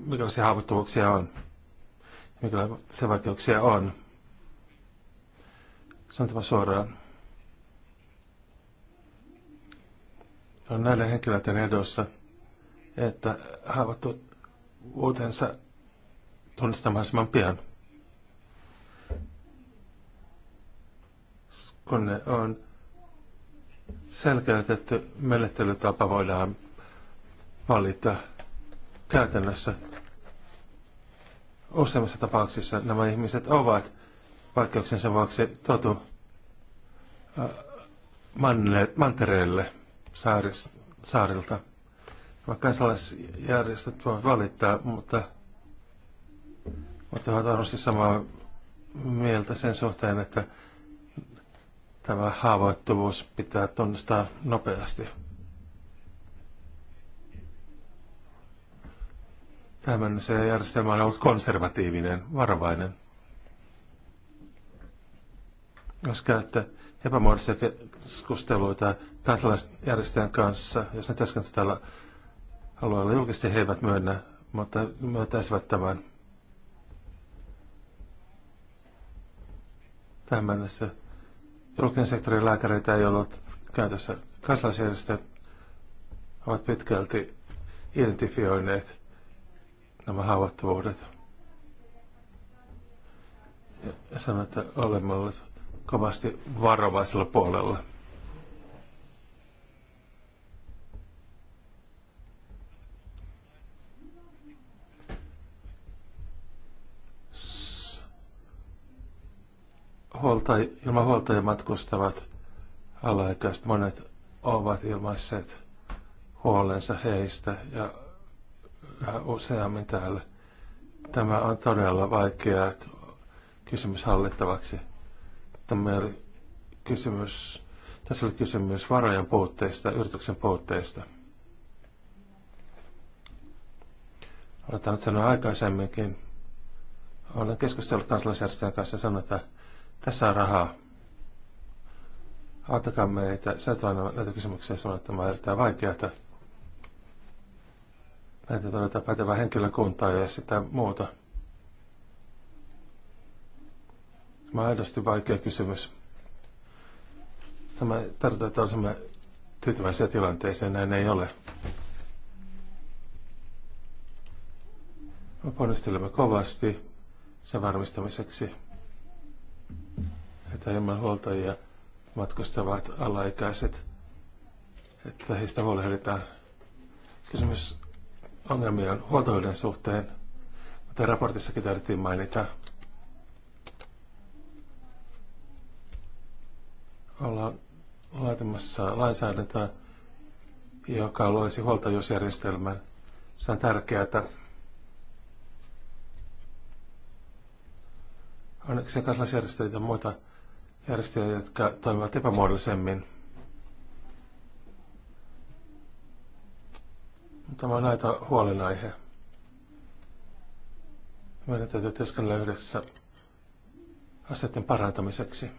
minkälaisia haavoittuvuuksia on, minkälaisia vaikeuksia on. Sanotaan suoraan. On näille henkilöiden edossa, että haavoittuvuutensa tunnistamaan pian. kun ne on selkeytetty menettelytapa voidaan valita käytännössä. Useimmissa tapauksissa nämä ihmiset ovat vaikeuksensa vuoksi totu äh, manne, mantereelle saaris, saarilta. Nämä kansalaisjärjestöt voivat valittaa, mutta, mutta ovat varmasti samaa mieltä sen suhteen, että Tämä haavoittuvuus pitää tunnistaa nopeasti. Tähän mennessä järjestelmä on ollut konservatiivinen, varovainen. Jos käytte epämuodollisia keskusteluita kansalaisjärjestöjen kanssa, jos ne tässä tällä alueella julkisesti he eivät myönnä, mutta myöntäisivät tämän tähän mennessä Julkisen sektorin lääkäreitä ei ollut käytössä. Kansalaisjärjestöt ovat pitkälti identifioineet nämä haavoittuvuudet. Ja sanoin, että olemme olleet kovasti varovaisella puolella. huolta, ilman huoltaja matkustavat alaikäiset, monet ovat ilmaisseet huolensa heistä ja useammin täällä. Tämä on todella vaikea kysymys hallittavaksi. Tämä oli kysymys, tässä oli kysymys varojen puutteista, yrityksen puutteista. Olen tainnut sanoa aikaisemminkin, olen keskustellut kansalaisjärjestöjen kanssa ja sanonut, että tässä on rahaa. Auttakaa meitä ole näitä kysymyksiä sanoa, että on erittäin vaikeaa. Näitä todetaan pätevää henkilökuntaa ja sitä muuta. Tämä on aidosti vaikea kysymys. Tämä tarkoittaa, että olisimme tyytyväisiä tilanteeseen. Näin ei ole. Me ponnistelemme kovasti sen varmistamiseksi että ilman huoltajia matkustavat alaikäiset, että heistä huolehditaan. Kysymys ongelmia on huoltohoidon suhteen, mutta raportissakin tarvittiin mainita. Ollaan laatimassa lainsäädäntöä, joka loisi huoltajuusjärjestelmän. Se on tärkeää. Onneksi kansalaisjärjestöitä ja muita järjestöjä, jotka toimivat epämuodollisemmin. Tämä on aito huolenaihe. Meidän täytyy työskennellä yhdessä asioiden parantamiseksi.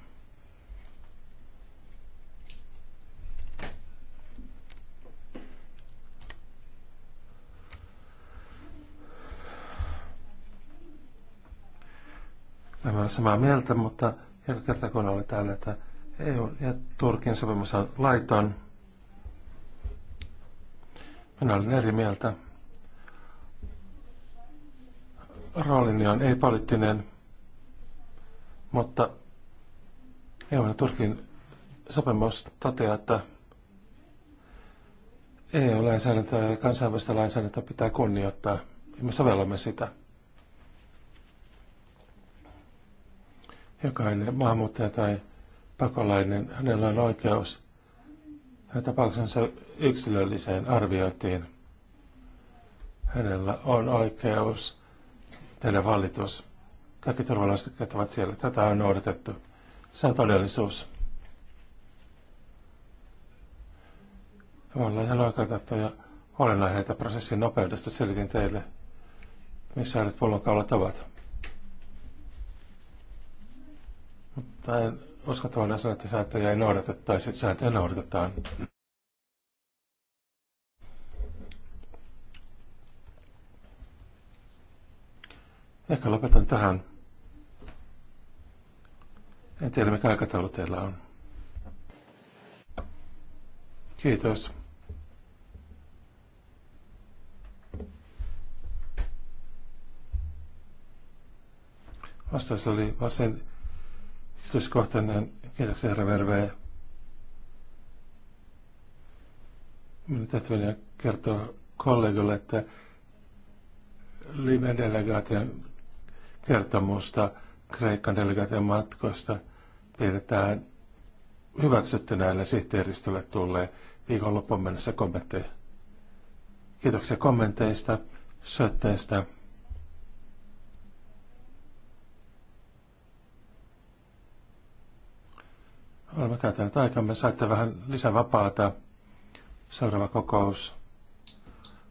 Mä olen samaa mieltä, mutta joka kerta kun oli täällä, että EU ja Turkin sopimus on laiton. Minä olen eri mieltä. Roolini on ei-poliittinen, mutta EU ja Turkin sopimus toteaa, että EU-lainsäädäntöä ja kansainvälistä lainsäädäntöä pitää kunnioittaa. me sovellamme sitä. Jokainen maahanmuuttaja tai pakolainen, hänellä on oikeus hänen tapauksensa yksilölliseen arviointiin. Hänellä on oikeus tehdä valitus. Kaikki turvallisuudet ovat siellä. Tätä on noudatettu. Se on todellisuus. Tavallaan ihan oikeutettuja huolenaiheita prosessin nopeudesta selitin teille, missä eri pullonkaulat ovat. Mä en usko tavallaan sanoa, että sääntöjä ei tai että sääntöjä noudatetaan. Ehkä lopetan tähän. En tiedä, mikä aikataulu teillä on. Kiitos. Vastaus oli varsin yksityiskohtainen. Kiitoksia, herra Verve. Minun tehtäväni kertoa kollegalle, että Limen delegaation kertomusta Kreikan delegaation matkasta pidetään hyväksytty näille sihteeristölle tulleen viikonloppuun mennessä kommentteja. Kiitoksia kommenteista, syötteistä. Olemme käyttäneet aikamme. Saatte vähän lisävapaata. Seuraava kokous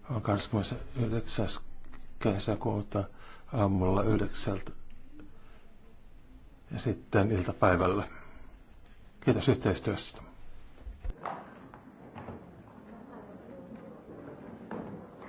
on 29. kesäkuuta aamulla yhdeksältä ja sitten iltapäivällä. Kiitos yhteistyöstä.